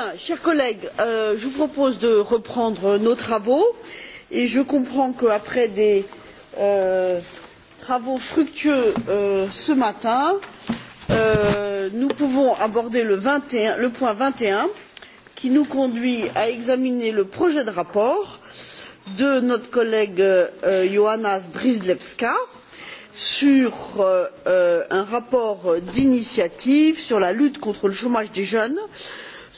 Bien, chers collègues, euh, je vous propose de reprendre nos travaux et je comprends qu'après des euh, travaux fructueux euh, ce matin, nous pouvons aborder le, point vingt et un qui nous conduit à examiner le projet de rapport de notre collègue ioana Drizlewska sur un rapport d'initiative sur la lutte contre le chômage des jeunes euh,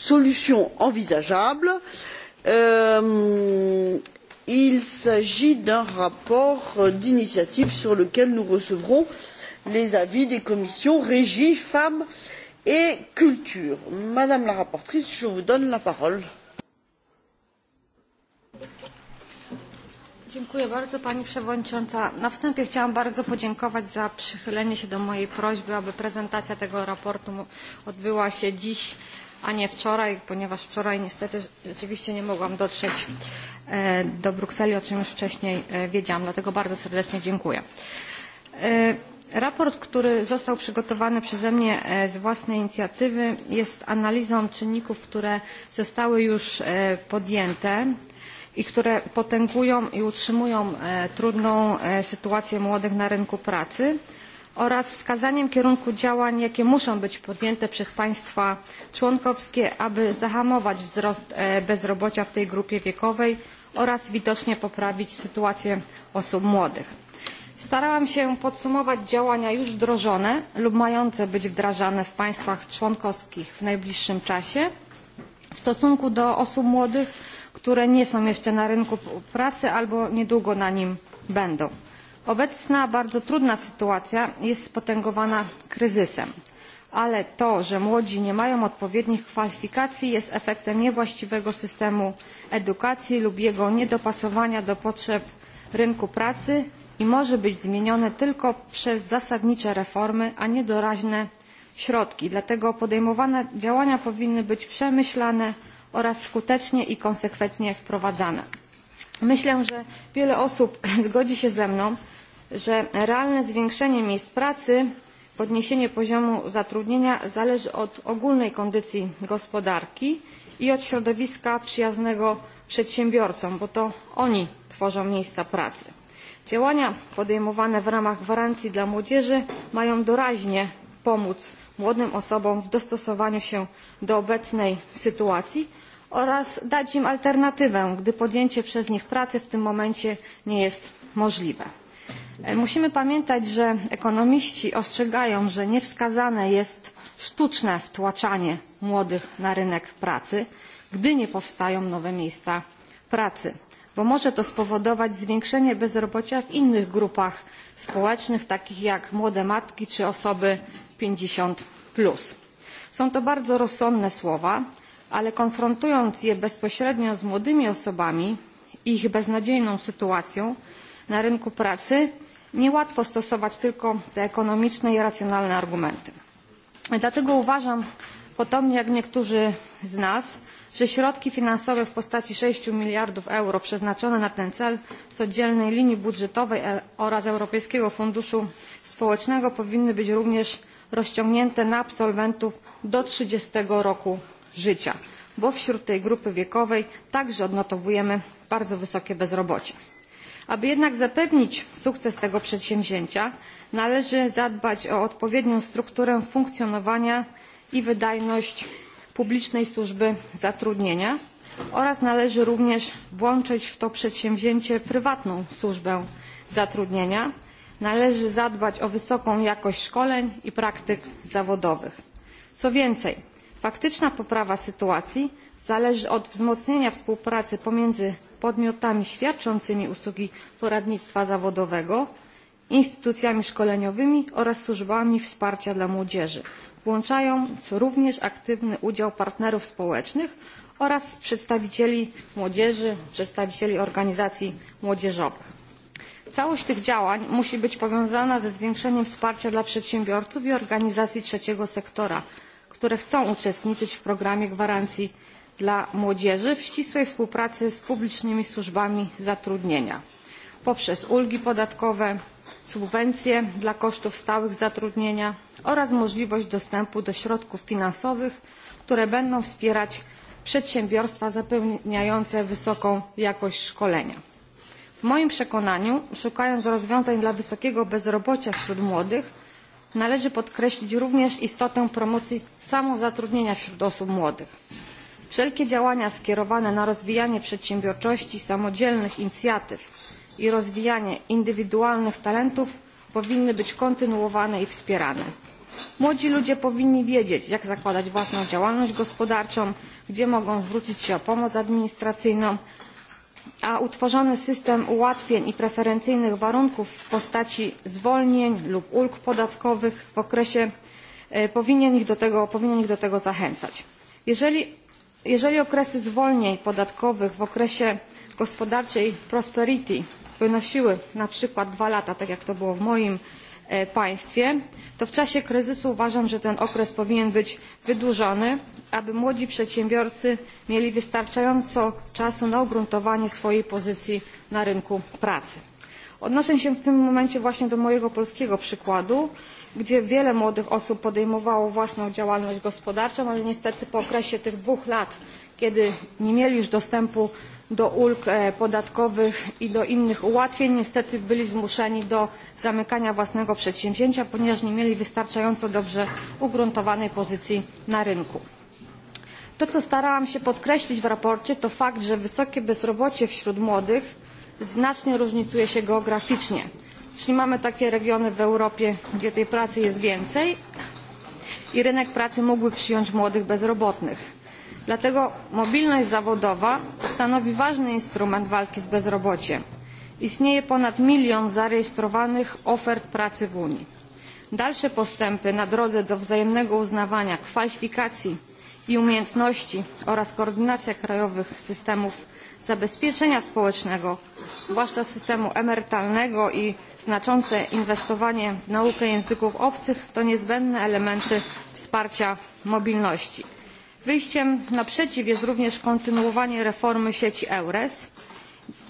solution envisageable. Euh, il s'agit d'un rapport d'initiative sur lequel nous recevrons les avis des commissions regi femm et culture. madame la rapporteure je vous donne la parole. pani przewodnicząca! na wstępie chciałam bardzo podziękować za przychylenie się do mojej prośby aby prezentacja tego sprawozdania odbyła się dziś a nie wczoraj, ponieważ wczoraj niestety rzeczywiście nie mogłam dotrzeć e, do Brukseli, o czym już wcześniej e, wiedziałam. Dlatego bardzo serdecznie dziękuję. E, raport, który został przygotowany przeze mnie z własnej inicjatywy jest analizą czynników, które zostały już podjęte i które potęgują i utrzymują trudną sytuację młodych na rynku pracy oraz wskazaniem kierunku działań, jakie muszą być podjęte przez państwa członkowskie, aby zahamować wzrost e, bezrobocia w tej grupie wiekowej oraz widocznie poprawić sytuację osób młodych. Starałam się podsumować działania już wdrożone lub mające być wdrażane w państwach członkowskich w najbliższym czasie w stosunku do osób młodych, które nie są jeszcze na rynku pracy albo niedługo na nim będą. Obecna bardzo trudna sytuacja jest spotęgowana kryzysem, ale to, że młodzi nie mają odpowiednich kwalifikacji jest efektem niewłaściwego systemu edukacji lub jego niedopasowania do potrzeb rynku pracy i może być zmienione tylko przez zasadnicze reformy, a nie doraźne środki. Dlatego podejmowane działania powinny być przemyślane oraz skutecznie i konsekwentnie wprowadzane Myślę, że wiele osób zgodzi się ze mną, że realne zwiększenie miejsc pracy, podniesienie poziomu zatrudnienia zależy od ogólnej kondycji gospodarki i od środowiska przyjaznego przedsiębiorcom, bo to oni tworzą miejsca pracy. Działania podejmowane w ramach gwarancji dla młodzieży mają doraźnie pomóc młodym osobom w dostosowaniu się do obecnej sytuacji, oraz dać im alternatywę, gdy podjęcie przez nich pracy w tym momencie nie jest możliwe. E, musimy pamiętać, że ekonomiści ostrzegają, że niewskazane jest sztuczne wtłaczanie młodych na rynek pracy, gdy nie powstają nowe miejsca pracy, bo może to spowodować zwiększenie bezrobocia w innych grupach społecznych, takich jak młode matki czy osoby 50. Plus. Są to bardzo rozsądne słowa, ale konfrontując je bezpośrednio z młodymi osobami i ich beznadziejną sytuacją na rynku pracy, niełatwo stosować tylko te ekonomiczne i racjonalne argumenty. Dlatego uważam, podobnie jak niektórzy z nas, że środki finansowe w postaci 6 miliardów euro przeznaczone na ten cel z oddzielnej linii budżetowej e- oraz Europejskiego Funduszu Społecznego powinny być również rozciągnięte na absolwentów do 30 roku życia, bo wśród tej grupy wiekowej także odnotowujemy bardzo wysokie bezrobocie. Aby jednak zapewnić sukces tego przedsięwzięcia, należy zadbać o odpowiednią strukturę funkcjonowania i wydajność publicznej służby zatrudnienia oraz należy również włączyć w to przedsięwzięcie prywatną służbę zatrudnienia. Należy zadbać o wysoką jakość szkoleń i praktyk zawodowych. Co więcej, faktyczna poprawa sytuacji zależy od wzmocnienia współpracy pomiędzy podmiotami świadczącymi usługi poradnictwa zawodowego instytucjami szkoleniowymi oraz służbami wsparcia dla młodzieży włączając również aktywny udział partnerów społecznych oraz przedstawicieli młodzieży przedstawicieli organizacji młodzieżowych. całość tych działań musi być powiązana ze zwiększeniem wsparcia dla przedsiębiorców i organizacji trzeciego sektora które chcą uczestniczyć w programie gwarancji dla młodzieży w ścisłej współpracy z publicznymi służbami zatrudnienia poprzez ulgi podatkowe, subwencje dla kosztów stałych zatrudnienia oraz możliwość dostępu do środków finansowych, które będą wspierać przedsiębiorstwa zapewniające wysoką jakość szkolenia. W moim przekonaniu, szukając rozwiązań dla wysokiego bezrobocia wśród młodych, należy podkreślić również istotę promocji samozatrudnienia wśród osób młodych. Wszelkie działania skierowane na rozwijanie przedsiębiorczości, samodzielnych inicjatyw i rozwijanie indywidualnych talentów powinny być kontynuowane i wspierane. Młodzi ludzie powinni wiedzieć, jak zakładać własną działalność gospodarczą, gdzie mogą zwrócić się o pomoc administracyjną, a utworzony system ułatwień i preferencyjnych warunków w postaci zwolnień lub ulg podatkowych w okresie e, powinien ich do tego, powinien ich do tego zachęcać. Jeżeli, jeżeli okresy zwolnień podatkowych w okresie gospodarczej prosperity wynosiły na przykład dwa lata, tak jak to było w moim e, państwie, to w czasie kryzysu uważam, że ten okres powinien być wydłużony aby młodzi przedsiębiorcy mieli wystarczająco czasu na ugruntowanie swojej pozycji na rynku pracy. Odnoszę się w tym momencie właśnie do mojego polskiego przykładu, gdzie wiele młodych osób podejmowało własną działalność gospodarczą, ale niestety po okresie tych dwóch lat, kiedy nie mieli już dostępu do ulg e, podatkowych i do innych ułatwień, niestety byli zmuszeni do zamykania własnego przedsięwzięcia, ponieważ nie mieli wystarczająco dobrze ugruntowanej pozycji na rynku. To, co starałam się podkreślić w raporcie, to fakt, że wysokie bezrobocie wśród młodych znacznie różnicuje się geograficznie. Czyli mamy takie regiony w Europie, gdzie tej pracy jest więcej i rynek pracy mógłby przyjąć młodych bezrobotnych. Dlatego mobilność zawodowa stanowi ważny instrument walki z bezrobociem. Istnieje ponad milion zarejestrowanych ofert pracy w Unii. Dalsze postępy na drodze do wzajemnego uznawania kwalifikacji i umiejętności oraz koordynacja krajowych systemów zabezpieczenia społecznego, zwłaszcza systemu emerytalnego i znaczące inwestowanie w naukę języków obcych to niezbędne elementy wsparcia mobilności. Wyjściem naprzeciw jest również kontynuowanie reformy sieci EURES,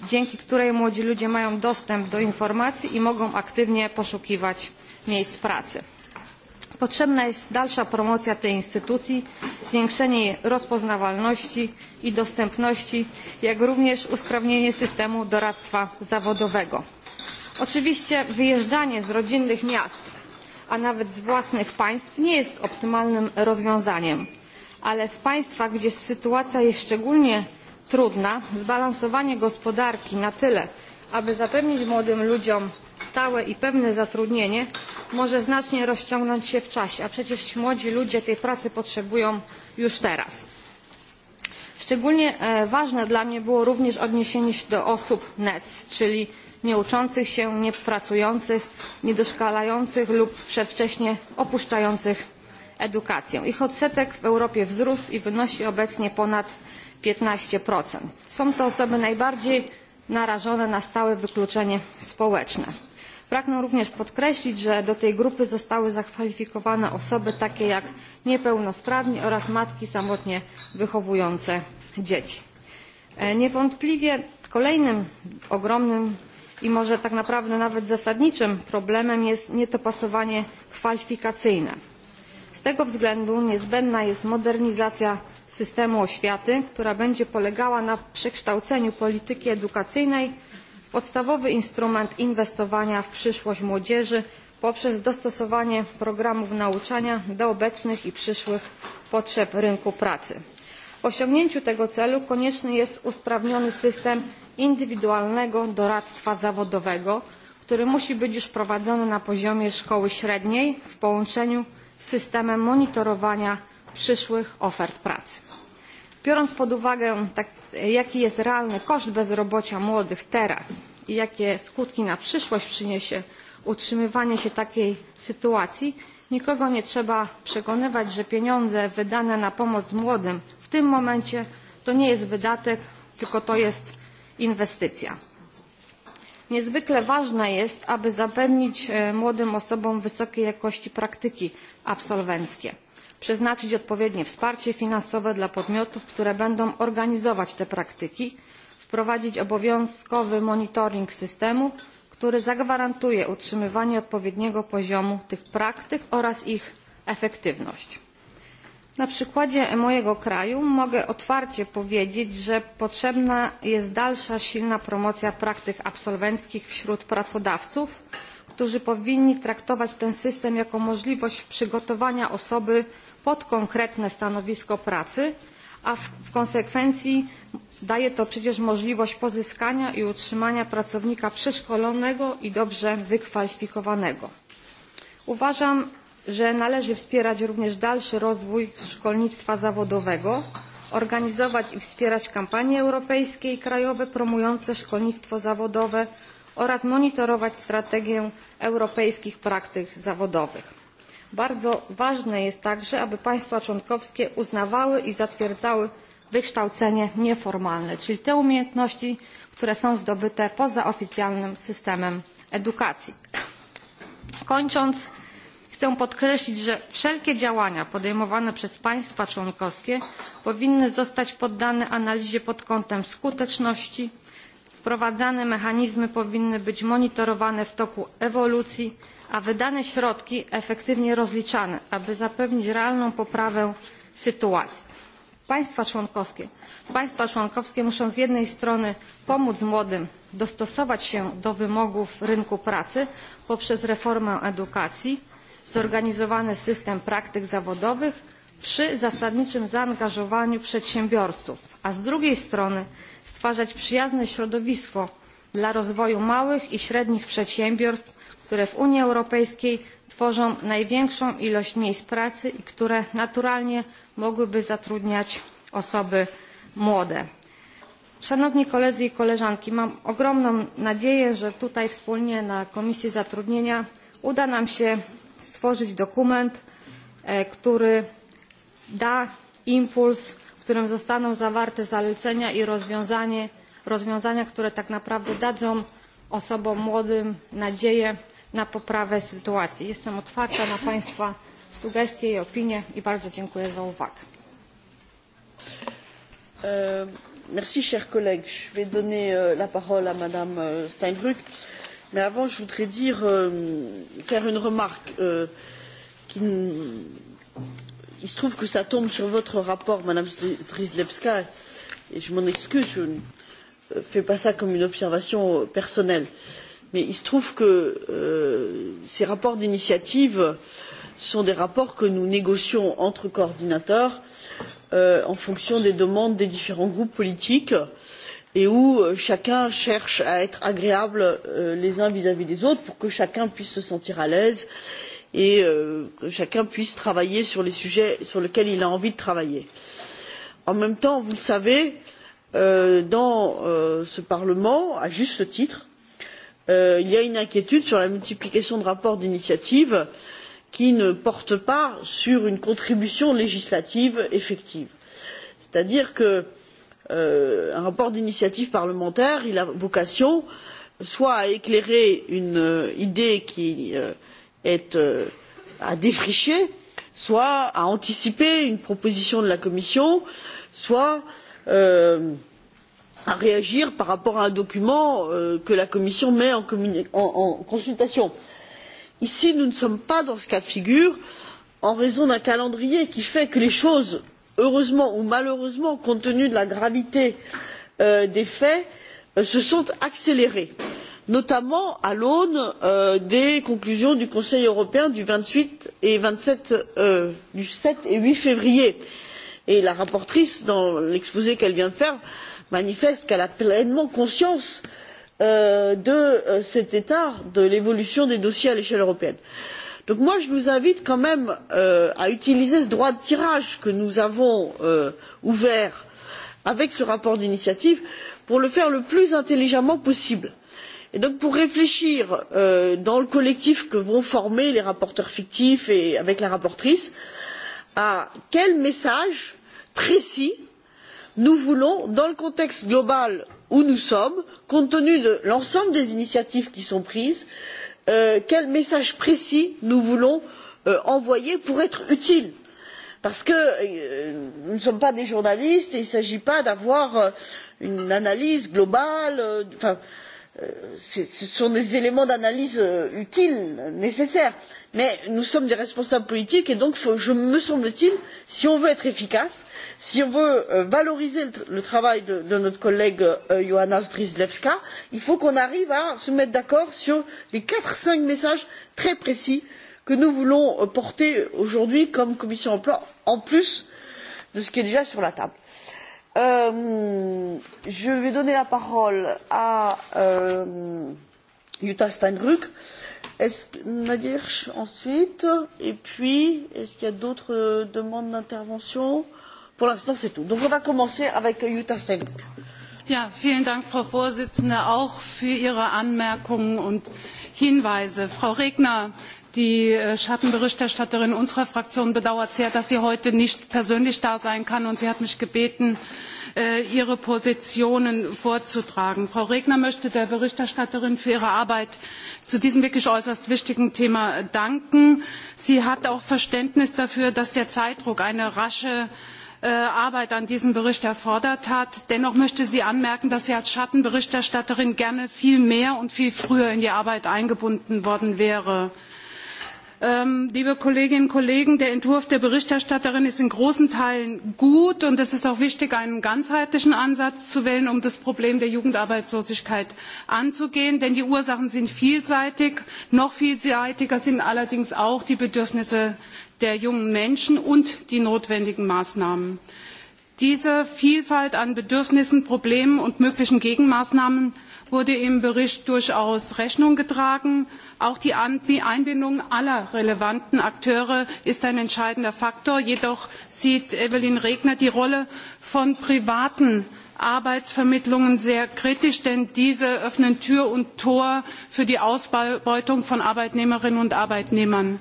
dzięki której młodzi ludzie mają dostęp do informacji i mogą aktywnie poszukiwać miejsc pracy. Potrzebna jest dalsza promocja tej instytucji, zwiększenie jej rozpoznawalności i dostępności, jak również usprawnienie systemu doradztwa zawodowego. Oczywiście wyjeżdżanie z rodzinnych miast, a nawet z własnych państw nie jest optymalnym rozwiązaniem, ale w państwach, gdzie sytuacja jest szczególnie trudna, zbalansowanie gospodarki na tyle, aby zapewnić młodym ludziom stałe i pewne zatrudnienie może znacznie rozciągnąć się w czasie, a przecież ci młodzi ludzie tej pracy potrzebują już teraz. Szczególnie e, ważne dla mnie było również odniesienie się do osób NEC, czyli nieuczących się, niepracujących, niedoszkalających lub przedwcześnie opuszczających edukację. Ich odsetek w Europie wzrósł i wynosi obecnie ponad 15%. Są to osoby najbardziej narażone na stałe wykluczenie społeczne. Pragnę również podkreślić, że do tej grupy zostały zakwalifikowane osoby takie jak niepełnosprawni oraz matki samotnie wychowujące dzieci. E, niewątpliwie kolejnym ogromnym i może tak naprawdę nawet zasadniczym problemem jest niedopasowanie kwalifikacyjne. Z tego względu niezbędna jest modernizacja systemu oświaty, która będzie polegała na przekształceniu polityki edukacyjnej podstawowy instrument inwestowania w przyszłość młodzieży poprzez dostosowanie programów nauczania do obecnych i przyszłych potrzeb rynku pracy. W osiągnięciu tego celu konieczny jest usprawniony system indywidualnego doradztwa zawodowego, który musi być już prowadzony na poziomie szkoły średniej w połączeniu z systemem monitorowania przyszłych ofert pracy. Biorąc pod uwagę, tak, jaki jest realny koszt bezrobocia młodych teraz i jakie skutki na przyszłość przyniesie utrzymywanie się takiej sytuacji, nikogo nie trzeba przekonywać, że pieniądze wydane na pomoc młodym w tym momencie to nie jest wydatek, tylko to jest inwestycja. Niezwykle ważne jest, aby zapewnić e, młodym osobom wysokiej jakości praktyki absolwenckie przeznaczyć odpowiednie wsparcie finansowe dla podmiotów, które będą organizować te praktyki, wprowadzić obowiązkowy monitoring systemu, który zagwarantuje utrzymywanie odpowiedniego poziomu tych praktyk oraz ich efektywność. Na przykładzie mojego kraju mogę otwarcie powiedzieć, że potrzebna jest dalsza silna promocja praktyk absolwenckich wśród pracodawców, którzy powinni traktować ten system jako możliwość przygotowania osoby pod konkretne stanowisko pracy, a w, w konsekwencji daje to przecież możliwość pozyskania i utrzymania pracownika przeszkolonego i dobrze wykwalifikowanego. Uważam, że należy wspierać również dalszy rozwój szkolnictwa zawodowego, organizować i wspierać kampanie europejskie i krajowe promujące szkolnictwo zawodowe oraz monitorować strategię europejskich praktyk zawodowych. Bardzo ważne jest także, aby państwa członkowskie uznawały i zatwierdzały wykształcenie nieformalne, czyli te umiejętności, które są zdobyte poza oficjalnym systemem edukacji. Kończąc, chcę podkreślić, że wszelkie działania podejmowane przez państwa członkowskie powinny zostać poddane analizie pod kątem skuteczności. Wprowadzane mechanizmy powinny być monitorowane w toku ewolucji a wydane środki efektywnie rozliczane aby zapewnić realną poprawę sytuacji. Państwa członkowskie, państwa członkowskie muszą z jednej strony pomóc młodym dostosować się do wymogów rynku pracy poprzez reformę edukacji zorganizowany system praktyk zawodowych przy zasadniczym zaangażowaniu przedsiębiorców a z drugiej strony stwarzać przyjazne środowisko dla rozwoju małych i średnich przedsiębiorstw które w unii europejskiej tworzą największą ilość miejsc pracy i które naturalnie mogłyby zatrudniać osoby młode. Szanowni koledzy i koleżanki, mam ogromną nadzieję, że tutaj wspólnie na Komisji Zatrudnienia uda nam się stworzyć dokument, e, który da impuls, w którym zostaną zawarte zalecenia i rozwiązania, które tak naprawdę dadzą osobom młodym nadzieję na poprawę sytuacji. Jestem otwarta na Państwa sugestie i opinie i bardzo dziękuję za uwagę. Euh, merci, chers collègues. Je vais donner euh, la parole à Madame euh, Steinbrück. Mais avant, je voudrais dire, euh, faire une remarque. Euh, Qui, il se trouve que ça tombe sur votre rapport, Madame Strizlewska, et je m'en excuse, je ne fais pas ça comme une observation euh, personnelle. Euh, mais il se trouve que euh, ces rapports d'initiative sont des rapports que nous négocions entre coordinateurs euh, en fonction des demandes des différents groupes politiques et où euh, chacun cherche à être agréable euh, les uns vis à vis des autres pour que chacun puisse se sentir à l'aise et euh, que chacun puisse travailler sur les sujets sur lesquels il a envie de travailler. en même temps vous le savez euh, dans ce parlement à juste titre Euh, il y a une inquiétude sur la multiplication de rapports d'initiative qui ne portent pas sur une contribution législative effective. c'est à dire qu'un euh, rapport d'initiative parlementaire a vocation soit à éclairer une euh, idée qui est à défricher soit à anticiper une proposition de la commission soit à à réagir par rapport à un document euh, que la commission met en, consultation. ici nous ne sommes pas dans ce cas de figure en raison d'un calendrier qui fait que les choses heureusement ou malheureusement compte tenu de la gravité euh, des faits euh, se sont accélérées notamment à l'aune des conclusions du conseil européen du vingt sept et huit février et la rapporteure dans l'exposé qu'elle vient de faire manifeste qu'elle a pleinement conscience euh, de euh, cet état de l'évolution des dossiers à l'échelle européenne. donc je vous invite quand même euh, à utiliser ce droit de tirage que nous avons ouvert avec ce rapport d'initiative pour le faire le plus intelligemment possible et donc pour réfléchir dans le collectif que vont former les rapporteurs fictifs et avec la rapporteure à quel message précis nous voulons dans le contexte global où nous sommes compte tenu de l'ensemble des initiatives qui sont prises euh, quel message précis nous voulons euh, envoyer pour être utiles parce que euh, nous ne sommes pas des journalistes et il ne s'agit pas d'avoir euh, une analyse globale enfin ce sont des éléments d'analyse utiles nécessaires mais nous sommes des responsables politiques et donc me semble t il si on veut être efficace il si on veut euh, valoriser le travail de, notre collègue ioana euh, zdrojewska il faut qu'on arrive à se mettre d'accord sur les quatre cinq messages très précis que nous voulons euh, porter aujourd'hui comme commission de l'emploi en plus de ce qui est déjà sur la table. je vais donner la parole à jutta steinruck nadia ensuite et puis est ce qu'il y a d'autres demandes d'intervention? Pour l'instant, c'est tout. Donc, on va commencer avec Jutta Stein. Ja, vielen Dank, Frau Vorsitzende, auch für Ihre Anmerkungen und Hinweise. Frau Regner, die äh, Schattenberichterstatterin unserer Fraktion bedauert sehr, dass sie heute nicht persönlich da sein kann und sie hat mich gebeten, äh, ihre Positionen vorzutragen. Frau Regner möchte der Berichterstatterin für ihre Arbeit zu diesem wirklich äußerst wichtigen Thema äh, danken. Sie hat auch Verständnis dafür, dass der Zeitdruck eine rasche Äh, arbeit an diesem bericht erfordert hat. dennoch möchte sie anmerken dass sie als schattenberichterstatterin gerne viel mehr und viel früher in die arbeit eingebunden worden wäre. Ähm, liebe Kolleginnen und Kollegen, der Entwurf der Berichterstatterin ist in großen Teilen gut und es ist auch wichtig, einen ganzheitlichen Ansatz zu wählen, um das Problem der Jugendarbeitslosigkeit anzugehen. Denn die Ursachen sind vielseitig. Noch vielseitiger sind allerdings auch die Bedürfnisse der jungen Menschen und die notwendigen Maßnahmen. Diese Vielfalt an Bedürfnissen, Problemen und möglichen Gegenmaßnahmen wurde im Bericht durchaus Rechnung getragen. Auch die Einbindung aller relevanten Akteure ist ein entscheidender Faktor. Jedoch sieht Evelyn Regner die Rolle von privaten Arbeitsvermittlungen sehr kritisch, denn diese öffnen Tür und Tor für die Ausbeutung von Arbeitnehmerinnen und Arbeitnehmern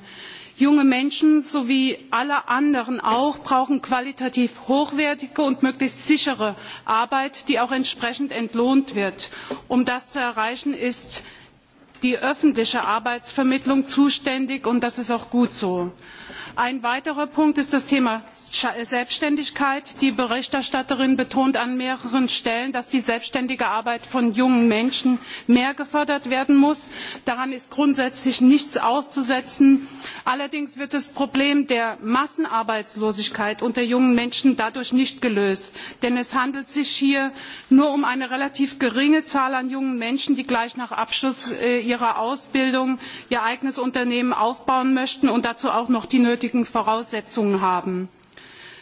junge menschen so wie alle anderen auch brauchen qualitativ hochwertige und möglichst sichere arbeit die auch entsprechend entlohnt wird. um das zu erreichen ist die öffentliche arbeitsvermittlung zuständig und das ist auch gut so. Ein weiterer Punkt ist das Thema Selbstständigkeit. Die Berichterstatterin betont an mehreren Stellen, dass die selbstständige Arbeit von jungen Menschen mehr gefördert werden muss. Daran ist grundsätzlich nichts auszusetzen. Allerdings wird das Problem der Massenarbeitslosigkeit unter jungen Menschen dadurch nicht gelöst. Denn es handelt sich hier nur um eine relativ geringe Zahl an jungen Menschen, die gleich nach Abschluss äh, ihrer Ausbildung ihr eigenes Unternehmen aufbauen möchten und dazu auch noch die nötigen richtigen voraussetzungen haben.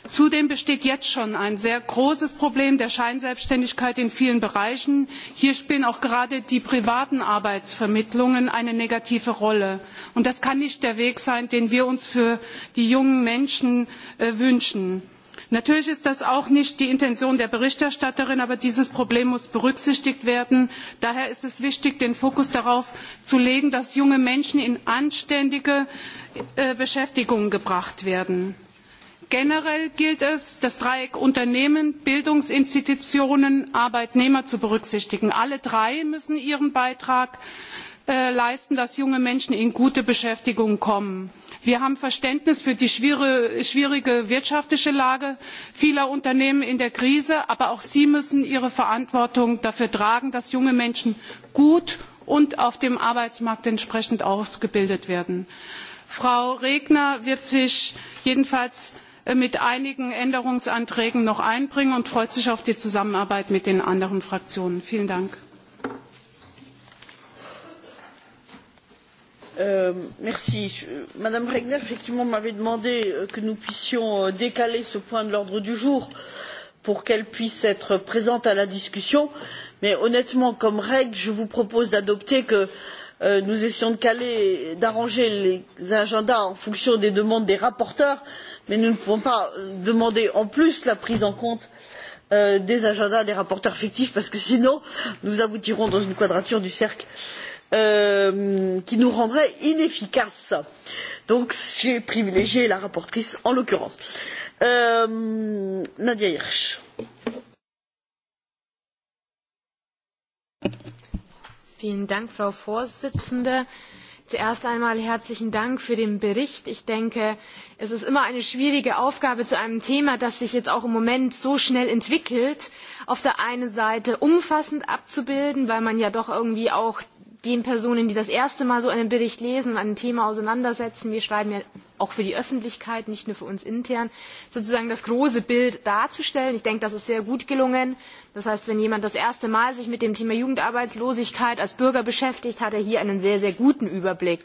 Zudem besteht jetzt schon ein sehr großes Problem der Scheinselbstständigkeit in vielen Bereichen. Hier spielen auch gerade die privaten Arbeitsvermittlungen eine negative Rolle. Und das kann nicht der Weg sein, den wir uns für die jungen Menschen äh, wünschen natürlich ist das auch nicht die intention der berichterstatterin aber dieses problem muss berücksichtigt werden. daher ist es wichtig den fokus darauf zu legen dass junge menschen in anständige äh, beschäftigung gebracht werden. generell gilt es das dreieck unternehmen bildungsinstitutionen arbeitnehmer zu berücksichtigen. alle drei müssen ihren beitrag äh, leisten dass junge menschen in gute beschäftigung kommen wir haben verständnis für die schwierige wirtschaftliche lage vieler unternehmen in der krise aber auch sie müssen ihre verantwortung dafür tragen dass junge menschen gut und auf dem arbeitsmarkt entsprechend ausgebildet werden. frau regner wird sich jedenfalls äh, mit einigen änderungsanträgen noch einbringen und freut sich auf die zusammenarbeit mit den anderen fraktionen. vielen dank! Euh, mme Regner, effectivement, m'avait demandé euh, que nous puissions euh, décaler ce point de l'ordre du jour pour qu'elle puisse être présente à la discussion. Mais honnêtement, comme règle, je vous propose d'adopter que nous essayons de caler, d'arranger les agendas en fonction des demandes des rapporteurs, mais nous ne pouvons pas demander en plus la prise en compte des agendas des rapporteurs fictifs parce que sinon nous aboutirons dans une quadrature du cercle euh, Euh, qui nous rendrait inefficaces. donc j'ai privilégié la rapporteure en l'occurrence. Euh, nadia hirsch. Frau präsidentin! Zuerst einmal herzlichen Dank für den Bericht. Ich denke, es ist immer eine schwierige Aufgabe zu einem Thema, das sich jetzt auch im Moment so schnell entwickelt, auf der einen Seite umfassend abzubilden, weil man ja doch irgendwie auch den Personen, die das erste Mal so einen Bericht lesen und ein Thema auseinandersetzen, wir schreiben ja auch für die Öffentlichkeit, nicht nur für uns intern, sozusagen das große Bild darzustellen. Ich denke, das ist sehr gut gelungen. Das heißt, wenn jemand das erste Mal sich mit dem Thema Jugendarbeitslosigkeit als Bürger beschäftigt, hat er hier einen sehr, sehr guten Überblick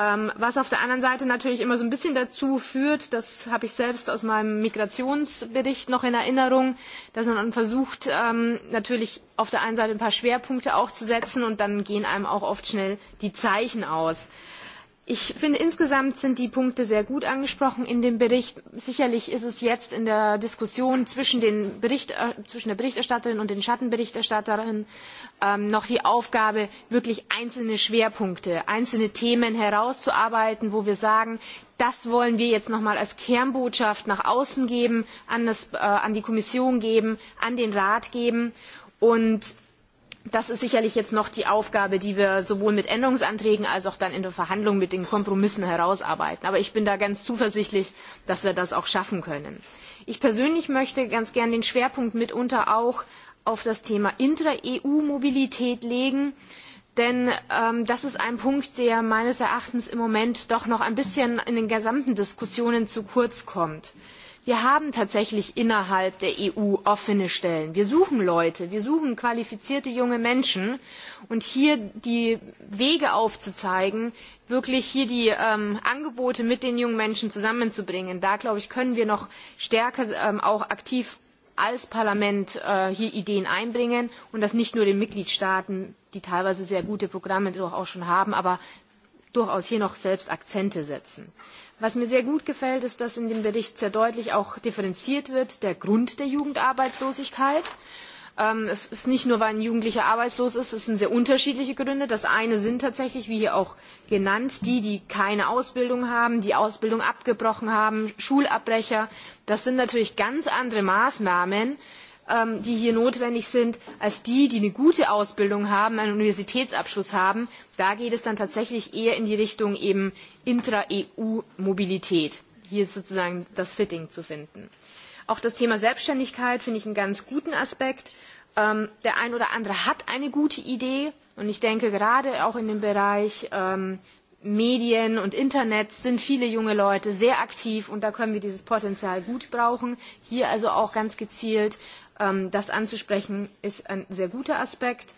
Ähm, was auf der anderen Seite natürlich immer so ein bisschen dazu führt, das habe ich selbst aus meinem Migrationsbericht noch in Erinnerung, dass man dann versucht, ähm, natürlich auf der einen Seite ein paar Schwerpunkte auch zu setzen und dann gehen einem auch oft schnell die Zeichen aus. Ich finde, insgesamt sind die Punkte sehr gut angesprochen in dem Bericht. Sicherlich ist es jetzt in der Diskussion zwischen, den Bericht, äh, zwischen der Berichterstatterin und den Schattenberichterstatterinnen ähm, noch die Aufgabe, wirklich einzelne Schwerpunkte, einzelne Themen herauszuarbeiten, wo wir sagen, das wollen wir jetzt noch nochmal als Kernbotschaft nach außen geben, an, das, äh, an die Kommission geben, an den Rat geben und das ist sicherlich jetzt noch die Aufgabe, die wir sowohl mit Änderungsanträgen als auch dann in der Verhandlung mit den Kompromissen herausarbeiten. Aber ich bin da ganz zuversichtlich, dass wir das auch schaffen können. Ich persönlich möchte ganz gern den Schwerpunkt mitunter auch auf das Thema Intra-EU-Mobilität legen. Denn ähm, das ist ein Punkt, der meines Erachtens im Moment doch noch ein bisschen in den gesamten Diskussionen zu kurz kommt wir haben tatsächlich innerhalb der EU offene Stellen. Wir suchen Leute, wir suchen qualifizierte junge Menschen und hier die Wege aufzuzeigen, wirklich hier die ähm, Angebote mit den jungen Menschen zusammenzubringen. Da, glaube ich, können wir noch stärker ähm, auch aktiv als Parlament äh, hier Ideen einbringen und das nicht nur den Mitgliedstaaten, die teilweise sehr gute Programme auch schon haben, aber durchaus hier noch selbst Akzente setzen. Was mir sehr gut gefällt, ist, dass in dem Bericht sehr deutlich auch differenziert wird der Grund der Jugendarbeitslosigkeit. Ähm, es ist nicht nur, weil ein Jugendlicher arbeitslos ist, es sind sehr unterschiedliche Gründe. Das eine sind tatsächlich, wie hier auch genannt, die, die keine Ausbildung haben, die Ausbildung abgebrochen haben, Schulabbrecher. Das sind natürlich ganz andere Maßnahmen, ähm, die hier notwendig sind, als die, die eine gute Ausbildung haben, einen Universitätsabschluss haben. Da geht es dann tatsächlich eher in die Richtung eben Intra-EU-Mobilität. Hier sozusagen das Fitting zu finden. Auch das Thema Selbstständigkeit finde ich einen ganz guten Aspekt. Ähm, der ein oder andere hat eine gute Idee und ich denke gerade auch in dem Bereich ähm, Medien und Internet sind viele junge Leute sehr aktiv und da können wir dieses Potenzial gut brauchen. Hier also auch ganz gezielt ähm, das anzusprechen, ist ein sehr guter Aspekt.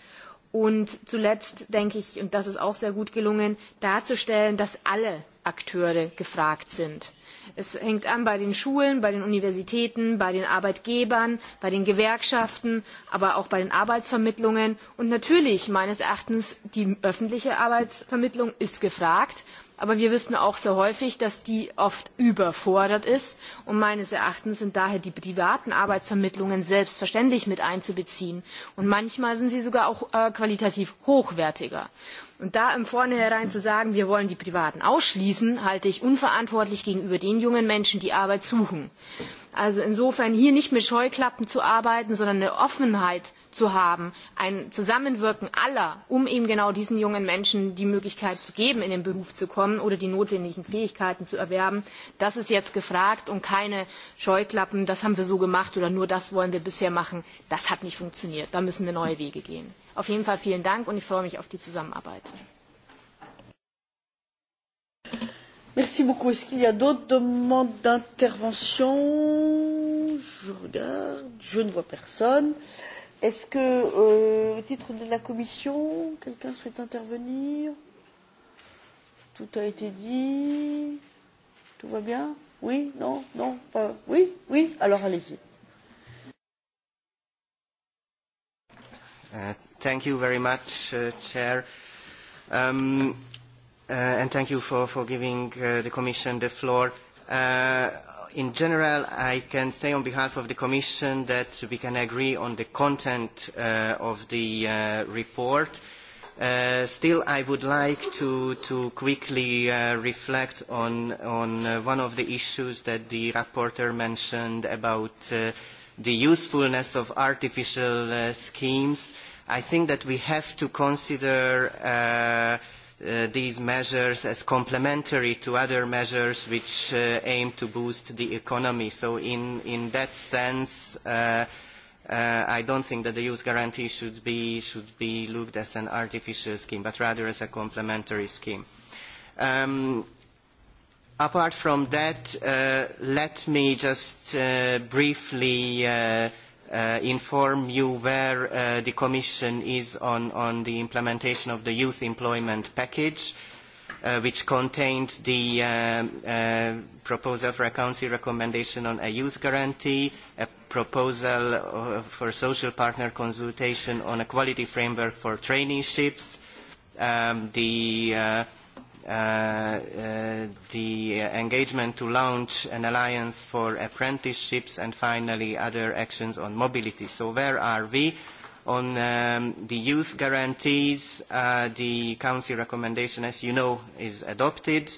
Und zuletzt denke ich, und das ist auch sehr gut gelungen, darzustellen, dass alle Akteure gefragt sind. Es hängt an bei den Schulen, bei den Universitäten, bei den Arbeitgebern, bei den Gewerkschaften, aber auch bei den Arbeitsvermittlungen. Und natürlich, meines Erachtens, die öffentliche Arbeitsvermittlung ist gefragt Aber wir wissen auch sehr häufig, dass die oft überfordert ist. Und meines Erachtens sind daher die privaten Arbeitsvermittlungen selbstverständlich mit einzubeziehen. Und manchmal sind sie sogar auch äh, qualitativ hochwertiger. Und da im Vornherein zu sagen, wir wollen die Privaten ausschließen, halte ich unverantwortlich gegenüber den jungen Menschen, die Arbeit suchen. Also insofern hier nicht mit Scheuklappen zu arbeiten, sondern eine Offenheit zu haben, ein Zusammenwirken aller, um eben genau diesen jungen Menschen die Möglichkeit zu geben, in den Beruf zu kommen oder die notwendigen Fähigkeiten zu erwerben, das ist jetzt gefragt und keine Scheuklappen, das haben wir so gemacht oder nur das wollen wir bisher machen, das hat nicht funktioniert, da müssen wir neue Wege gehen. Auf jeden Fall vielen Dank und ich freue mich auf die Zusammenarbeit. Merci beaucoup. Est-ce qu'il y a d'autres demandes d'intervention Je regarde, je ne vois personne. Euh, Est-ce que, euh, au titre de la Commission, quelqu'un souhaite intervenir Tout a été dit. Tout va bien Oui Non Non pas, Oui Oui Alors allez-y. Uh, thank you very much, uh, Chair. Um, uh, and thank you for, for giving uh, the Commission the floor. Uh, in general, I can say on behalf of the Commission that we can agree on the content uh, of the uh, report. Uh, still, I would like to, to quickly uh, reflect on, on uh, one of the issues that the rapporteur mentioned about uh, the usefulness of artificial uh, schemes. I think that we have to consider uh, Uh, these measures as complementary to other measures which uh, aim to boost the economy. So in, in that sense, uh, uh, I don't think that the youth guarantee should be, should be looked as an artificial scheme, but rather as a complementary scheme. Um, apart from that, uh, let me just uh, briefly uh, uh, inform you where uh, the Commission is on, on the implementation of the youth employment package, uh, which contained the um, uh, proposal for a Council recommendation on a youth guarantee, a proposal uh, for social partner consultation on a quality framework for traineeships, um, the uh, Uh, uh, the engagement to launch an alliance for apprenticeships, and finally other actions on mobility. So where are we? On um, the youth guarantees, uh, the Council recommendation, as you know, is adopted,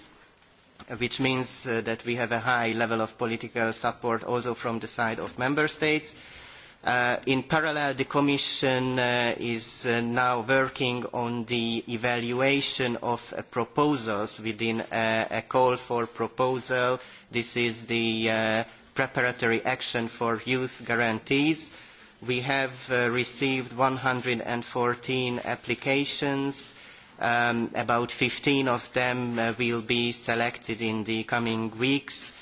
which means uh, that we have a high level of political support also from the side of Member States. Uh, in parallel, the Commission uh, is uh, now working on the evaluation of proposals within a call for proposal. This is the preparatory action for youth guarantees. We have received 114 applications. Um, about 15 of them will be selected in the coming weeks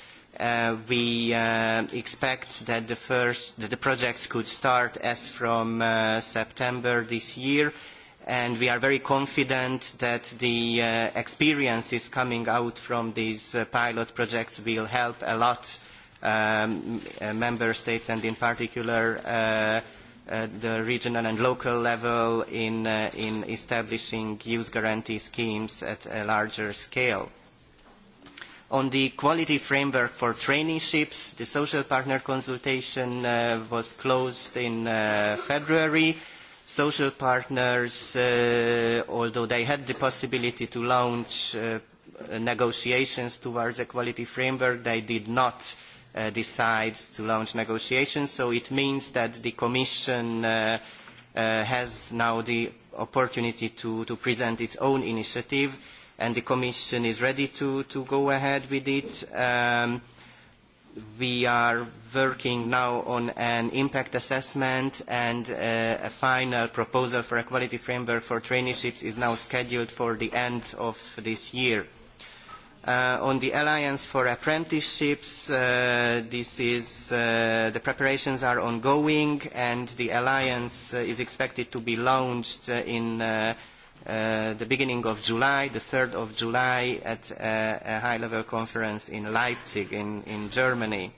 Uh, we uh, expect that the first the projects could start as from uh, September this year and we are very confident that the experiences coming out from these pilot projects will help a lot um, member states and in particular the regional and local level in, in establishing youth guarantee schemes at a larger scale. On the quality framework for traineeships, the social partner consultation uh, was closed in uh, February. Social partners, uh, although they had the possibility to launch uh, negotiations towards a quality framework, they did not uh, decide to launch negotiations. So it means that the Commission uh, has now the opportunity to, to present its own initiative and the Commission is ready to, to go ahead with it. Um, we are working now on an impact assessment and uh, a final proposal for a quality framework for traineeships is now scheduled for the end of this year. Uh, on the Alliance for Apprenticeships, uh, this is, uh, the preparations are ongoing and the Alliance uh, is expected to be launched uh, in uh, Uh, the beginning of July, the 3rd of July, at uh, a high-level conference in Leipzig in, in Germany.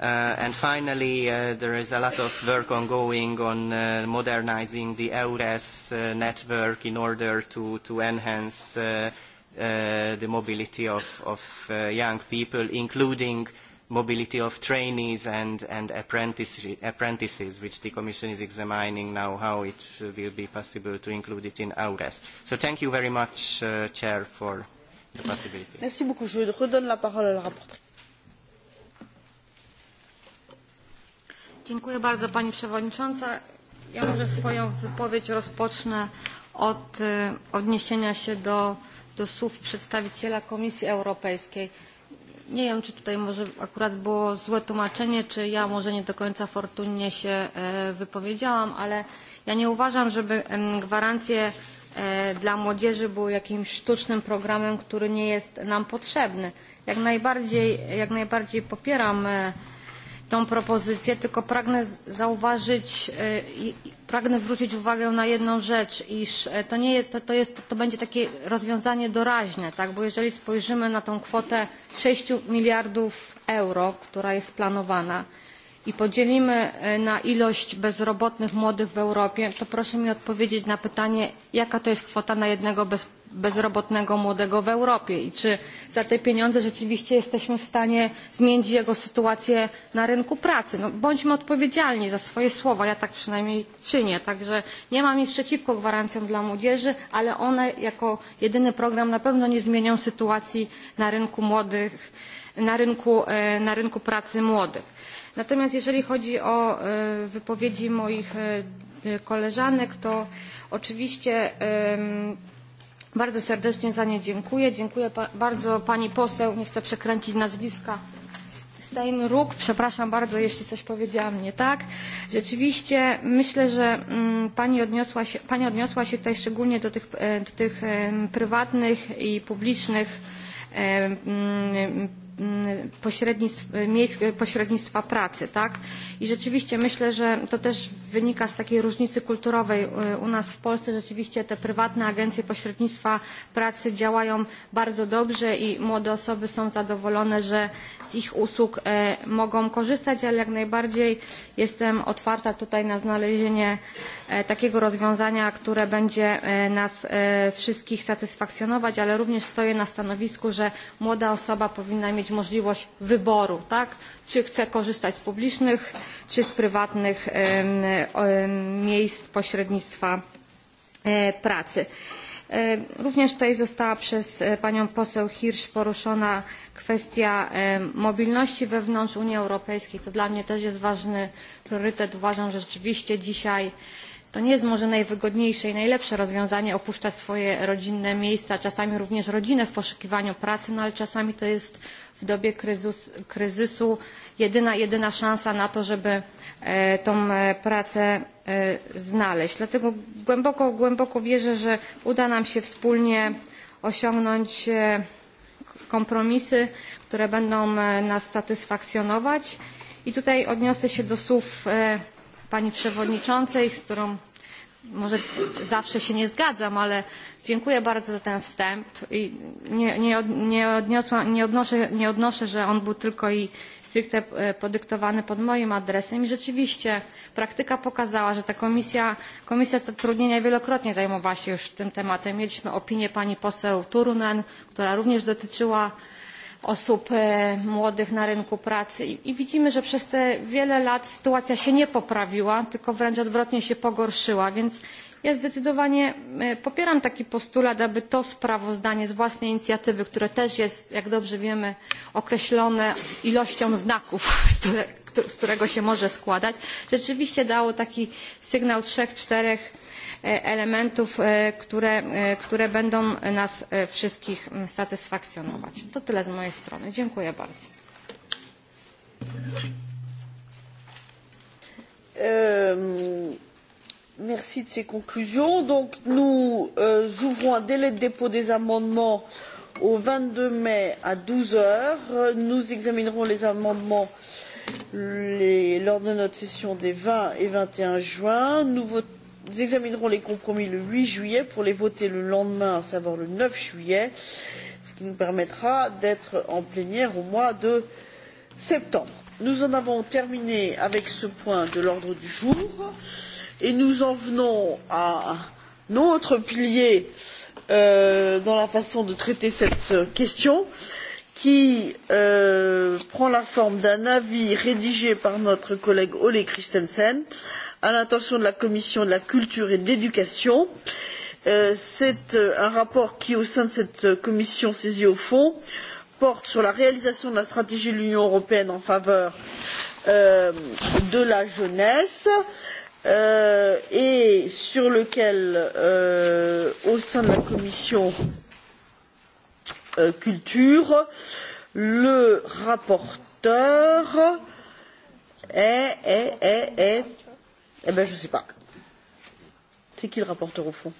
Uh, and finally, uh, there is a lot of work ongoing on uh, modernizing the EURES uh, network in order to, to enhance uh, uh, the mobility of, of uh, young people, including uh, mobility of trainees and, and apprentices, which the Commission is examining now, how it will be possible to include it in AURES. So thank you very much, uh, Chair, for the possibility. Merci beaucoup. Je redonne la parole à la rapporteure. Dziękuję bardzo Pani Przewodnicząca. Ja może swoją wypowiedź rozpocznę od y, odniesienia się do, do słów przedstawiciela Komisji Europejskiej nie wiem, czy tutaj może akurat było złe tłumaczenie, czy ja może nie do końca fortunnie się e, wypowiedziałam, ale ja nie uważam, żeby gwarancje e, dla młodzieży były jakimś sztucznym programem, który nie jest nam potrzebny. Jak najbardziej, jak najbardziej popieram e, tą propozycję, tylko pragnę zauważyć pragnę zwrócić uwagę na jedną rzecz, iż e, to, nie, to, to, jest, to będzie takie rozwiązanie doraźne, tak? bo jeżeli spojrzymy na tą kwotę 6 miliardów euro, która jest planowana i podzielimy e, na ilość bezrobotnych młodych w Europie, to proszę mi odpowiedzieć na pytanie, jaka to jest kwota na jednego bezrobotnego bezrobotnego młodego w Europie i czy za te pieniądze rzeczywiście jesteśmy w stanie zmienić jego sytuację na rynku pracy. No, bądźmy odpowiedzialni za swoje słowa, ja tak przynajmniej czynię. Także nie mam nic przeciwko gwarancjom dla młodzieży, ale one jako jedyny program na pewno nie zmienią sytuacji na rynku młodych, na rynku, e, na rynku pracy młodych. Natomiast jeżeli chodzi o e, wypowiedzi moich e, koleżanek, to oczywiście Bardzo serdecznie za nie dziękuję. Dziękuję pa bardzo pani poseł, nie chcę przekręcić nazwiska, Ruk, przepraszam bardzo, jeśli coś powiedziałam nie tak. Rzeczywiście myślę, że mm, pani odniosła się, pani odniosła się tutaj szczególnie do tych, e, do tych prywatnych i publicznych e, mm, Mm, e, e, pośrednictwa pracy, tak? I rzeczywiście myślę, że to też wynika z takiej różnicy kulturowej e, u nas w Polsce. Rzeczywiście te prywatne agencje pośrednictwa pracy działają bardzo dobrze i młode osoby są zadowolone, że z ich usług mogą korzystać, ale jak najbardziej jestem otwarta tutaj na znalezienie E, takiego rozwiązania, które będzie e, nas e, wszystkich satysfakcjonować, ale również stoję na stanowisku, że młoda osoba powinna mieć możliwość wyboru, tak? czy chce korzystać z publicznych, czy z prywatnych miejsc pośrednictwa pracy. Również tutaj została przez panią poseł Hirsch poruszona kwestia mobilności wewnątrz Unii Europejskiej. To dla mnie też jest ważny priorytet. Uważam, że rzeczywiście dzisiaj To nie jest może najwygodniejsze i najlepsze rozwiązanie opuszczać swoje rodzinne miejsca, czasami również rodzinę w poszukiwaniu pracy, no ale czasami to jest w dobie kryzys, kryzysu jedyna, jedyna szansa na to, żeby e, tą e, pracę e, znaleźć. Dlatego głęboko, głęboko wierzę, że uda nam się wspólnie osiągnąć kompromisy, które będą nas satysfakcjonować. I tutaj odniosę się do słów pani przewodniczącej, z którą może zawsze się nie zgadzam, ale dziękuję bardzo za ten wstęp i nie, nie, nie, odniosła, nie, odnoszę, nie odnoszę, że on był tylko i stricte e, podyktowany pod moim adresem i rzeczywiście praktyka pokazała, że ta komisja, komisja zatrudnienia wielokrotnie zajmowała się już tym tematem. Mieliśmy opinię pani poseł Turunen, która również dotyczyła osób e, młodych na rynku pracy i widzimy że przez te wiele lat sytuacja się nie poprawiła tylko wręcz odwrotnie się pogorszyła więc ja zdecydowanie e, popieram taki postulat aby to sprawozdanie z własnej inicjatywy które też jest jak dobrze wiemy określone ilością znaków z którego się może składać rzeczywiście dało taki sygnał trzech czterech E, elementów, e, e, które, będą nas wszystkich satysfakcjonować. To tyle z mojej strony. Dziękuję bardzo. Euh, merci de ces conclusions. Donc, nous euh, ouvrons un délai de dépôt des amendements au vingt mai à douze heures nous examinerons les amendements les, lors de notre session des vingt et vingt juin nous voterons nous examinerons les compromis le huit juillet pour les voter le lendemain à savoir le neuf juillet ce qui nous permettra d'être en plénière au mois de septembre. nous en avons terminé avec ce point de l'ordre du jour et nous en venons à un autre pilier euh, dans la façon de traiter cette question qui euh, prend la forme d'un avis rédigé par notre collègue Ole Christensen euh, à l'intention de la commission de la culture et de l'éducation. Euh, c'est euh, un rapport qui au sein de cette euh, commission saisie au fond porte sur la réalisation de la stratégie de l'union européenne en faveur de la jeunesse et sur lequel au sein de la commission de la culture le rapporteur est, est Eh bien, je ne sais pas. C'est qui le rapporteur au fond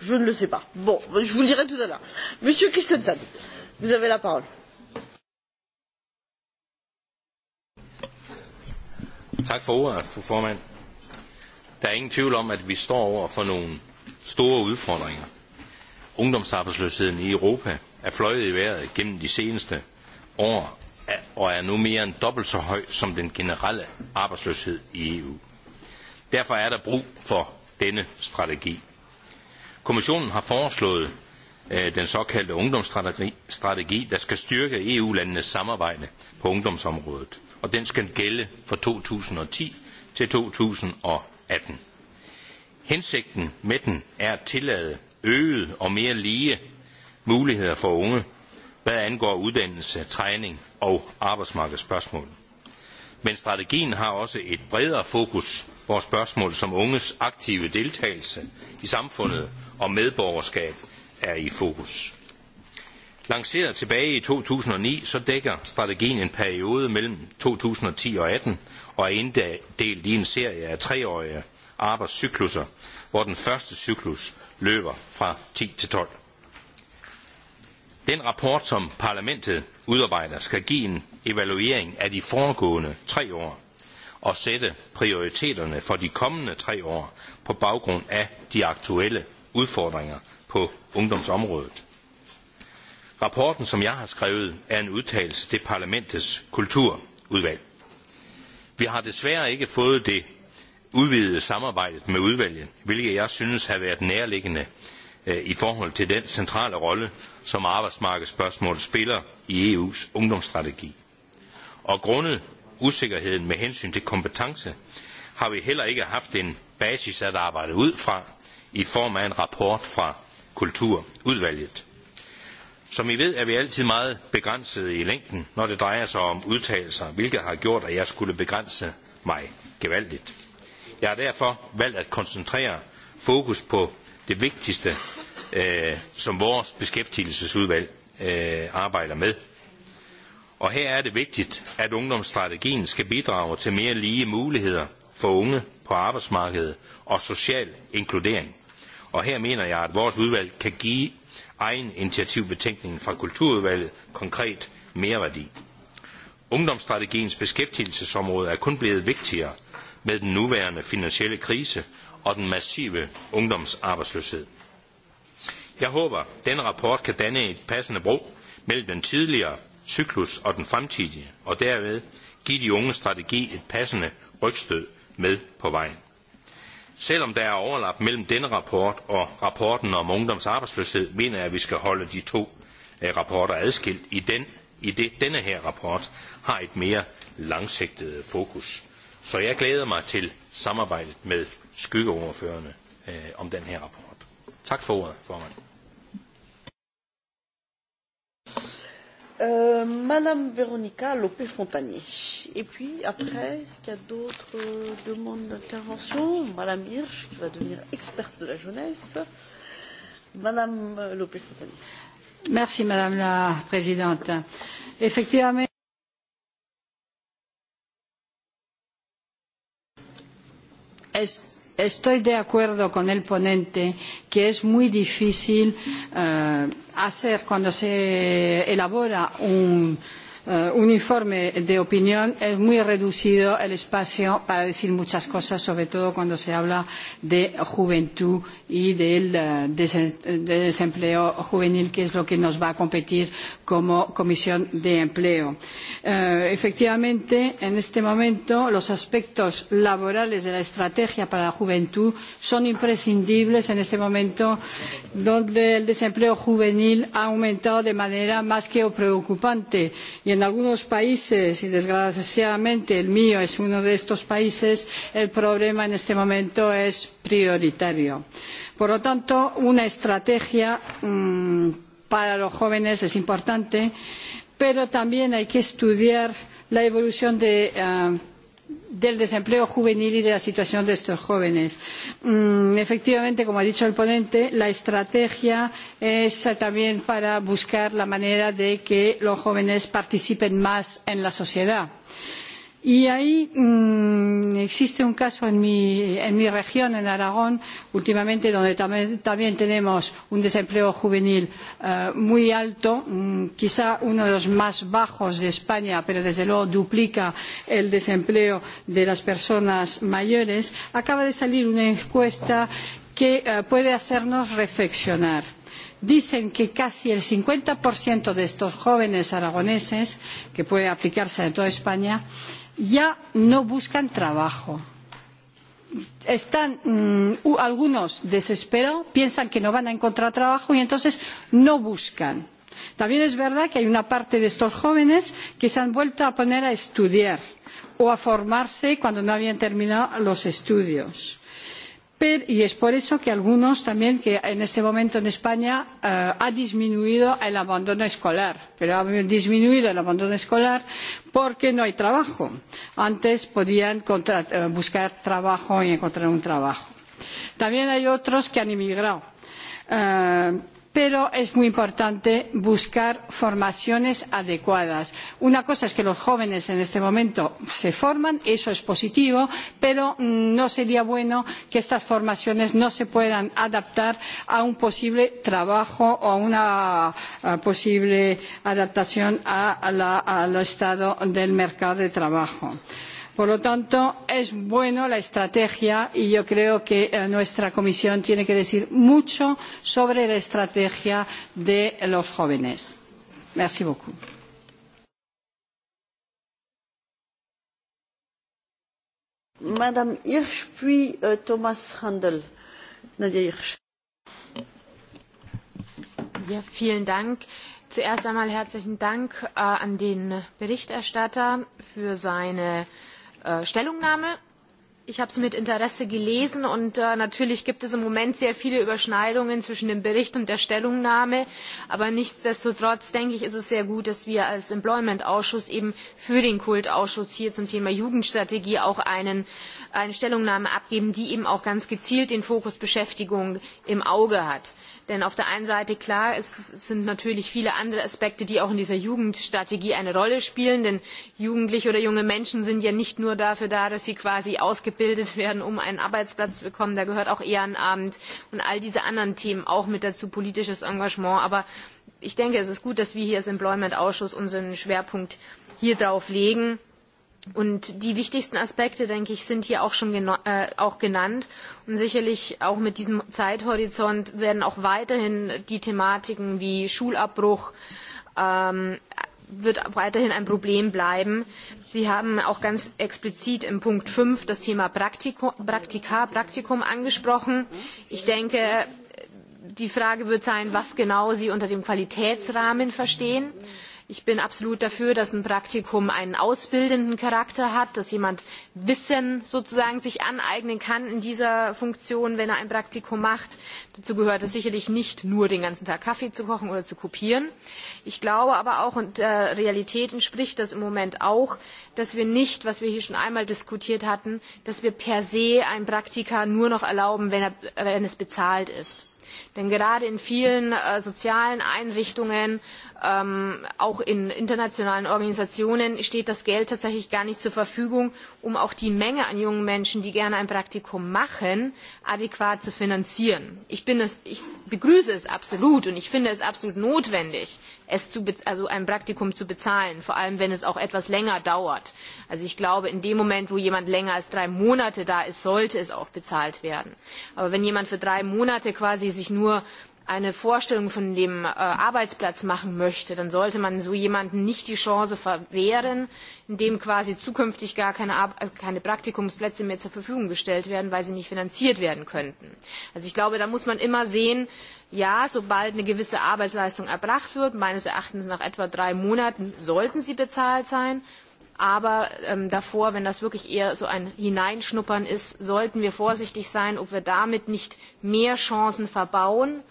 Je ne le sais pas. Bon, je vous le dirai tout à l'heure. Monsieur Christensen, vous avez la parole. Tak for ordet, fru formand. Der er ingen tvivl om, at vi står over for nogle store udfordringer. Ungdomsarbejdsløsheden i Europa er fløjet i vejret gennem de seneste år, Er- og er nu mere end dobbelt så høj som den generelle arbejdsløshed i EU. Derfor er der brug for denne strategi. Kommissionen har foreslået øh, den såkaldte ungdomsstrategi, der skal styrke EU-landenes samarbejde på ungdomsområdet, og den skal gælde fra 2010 til 2018. Hensigten med den er at tillade øgede og mere lige muligheder for unge hvad angår uddannelse, træning og arbejdsmarkedsspørgsmål. Men strategien har også et bredere fokus, hvor spørgsmål som unges aktive deltagelse i samfundet og medborgerskab er i fokus. Lanceret tilbage i 2009, så dækker strategien en periode mellem 2010 og 18 og er inddelt i en serie af treårige arbejdscykluser, hvor den første cyklus løber fra 10 til 12. Den rapport, som parlamentet udarbejder, skal give en evaluering af de foregående tre år og sætte prioriteterne for de kommende tre år på baggrund af de aktuelle udfordringer på ungdomsområdet. Rapporten, som jeg har skrevet, er en udtalelse til parlamentets kulturudvalg. Vi har desværre ikke fået det udvidede samarbejde med udvalget, hvilket jeg synes havde været nærliggende Øh, i forhold til den centrale rolle, som arbejdsmarkedsspørgsmål spiller i EU's ungdomsstrategi. Og grundet usikkerheden med hensyn til kompetence, har vi heller ikke haft en basis at arbejde ud fra i form af en rapport fra Kulturudvalget. Som I ved, er vi altid meget begrænsede i længden, når det drejer sig om udtalelser, hvilket har gjort, at jeg skulle begrænse mig gevaldigt. Jeg har derfor valgt at koncentrere fokus på det vigtigste, øh, som vores beskæftigelsesudvalg øh, arbejder med. Og her er det vigtigt, at ungdomsstrategien skal bidrage til mere lige muligheder for unge på arbejdsmarkedet og social inkludering. Og her mener jeg, at vores udvalg kan give egen initiativbetænkningen fra Kulturudvalget konkret mere værdi. Ungdomsstrategiens beskæftigelsesområde er kun blevet vigtigere med den nuværende finansielle krise og den massive ungdomsarbejdsløshed. Jeg håber, denne rapport kan danne et passende bro mellem den tidligere cyklus og den fremtidige, og derved give de unge strategi et passende rygstød med på vejen. Selvom der er overlap mellem denne rapport og rapporten om ungdomsarbejdsløshed, mener jeg, at vi skal holde de to eh, rapporter adskilt, i, den, i det denne her rapport har et mere langsigtet fokus. Så jeg glæder mig til samarbejdet med skyggeoverførende øh, om den her rapport. Tak for ordet, formand. Euh, Madame Veronica Lopé-Fontanier. Et puis après, est-ce qu'il y a d'autres euh, demandes d'intervention Madame Hirsch, qui va devenir experte de la jeunesse. Madame euh, Lopé-Fontanier. Merci Madame la Présidente. Effectivement. Est-ce estoy de acuerdo con el ponente que es muy difícil eh, hacer cuando se elabora un Eh, uniforme de opinión es muy reducido el espacio para decir muchas cosas, sobre todo cuando se habla de juventud y del eh, de desempleo juvenil, que es lo que nos va a competir como Comisión de Empleo. Eh, efectivamente, en este momento, los aspectos laborales de la estrategia para la juventud son imprescindibles en este momento donde el desempleo juvenil ha aumentado de manera más que preocupante y en algunos países, y desgraciadamente el mío es uno de estos países, el problema en este momento es prioritario. Por lo tanto, una estrategia mmm, para los jóvenes es importante, pero también hay que estudiar la evolución de. Uh, del desempleo juvenil y de la situación de estos jóvenes. Mm, efectivamente, como ha dicho el ponente, la estrategia es también para buscar la manera de que los jóvenes participen más en la sociedad. Y ahí mmm, existe un caso en mi, en mi región, en Aragón, últimamente, donde también, también tenemos un desempleo juvenil eh, muy alto, mmm, quizá uno de los más bajos de España, pero desde luego duplica el desempleo de las personas mayores. Acaba de salir una encuesta que eh, puede hacernos reflexionar dicen que casi el 50% de estos jóvenes aragoneses, que puede aplicarse en toda España, ya no buscan trabajo. Están mmm, algunos desesperados, piensan que no van a encontrar trabajo y entonces no buscan. También es verdad que hay una parte de estos jóvenes que se han vuelto a poner a estudiar o a formarse cuando no habían terminado los estudios y es por eso que algunos también que en este momento en España eh, ha disminuido el abandono escolar, pero ha disminuido el abandono escolar porque no hay trabajo. Antes podían eh, buscar trabajo y encontrar un trabajo. También hay otros que han emigrado. Eh, pero es muy importante buscar formaciones adecuadas. Una cosa es que los jóvenes en este momento se formen eso es positivo, pero mm, no sería bueno que estas formaciones no se puedan adaptar a un posible trabajo o a una posible adaptación al estado del mercado de trabajo. Eh, Por lo tanto, es buena la estrategia y yo creo que eh, nuestra comisión tiene que decir mucho sobre la estrategia de los jóvenes. Merci beaucoup. Madame Hirsch, puis euh, Thomas Handel. Nadia Hirsch. Ja, vielen Dank. Zuerst einmal herzlichen Dank äh, an den Berichterstatter für seine Äh, Stellungnahme. Ich habe sie mit Interesse gelesen und äh, natürlich gibt es im Moment sehr viele Überschneidungen zwischen dem Bericht und der Stellungnahme. Aber nichtsdestotrotz denke ich, ist es sehr gut, dass wir als employment eben für den Kultausschuss hier zum Thema Jugendstrategie auch einen, eine Stellungnahme abgeben, die eben auch ganz gezielt den Fokus Beschäftigung im Auge hat. Denn auf der einen Seite, klar, es sind natürlich viele andere Aspekte, die auch in dieser Jugendstrategie eine Rolle spielen. Denn Jugendliche oder junge Menschen sind ja nicht nur dafür da, dass sie quasi ausgebildet werden, um einen Arbeitsplatz zu bekommen. Da gehört auch Ehrenamt und all diese anderen Themen auch mit dazu, politisches Engagement. Aber ich denke, es ist gut, dass wir hier als Employment-Ausschuss unseren Schwerpunkt hier drauf legen Und die wichtigsten Aspekte, denke ich, sind hier auch schon äh, auch genannt. Und sicherlich auch mit diesem Zeithorizont werden auch weiterhin die Thematiken wie Schulabbruch ähm, wird weiterhin ein Problem bleiben. Sie haben auch ganz explizit im Punkt 5 das Thema Praktiko, Praktika, Praktikum angesprochen. Ich denke, die Frage wird sein, was genau Sie unter dem Qualitätsrahmen verstehen. Mhm Ich bin absolut dafür, dass ein Praktikum einen ausbildenden Charakter hat, dass jemand Wissen sozusagen sich aneignen kann in dieser Funktion, wenn er ein Praktikum macht. Dazu gehört es sicherlich nicht nur den ganzen Tag Kaffee zu kochen oder zu kopieren. Ich glaube aber auch, und der äh, Realität entspricht das im Moment auch, dass wir nicht, was wir hier schon einmal diskutiert hatten, dass wir per se einem Praktika nur noch erlauben, wenn, er, wenn es bezahlt ist Denn gerade in vielen äh, sozialen Einrichtungen, ähm, auch in internationalen Organisationen, steht das Geld tatsächlich gar nicht zur Verfügung, um auch die Menge an jungen Menschen, die gerne ein Praktikum machen, adäquat zu finanzieren. Ich bin, das, ich begrüße es absolut und ich finde es absolut notwendig, es zu, also ein Praktikum zu bezahlen, vor allem wenn es auch etwas länger dauert. Also ich glaube, in dem Moment, wo jemand länger als drei Monate da ist, sollte es auch bezahlt werden. Aber wenn jemand für drei Monate quasi nur eine Vorstellung von dem äh, Arbeitsplatz machen möchte, dann sollte man so jemanden nicht die Chance verwehren, indem quasi zukünftig gar keine, Ar äh, keine Praktikumsplätze mehr zur Verfügung gestellt werden, weil sie nicht finanziert werden könnten. Also ich glaube, da muss man immer sehen, ja, sobald eine gewisse Arbeitsleistung erbracht wird, meines Erachtens nach etwa drei Monaten, sollten sie bezahlt sein. Aber ähm, davor, wenn das wirklich eher so ein Hineinschnuppern ist, sollten wir vorsichtig sein, ob wir damit nicht mehr Chancen verbauen,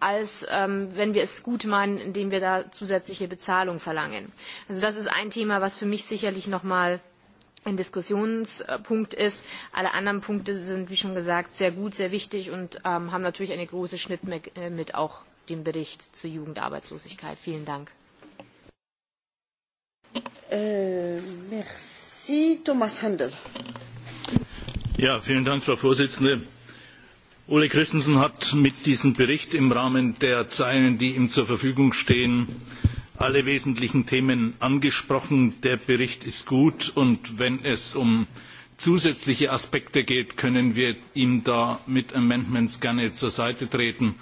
als ähm, wenn wir es gut meinen, indem wir da zusätzliche Bezahlung verlangen. Also das ist ein Thema, was für mich sicherlich noch nochmal ein Diskussionspunkt ist. Alle anderen Punkte sind, wie schon gesagt, sehr gut, sehr wichtig und ähm, haben natürlich eine große Schnittmenge äh, mit auch dem Bericht zur Jugendarbeitslosigkeit. Vielen Dank. Äh, merci, Thomas Handel. Ja, vielen Dank, Frau Vorsitzende ole Christensen hat mit diesem Bericht im Rahmen der Zeilen, die ihm zur Verfügung stehen, alle wesentlichen Themen angesprochen. Der Bericht ist gut und wenn es um zusätzliche Aspekte geht, können wir ihm da mit änderungsanträgen gerne zur Seite treten,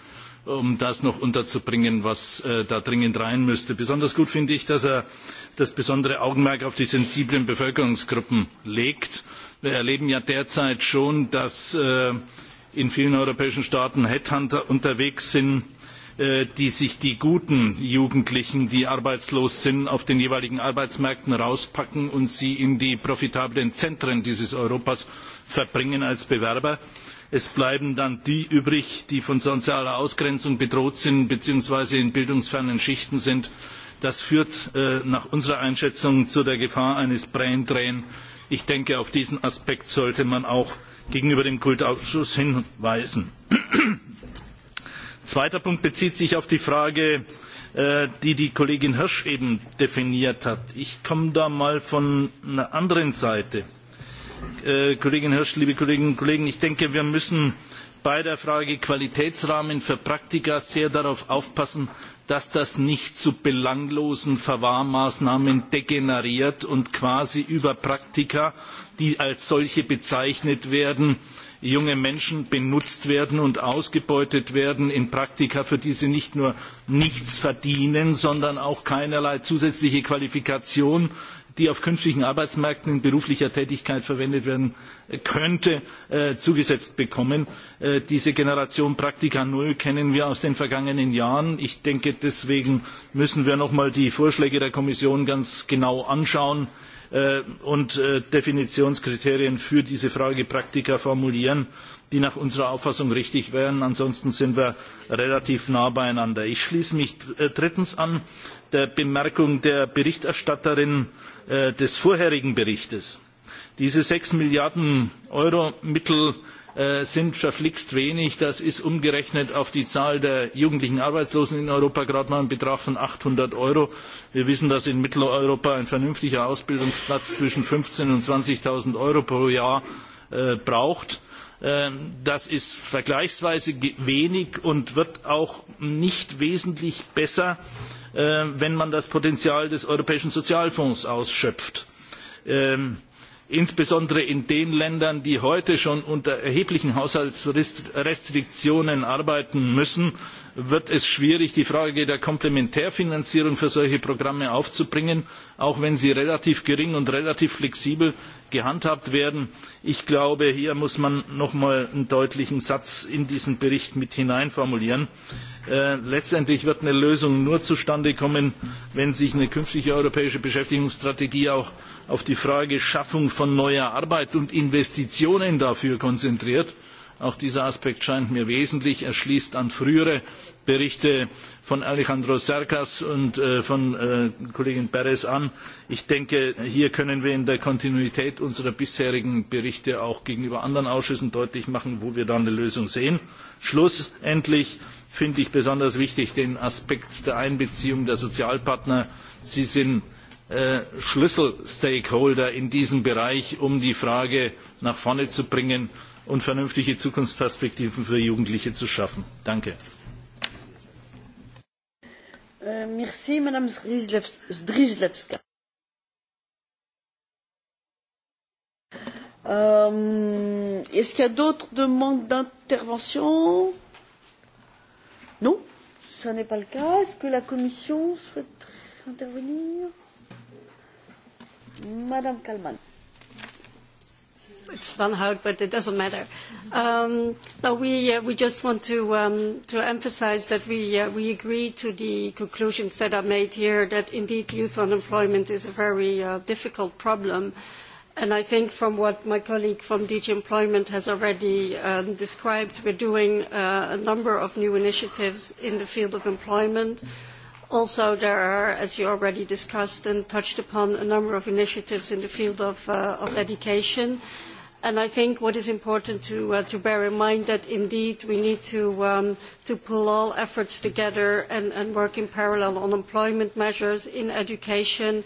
um das noch unterzubringen, was äh, da dringend rein müsste. Besonders gut finde ich, dass er das besondere Augenmerk auf die sensiblen Bevölkerungsgruppen legt. Wir erleben ja derzeit schon, dass äh, in vielen europäischen Staaten Headhunter unterwegs sind, äh, die sich die guten Jugendlichen, die arbeitslos sind, auf den jeweiligen Arbeitsmärkten rauspacken und sie in die profitablen Zentren dieses Europas verbringen als Bewerber. Es bleiben dann die übrig, die von sozialer Ausgrenzung bedroht sind beziehungsweise in bildungsfernen Schichten sind. Das führt äh, nach unserer Einschätzung zu der Gefahr eines braindrain. Ich denke, auf diesen Aspekt sollte man auch gegenüber dem Kultausschuss hinweisen. Zweiter Punkt bezieht sich auf die Frage, äh, die die Kollegin Hirsch eben definiert hat. Ich komme da mal von einer anderen Seite. Äh, Kollegin Hirsch, liebe Kolleginnen und Kollegen, ich denke, wir müssen bei der Frage Qualitätsrahmen für Praktika sehr darauf aufpassen, dass das nicht zu belanglosen Verwahrmaßnahmen degeneriert und quasi über Praktika, die als solche bezeichnet werden, junge Menschen benutzt werden und ausgebeutet werden in Praktika, für die sie nicht nur nichts verdienen, sondern auch keinerlei zusätzliche Qualifikation die auf künftigen Arbeitsmärkten in beruflicher Tätigkeit verwendet werden äh, könnte, äh, zugesetzt bekommen. Äh, diese Generation Praktika Null kennen wir aus den vergangenen Jahren. Ich denke, deswegen müssen wir noch einmal die Vorschläge der Kommission ganz genau anschauen äh, und äh, Definitionskriterien für diese Frage Praktika formulieren die nach unserer Auffassung richtig wären. Ansonsten sind wir relativ nah beieinander. Ich schließe mich äh, drittens an der Bemerkung der Berichterstatterin Äh, des vorherigen berichts. diese sechs milliarden euro mittel äh, sind verflixt wenig das ist umgerechnet auf die zahl der jugendlichen arbeitslosen in europa gerade mal ein betrag von. achthundert euro wir wissen dass in mitteleuropa ein vernünftiger ausbildungsplatz zwischen fünfzehn und zwanzig null euro pro jahr äh, braucht. das ist vergleichsweise wenig und wird auch nicht wesentlich besser Ähm, wenn man das Potenzial des Europäischen Sozialfonds ausschöpft. Ähm, insbesondere in den Ländern, die heute schon unter erheblichen Haushaltsrestriktionen arbeiten müssen, wird es schwierig, die Frage der Komplementärfinanzierung für solche Programme aufzubringen, auch wenn sie relativ gering und relativ flexibel gehandhabt werden. Ich glaube, hier muss man noch einmal einen deutlichen Satz in diesen Bericht mit hineinformulieren. Äh, letztendlich wird eine Lösung nur zustande kommen, wenn sich eine künftige europäische Beschäftigungsstrategie auch auf die Frage Schaffung von neuer Arbeit und Investitionen dafür konzentriert. Auch dieser Aspekt scheint mir wesentlich. Er schließt an frühere Berichte von Alejandro Cercas und äh, von äh, Kollegin Perez an. Ich denke, hier können wir in der Kontinuität unserer bisherigen Berichte auch gegenüber anderen Ausschüssen deutlich machen, wo wir dann eine Lösung sehen. Schlussendlich finde ich besonders wichtig den Aspekt der Einbeziehung der Sozialpartner. Sie sind äh, Schlüsselstakeholder in diesem Bereich, um die Frage nach vorne zu bringen und vernünftige Zukunftsperspektiven für Jugendliche zu schaffen. Danke. Euh, merci, Madame Zdrizlewska. Euh, Est-ce qu'il y a d'autres demandes d'intervention Non, ce n'est pas le cas. Est-ce que la Commission souhaite intervenir Madame Kalman it's van Hout, but it doesn't matter. Um, no, we, uh, we just want to, um, to emphasize that we, uh, we agree to the conclusions that are made here, that indeed youth unemployment is a very uh, difficult problem. And I think from what my colleague from DG Employment has already um, described, we're doing uh, a number of new initiatives in the field of employment. Also, there are, as you already discussed and touched upon, a number of initiatives in the field of, uh, of education. And I think what is important to, uh, to bear in mind that indeed we need to, um, to pull all efforts together and, and work in parallel on employment measures in education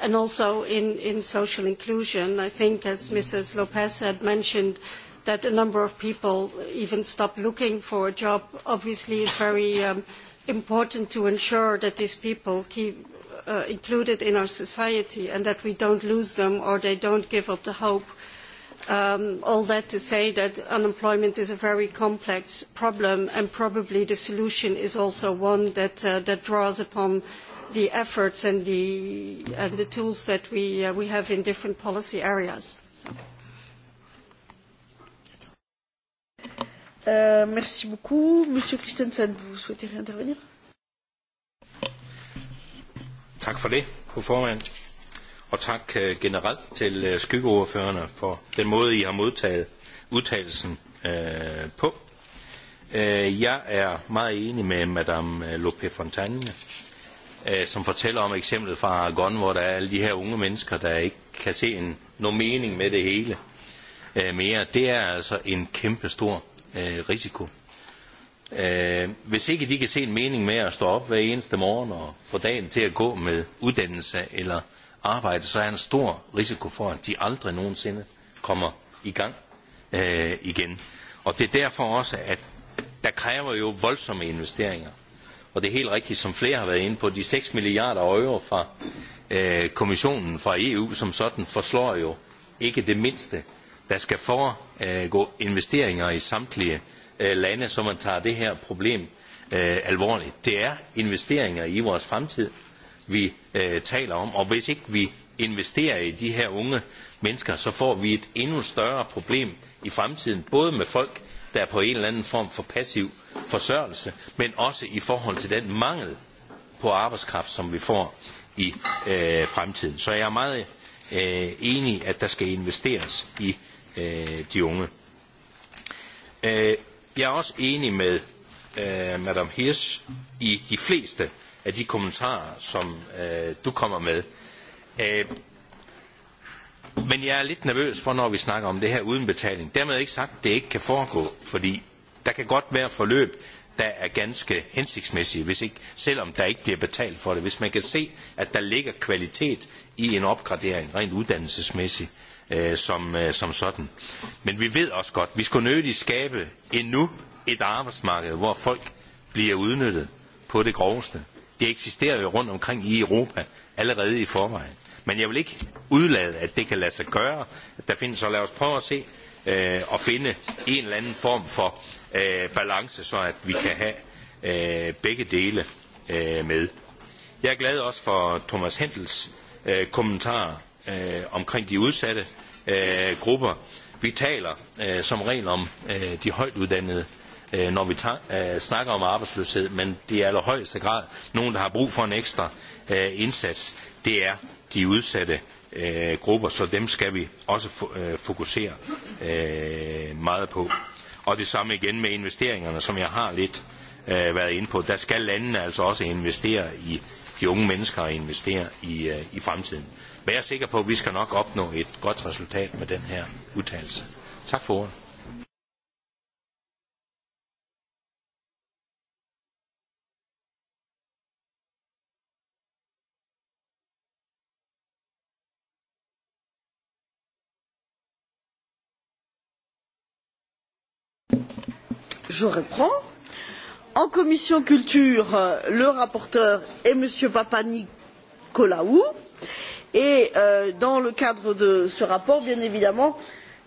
and also in, in social inclusion. I think, as Mrs. Lopez had mentioned, that a number of people even stop looking for a job. Obviously, is very um, important to ensure that these people keep uh, included in our society and that we don't lose them or they don't give up the hope Um, all that to say that unemployment is a very complex problem and probably the solution is also one that, uh, that draws upon the efforts and the, and the tools that we, uh, we have in different policy areas. Euh, merci beaucoup. Monsieur Christensen, vous souhaitez réintervenir Tak for det, fru og tak øh, generelt til øh, skyggeordførerne for den måde, I har modtaget udtalelsen øh, på. Øh, jeg er meget enig med Madame Lope Fontagne, som fortæller om eksemplet fra Aragon, hvor der er alle de her unge mennesker, der ikke kan se en, nogen mening med det hele mere. Det er altså en kæmpe stor øh, risiko. Øh, hvis ikke de kan se en mening med at stå op hver eneste morgen og få dagen til at gå med uddannelse eller arbejde, så er en stor risiko for, at de aldrig nogensinde kommer i gang øh, igen. Og det er derfor også, at der kræver jo voldsomme investeringer. Og det er helt rigtigt, som flere har været inde på, de 6 milliarder euro fra øh, kommissionen fra EU som sådan forslår jo ikke det mindste. Der skal foregå øh, investeringer i samtlige øh, lande, så man tager det her problem øh, alvorligt. Det er investeringer i vores fremtid, vi øh, taler om. Og hvis ikke vi investerer i de her unge mennesker, så får vi et endnu større problem i fremtiden, både med folk, der er på en eller anden form for passiv forsørgelse, men også i forhold til den mangel på arbejdskraft, som vi får i øh, fremtiden. Så jeg er meget øh, enig, at der skal investeres i øh, de unge. Øh, jeg er også enig med øh, Madame Hirsch i de fleste af de kommentarer, som øh, du kommer med. Øh, men jeg er lidt nervøs for, når vi snakker om det her uden betaling. Dermed ikke sagt, at det ikke kan foregå, fordi der kan godt være forløb, der er ganske hensigtsmæssige, hvis ikke, selvom der ikke bliver betalt for det. Hvis man kan se, at der ligger kvalitet i en opgradering, rent uddannelsesmæssigt, øh, som, øh, som sådan. Men vi ved også godt, at vi skulle nødigt skabe endnu et arbejdsmarked, hvor folk bliver udnyttet på det groveste. Det eksisterer jo rundt omkring i Europa allerede i forvejen. Men jeg vil ikke udlade, at det kan lade sig gøre. Der findes, så lad os prøve at se øh, finde en eller anden form for øh, balance, så at vi kan have øh, begge dele øh, med. Jeg er glad også for Thomas Hendels øh, kommentarer øh, omkring de udsatte øh, grupper. Vi taler øh, som regel om øh, de højt uddannede Øh, når vi øh, snakker om arbejdsløshed, men det er i allerhøjeste grad nogen, der har brug for en ekstra øh, indsats. Det er de udsatte grupper, så dem skal vi også fokusere meget på. Og det samme igen med investeringerne, som jeg har lidt været inde på. Der skal landene altså også investere i de unge mennesker og investere i, i fremtiden. Men jeg er sikker på, at vi skal nok opnå et godt resultat med den her udtalelse. Tak for ordet. je reprends en commission de la culture le rapporteur est m. papanikolaou et euh, dans le cadre de ce rapport bien évidemment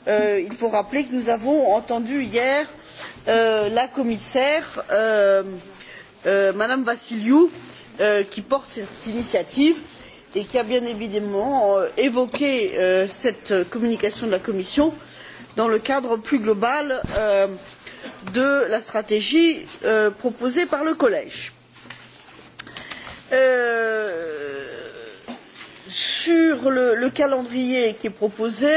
euh, il faut rappeler que nous avons entendu hier euh, la commissaire mme vassiliou qui porte cette initiative et qui a bien évidemment évoqué cette communication de la commission dans le cadre plus global de de la stratégie euh, proposée par le collège. Euh, sur le, calendrier qui est proposé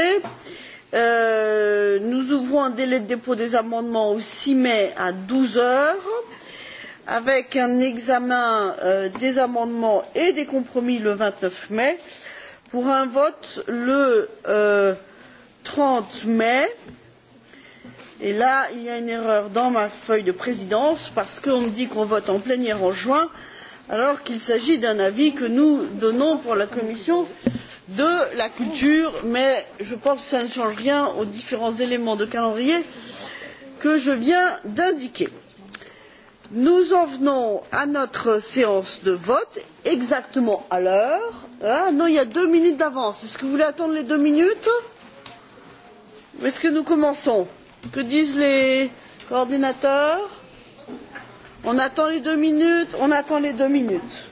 euh, nous ouvrons un délai de dépôt des amendements au six mai à douze heures avec un examen des amendements et des compromis le vingt neuf mai pour un vote le trente mai et là il y a une erreur dans ma feuille de présidence parce qu'on me dit qu'on vote en plénière en juin alors qu'il s'agit d'un avis que nous donnons pour la commission de la culture mais je pense que cela ne change rien aux différents éléments de calendrier que je viens d'indiquer. nous en venons à notre séance de vote exactement à l'heure. ah non il y a deux minutes d'avance. est ce que vous voulez attendre les deux minutes ou est ce que nous commençons? que disent les coordinateurs? on attend les deux minutes on attend les deux minutes.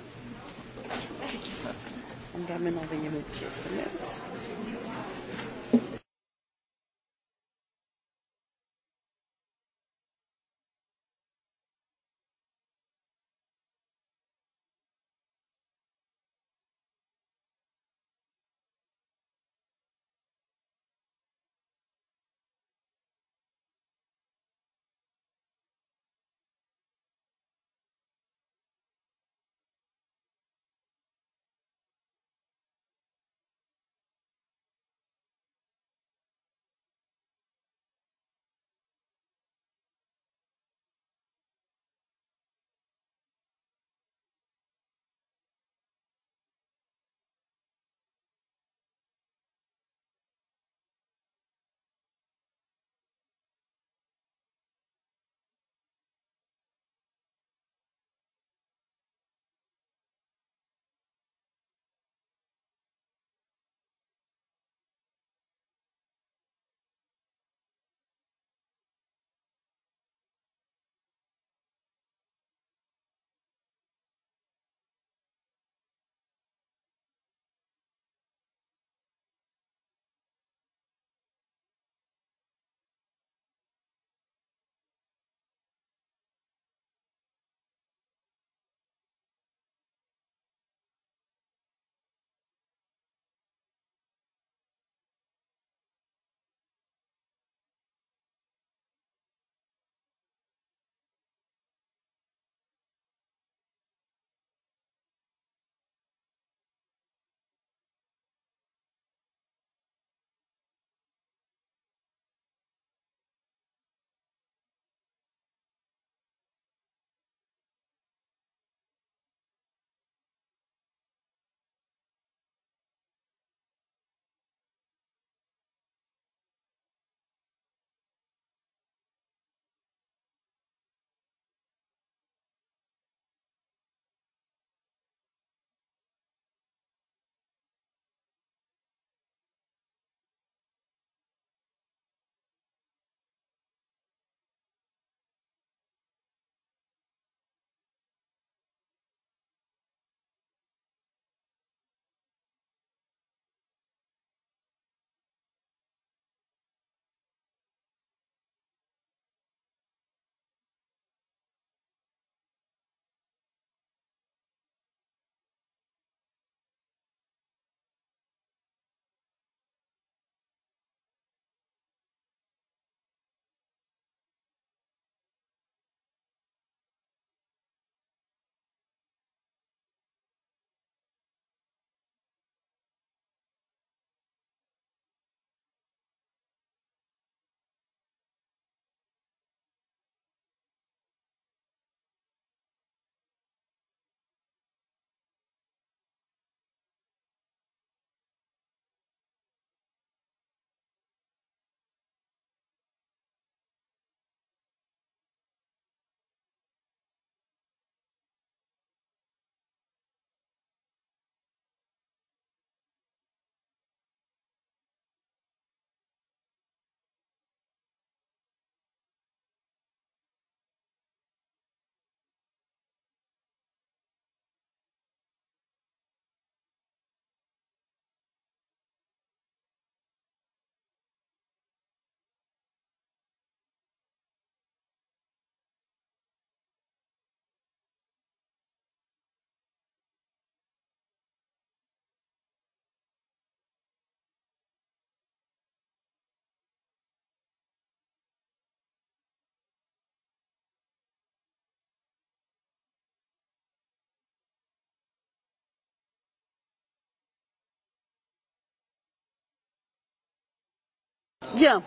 Bien,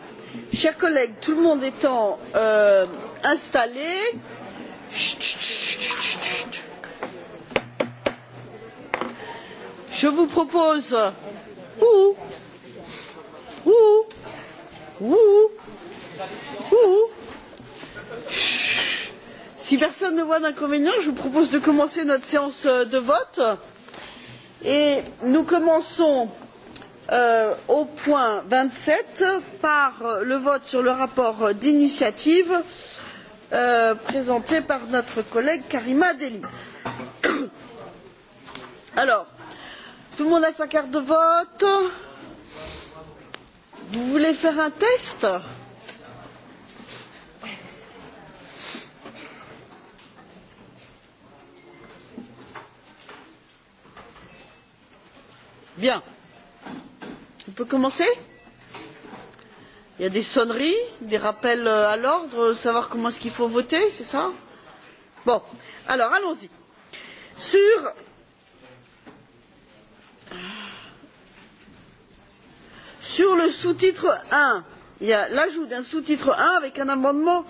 chers collègues, tout le monde étant euh, installé, je vous propose. Ouh, ouh, ouh, ouh. Si personne ne voit d'inconvénient, je vous propose de commencer notre séance euh, de vote. Et nous commençons Euh, au point vingt sept par le vote sur le rapport d'initiative euh, présenté par notre collègue karima delli. alors tout le monde a sa carte de vote? vous voulez faire un test? bien. On peut commencer Il y a des sonneries, des rappels euh, à l'ordre, euh, savoir comment est-ce qu'il faut voter, c'est ça Bon, alors allons-y. Sur sur le sous titre un il y a l'ajout d'un sous titre un avec un amendement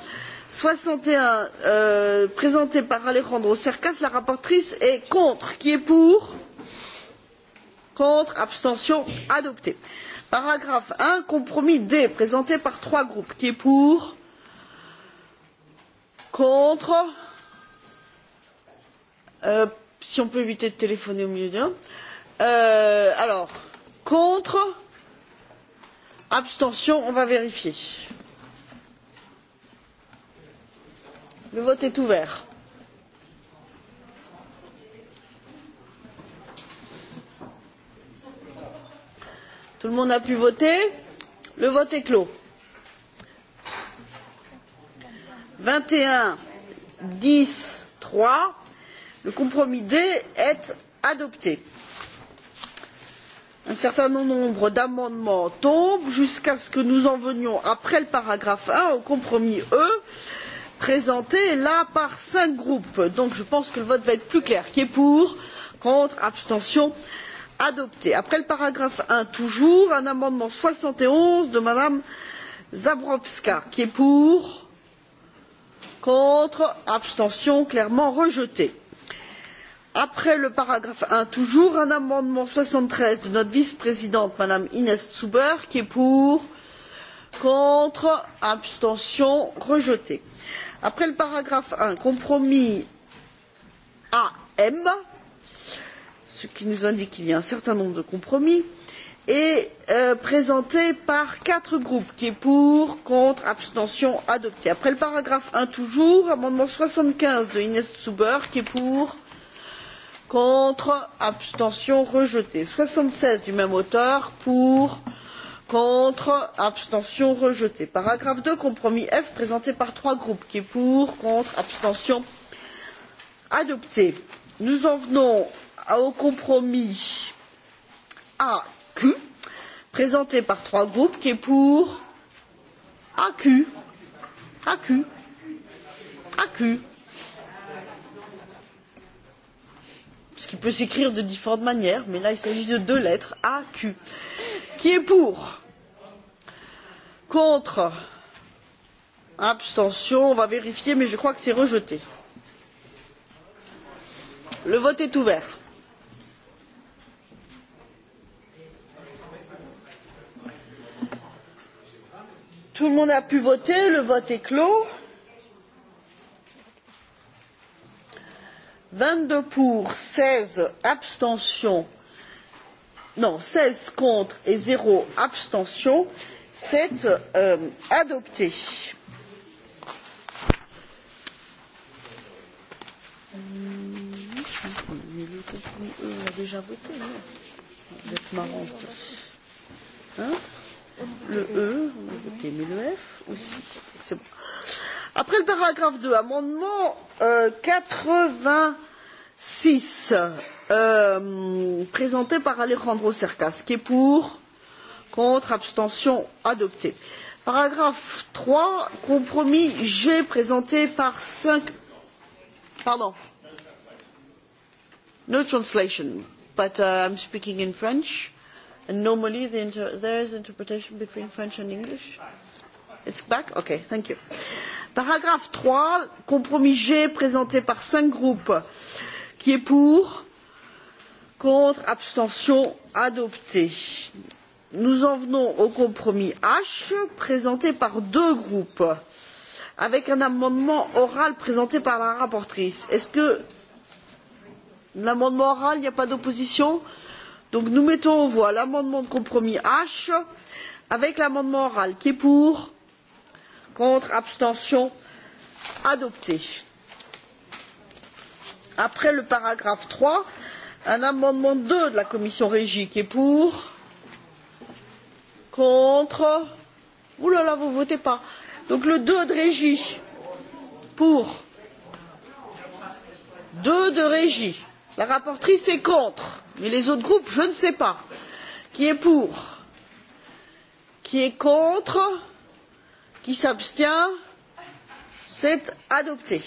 soixante et un euh, présenté par alejandro cercas la rapporteure est contre qui est pour? contre abstention adopté. paragraphe un compromis d présenté par trois groupes qui est pour contre euh, si on peut éviter de téléphoner au milieu d'un euh, alors contre abstention on va vérifier. le vote est ouvert. tout le monde a pu voter le vote est clos vingt et un dix trois le compromis d est adopté. un certain nombre d'amendements tombent jusqu'à ce que nous en venions après le paragraphe un au compromis e présenté là par cinq groupes. donc je pense que le vote va être plus clair qui est pour contre abstention adopté adopté. après le paragraphe un toujours un amendement soixante et onze de mme zborsk qui est pour contre abstention clairement rejeté. après le paragraphe un toujours un amendement soixante treize de notre vice présidente mme ines zuber qui est pour contre abstention rejeté. après le paragraphe un compromis am ce qui nous indique qu'il y a un certain nombre de compromis est euh, présenté par quatre groupes qui est pour contre abstention adopté. après le paragraphe un toujours amendement soixante quinze de ines zuber qui est pour contre abstention rejeté soixante seize du même auteur pour contre abstention rejeté paragraphe deux compromis f présenté par trois groupes qui est pour contre abstention adopté. nous en venons au compromis aq présenté par trois groupes qui est pour aq aq aq ce qui peut s'écrire de différentes manières mais là il s'agit de deux lettres aq qui est pour contre abstention on va vérifier mais je crois que c'est rejeté. le vote est ouvert. tout le monde a pu voter le vote est clos vingt deux pour seize abstentions non seize contre et zéro abstention c'est euh, adopté. Mais le compromis, on déjà voté, non Vous êtes marrante. Hein le E, vous votez mais le F aussi. C'est bon. Après le paragraphe 2, amendement euh, 86, euh, présenté par Alejandro Cercas, qui est pour, contre, abstention, adopté. Paragraphe 3, compromis G, présenté par 5... Pardon. No translation, but uh, I'm speaking in French And normally the inter there is interpretation between French and English. It's back? Okay, thank you. Paragraphe 3, compromis G présenté par cinq groupes. Qui est pour Contre Abstention Adopté. Nous en venons au compromis H présenté par deux groupes avec un amendement oral présenté par la rapporteure. Est-ce que l'amendement oral, il n'y a pas d'opposition donc nous mettons aux voix l'amendement de compromis h avec l'amendement oral qui est pour contre abstention adopté. après le paragraphe trois un amendement deux de la commission regi qui est pour contre ouh là là vous ne votez pas donc le deux de Regi, pour deux de régie la rapporteure est contre mais les autres groupes je ne sais pas qui est pour qui est contre qui s'abstient c'est adopté.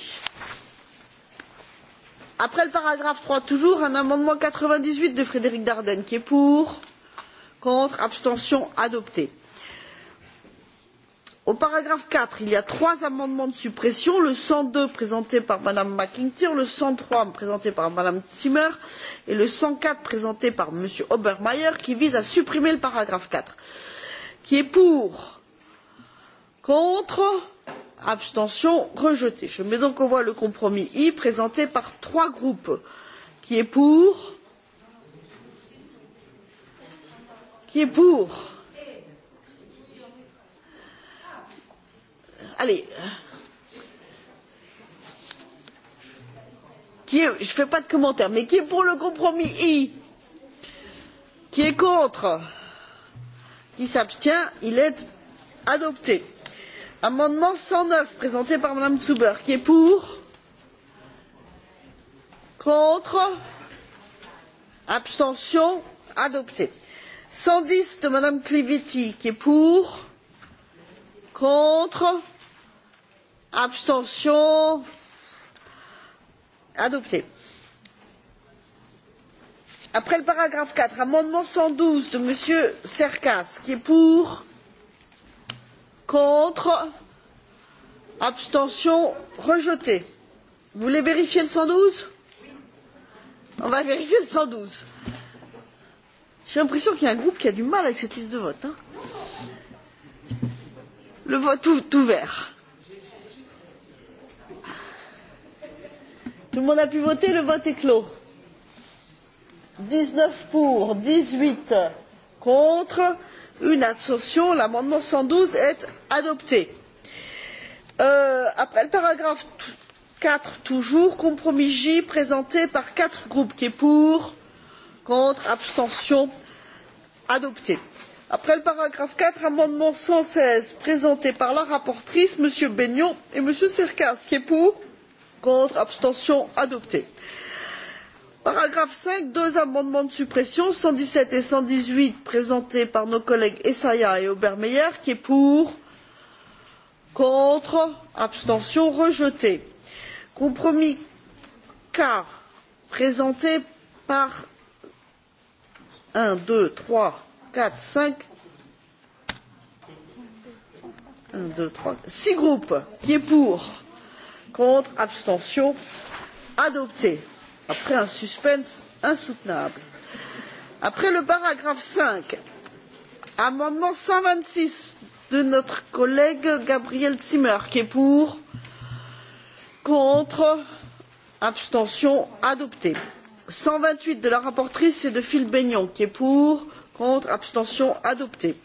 après le paragraphe trois toujours un amendement quatre vingt dix huit de frédéric daerden qui est pour contre abstention adopté au paragraphe quatre il y a trois amendements de suppression le cent deux présenté par mme mcintyre le cent trois présenté par mme zimmer et le cent quatre présenté par m. obermayr qui visent à supprimer le paragraphe. quatre qui est pour? contre? abstention rejeté. je mets donc aux voix le compromis i présenté par trois groupes qui est pour? qui est pour? Allez. Qui est, je ne fais pas de commentaire, mais qui est pour le compromis I Qui est contre Qui s'abstient Il est adopté. Amendement 109, présenté par mme Zuber. Qui est pour Contre Abstention Adopté. 110 de mme Clivetti. Qui est pour Contre abstention adopté. après le paragraphe 4, amendement 112 de m. cercas qui est pour contre abstention rejeté. vous voulez vérifier le 112? on va vérifier le 112. j'ai l'impression qu'il y a un groupe qui a du mal avec cette liste de vote. Hein. le vote tout ouvert Tout le monde a pu voter, le vote est clos. dix neuf pour, dix huit contre, une abstention. L'amendement cent douze est adopté. Euh, après le paragraphe quatre toujours, compromis J présenté par quatre groupes qui est pour, contre, abstention, adopté. Après le paragraphe 4, amendement 116 présenté par la rapporteure, M. Bennion et M. Cercas qui est pour, contre abstention adopté. paragraphe cinq deux amendements de suppression cent dix sept et cent dix huit présentés par nos collègues essayah et obermayr qui est pour? contre abstention rejeté. compromis k présenté par un deux trois quatre cinq un deux trois six groupes qui est pour? contre abstention adopté après un suspense insoutenable. après le paragraphe cinq amendement cent vingt six de notre collègue gabriel zimmer qui est pour contre abstention adopté cent vingt huit de la rapporteure et de phil bennion qui est pour contre abstention adopté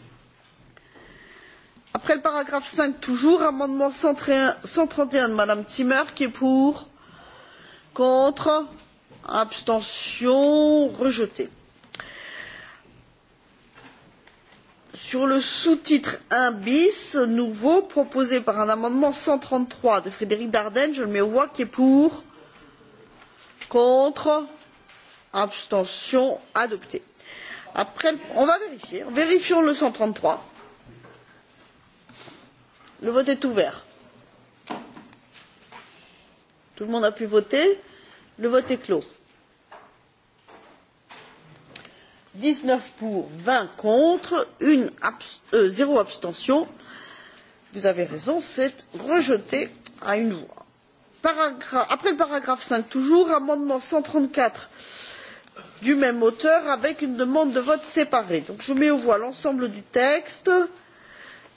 après le paragraphe cinq toujours amendement cent trente et un de mme zimmer qui est pour contre abstention rejeté. sur le sous titre un bis nouveau proposé par un amendement cent trente trois de frédéric daerden je le mets aux voix qui est pour contre abstention adopté. Après, on va vérifier vérifions le cent trente trois le vote est ouvert. tout le monde a pu voter le vote est clos. dix neuf pour vingt contre euh, zéro abstention. vous avez raison c'est rejeté à une voix. après le paragraphe cinq toujours amendement cent trente quatre du même auteur avec une demande de vote séparé. je mets aux voix l'ensemble du texte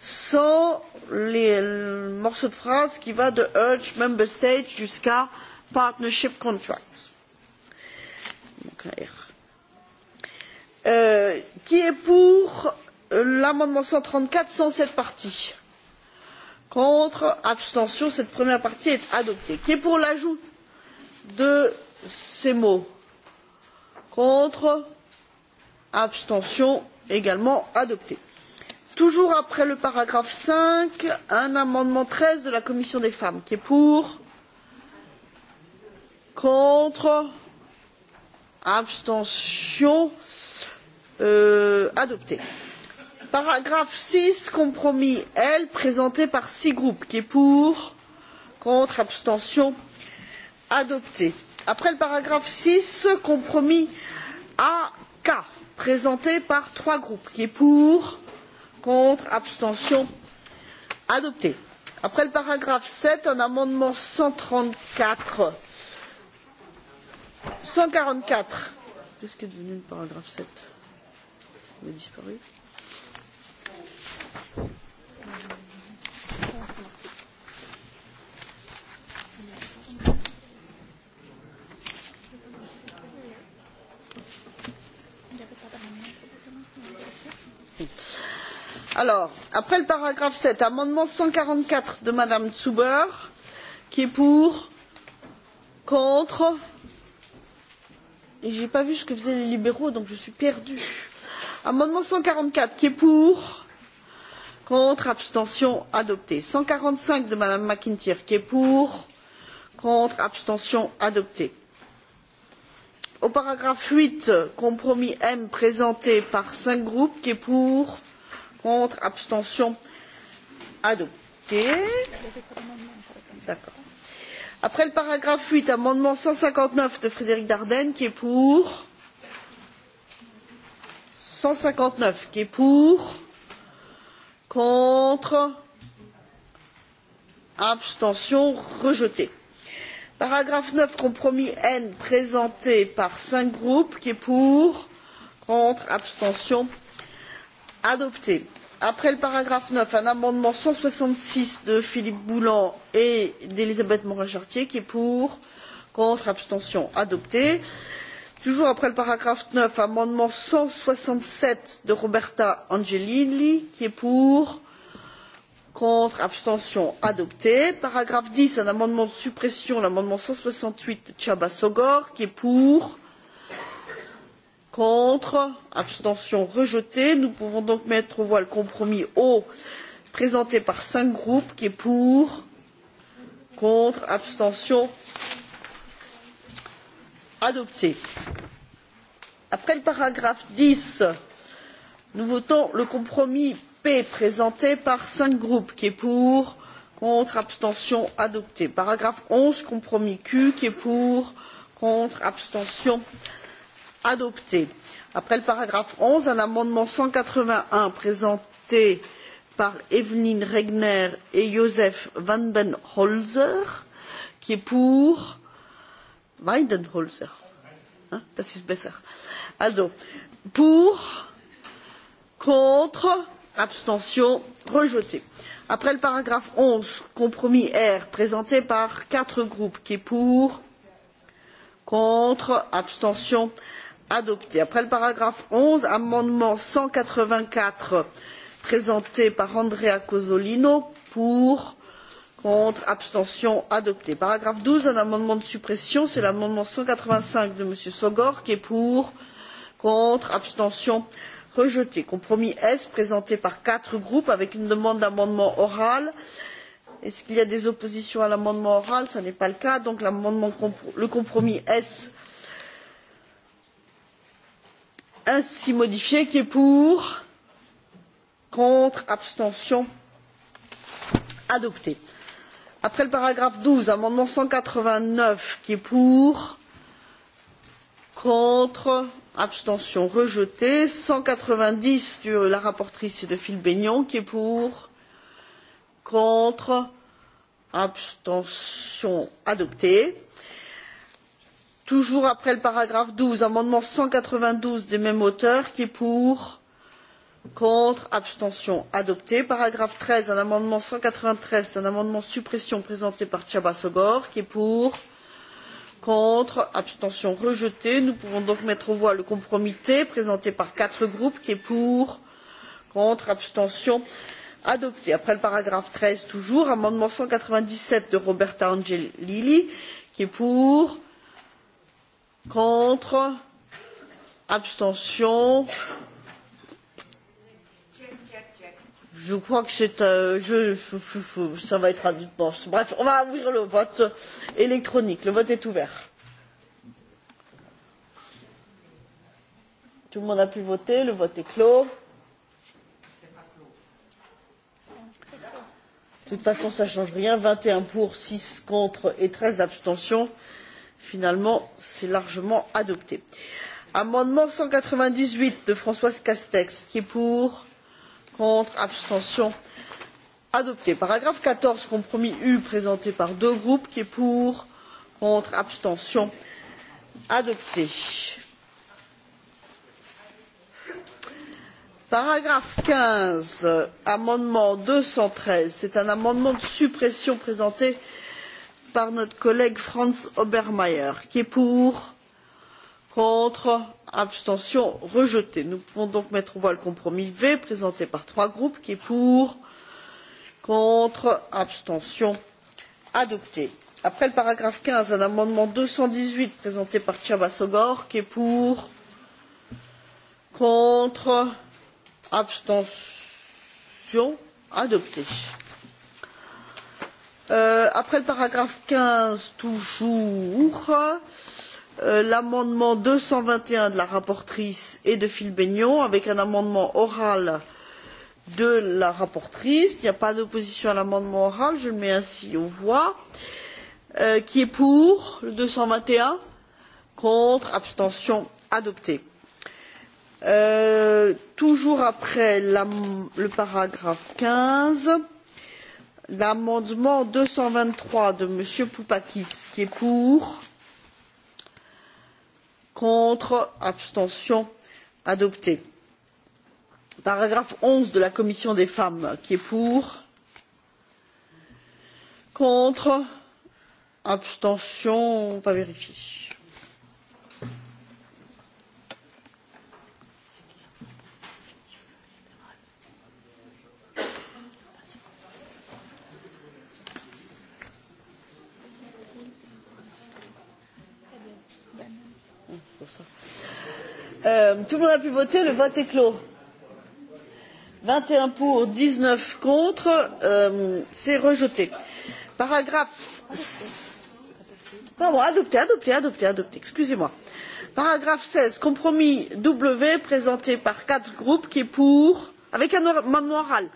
sans les, morceaux de phrase qui vont de urge member states jusqu'à partnership contracts. Euh, qui est pour l'amendement cent trente quatre sans cette partie? contre abstention cette première partie est adoptée. qui est pour l'ajout de ces mots? contre abstention également adopté toujours après le paragraphe cinq un amendement treize de la commission des femmes qui est pour contre abstention euh, adopté. paragraphe six compromis l présenté par six groupes qui est pour contre abstention adopté. après le paragraphe six compromis ak présenté par trois groupes qui est pour contre abstention adopté. après le paragraphe sept un amendement cent trente quatre cent quarante quatre qu'est ce qui est devenu le paragraphe sept il a disparu? Alors, après le paragraphe sept amendement cent quarante quatre de mme zuber qui est pour contre et je n'ai pas vu ce que faisaient les libéraux donc je suis perdue amendement cent quarante quatre qui est pour contre abstention adopté cent quarante cinq de mme mcintyre qui est pour contre abstention adopté au paragraphe huit compromis m présenté par cinq groupes qui est pour Contre, abstention adopté. D'accord. Après le paragraphe 8, amendement 159 de Frédéric Dardenne, qui est pour 159, qui est pour Contre Abstention rejeté. Paragraphe 9, compromis N, présenté par cinq groupes, qui est pour Contre Abstention rejeté adopté. après le paragraphe neuf un amendement cent soixante six de philippe boulland et d'élisabeth morin chartier qui est pour contre abstention adopté. toujours après le paragraphe neuf amendement cent soixante sept de roberta angelilli qui est pour contre abstention adopté. paragraphe dix un amendement de suppression l'amendement cent soixante huit de chabas sogor qui est pour contre abstention rejeté. nous pouvons donc mettre aux voix le compromis o présenté par cinq groupes qui est pour contre abstention adopté. après le paragraphe dix nous votons le compromis p présenté par cinq groupes qui est pour contre abstention adopté. paragraphe onze compromis q qui est pour contre abstention adopté adopté. après le paragraphe onze un amendement cent quatre vingt un présenté par evelyn regner et joseph weidenholzer qui est pour weidenholzer hein? das ist besser also pour contre abstention rejeté. après le paragraphe onze compromis r présenté par quatre groupes qui est pour contre abstention rejeté adopté. après le paragraphe onze amendement cent quatre vingt quatre présenté par andrea cozzolino pour contre abstention adopté. paragraphe douze un amendement de suppression c'est l'amendement cent quatre vingt cinq de m. sogor qui est pour contre abstention rejeté. compromis s présenté par quatre groupes avec une demande d'amendement oral. est ce qu'il y a des oppositions à l'amendement oral? ce n'est pas le cas donc le compromis s ainsi modifié qui est pour contre abstention adopté. après le paragraphe douze amendement cent quatre vingt neuf qui est pour contre abstention rejeté cent quatre vingt dix de la rapporteure et de phil bennion qui est pour contre abstention adopté toujours après le paragraphe douze amendement cent quatre vingt douze des mêmes auteurs qui est pour contre abstention adopté paragraphe treize un amendement cent quatre vingt treize un amendement de suppression présenté par Tchaba Sogor qui est pour contre abstention rejeté nous pouvons donc mettre aux voix le compromis T présenté par quatre groupes qui est pour contre abstention adopté après le paragraphe treize toujours amendement cent quatre vingt dix sept de Roberta Angelilli qui est pour Contre Abstention Je crois que c'est euh, je, ça va être un divorce. Bref, on va ouvrir le vote électronique. Le vote est ouvert. Tout le monde a pu voter, le vote est clos. De toute façon, ça ne change rien. 21 pour, 6 contre et 13 abstentions finalement c'est largement adopté. amendement cent quatre vingt dix huit de françoise castex qui est pour? contre abstention adopté. paragraphe quatorze compromis u présenté par deux groupes qui est pour? contre abstention adopté. paragraphe quinze amendement deux cent treize c'est un amendement de suppression présenté par notre collègue franz obermayr qui est pour contre abstention rejeté. nous pouvons donc mettre aux voix le compromis v présenté par trois groupes qui est pour contre abstention adopté. après le paragraphe quinze un amendement deux cent dix huit présenté par csaba sogor qui est pour contre abstention adopté. Euh, après le paragraphe quinze toujours euh, l'amendement deux cent vingt et un de la rapporteure et de phil bennion avec un amendement oral de la rapporteure il n'y a pas d'opposition à l'amendement oral je le mets ainsi aux voix euh, qui est pour le deux cent vingt et un contre abstention adopté. toujours après le paragraphe quinze l'amendement deux cent vingt trois de m. poupakis qui est pour contre abstention adopté paragraphe onze de la commission des femmes qui est pour contre abstention pas vérifié. Euh, tout le monde a pu voter, le vote est clos. vingt et un pour, dix neuf contre, euh, c'est rejeté. Paragraphe. Pardon, adopté, adopté, adopté, adopté, excusez-moi. Paragraphe seize compromis W présenté par quatre groupes qui est pour, avec un amendement oral.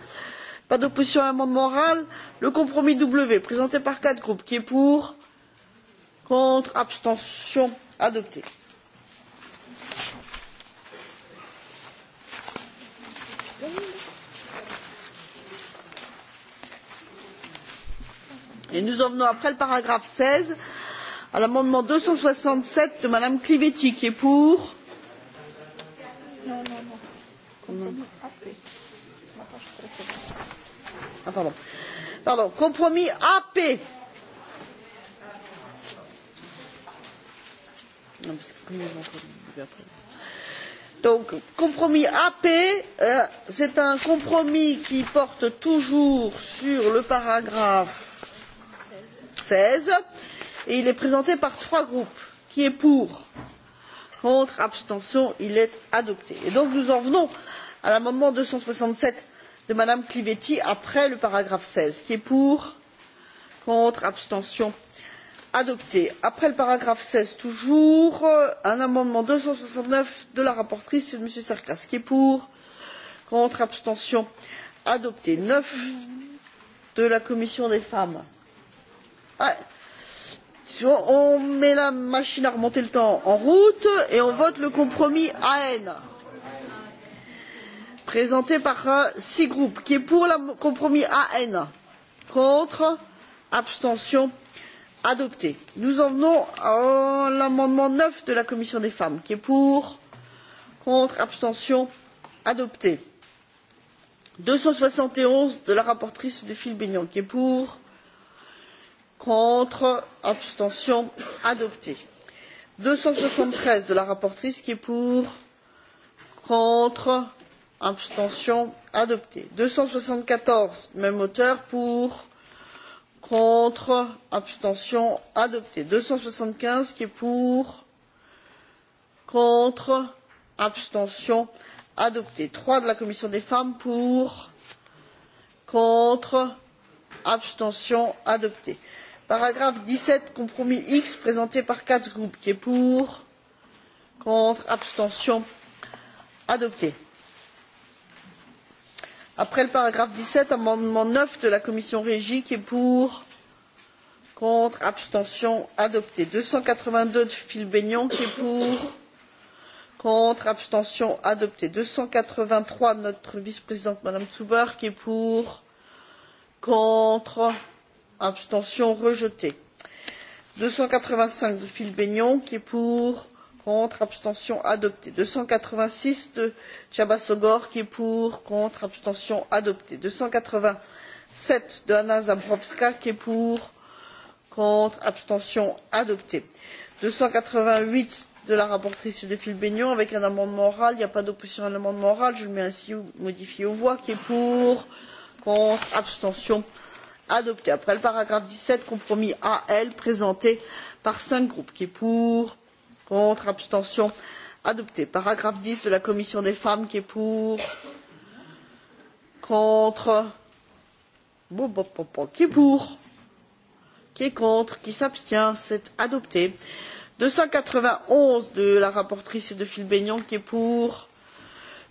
Pas d'opposition à l'amendement oral. Le compromis W présenté par quatre groupes qui est pour, contre, abstention, adopté et nous en venons après le paragraphe seize à l'amendement deux cent soixante sept de mme clivetti qui est pour Ah, pardon. Pardon. compromis ap donc compromis ap euh, c'est un compromis qui porte toujours sur le paragraphe seize et il est présenté par trois groupes qui est pour contre abstention il est adopté. et donc nous en venons à l'amendement deux cent soixante sept de mme clivetti après le paragraphe seize qui est pour contre abstention adopté. après le paragraphe seize toujours euh, un amendement deux cent soixante neuf de la rapporteure et de m. cercas qui est pour contre abstention adopté neuf de la commission des femmes Ah. On met la machine à remonter le temps en route et on vote le compromis AN présenté par euh, six groupes qui est pour le compromis an contre abstention adopté. nous en venons à euh, l'amendement neuf de la commission des femmes qui est pour contre abstention adopté. deux cent soixante et onze de la rapporteure de phil bennion qui est pour contre abstention adopté deux cent soixante treize de la rapporteure qui est pour contre abstention adopté deux cent soixante quatorze même auteur pour contre abstention adopté deux cent soixante quinze qui est pour contre abstention adopté trois de la commission des femmes pour contre abstention adopté paragraphe dix sept compromis x présenté par quatre groupes qui est pour contre abstention adopté. après le paragraphe dix sept amendement neuf de la commission regi qui est pour contre abstention adopté. deux cent quatre vingt deux de phil bennion qui est pour contre abstention adopté. deux cent quatre vingt trois de notre vice présidente mme zuber qui est pour contre abstention rejeté deux cent quatre vingt cinq de philippe bennion qui est pour contre abstention adopté deux cent quatre vingt six de Tchabasogor qui est pour contre abstention adopté deux cent quatre vingt sept de Anna zborsk qui est pour contre abstention adopté deux cent quatre vingt huit de la rapporteure et de philippe Bennion avec un amendement oral. Il n'y a pas d'opposition à l'amendement oral. Je le mets ainsi modifié aux voix qui est pour, contre, abstention adopté adopté. après le paragraphe dix sept compromis al présenté par cinq groupes qui est pour? contre? abstention? adopté. paragraphe dix de la commission des femmes qui est pour? contre? Bon, bon, bon, bon. qui est pour? qui est contre? qui s'abstient? c'est adopté. deux cent quatre vingt onze de la rapporteure et de phil bennion qui est pour?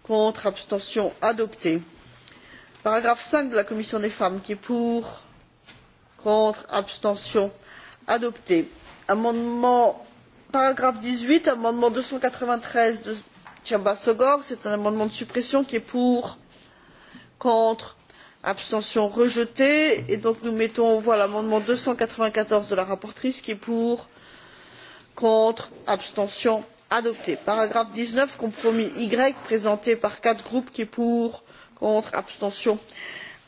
contre? abstention? adopté paragraphe cinq de la commission des femmes qui est pour contre abstention adopté. amendement paragraphe dix huit amendement deux cent quatre vingt treize de tiambasogor c'est un amendement de suppression qui est pour contre abstention rejeté et donc nous mettons aux voix l'amendement deux cent quatre vingt quatorze de la rapporteure qui est pour contre abstention adopté. paragraphe dix neuf compromis y présenté par quatre groupes qui est pour contre abstention adopté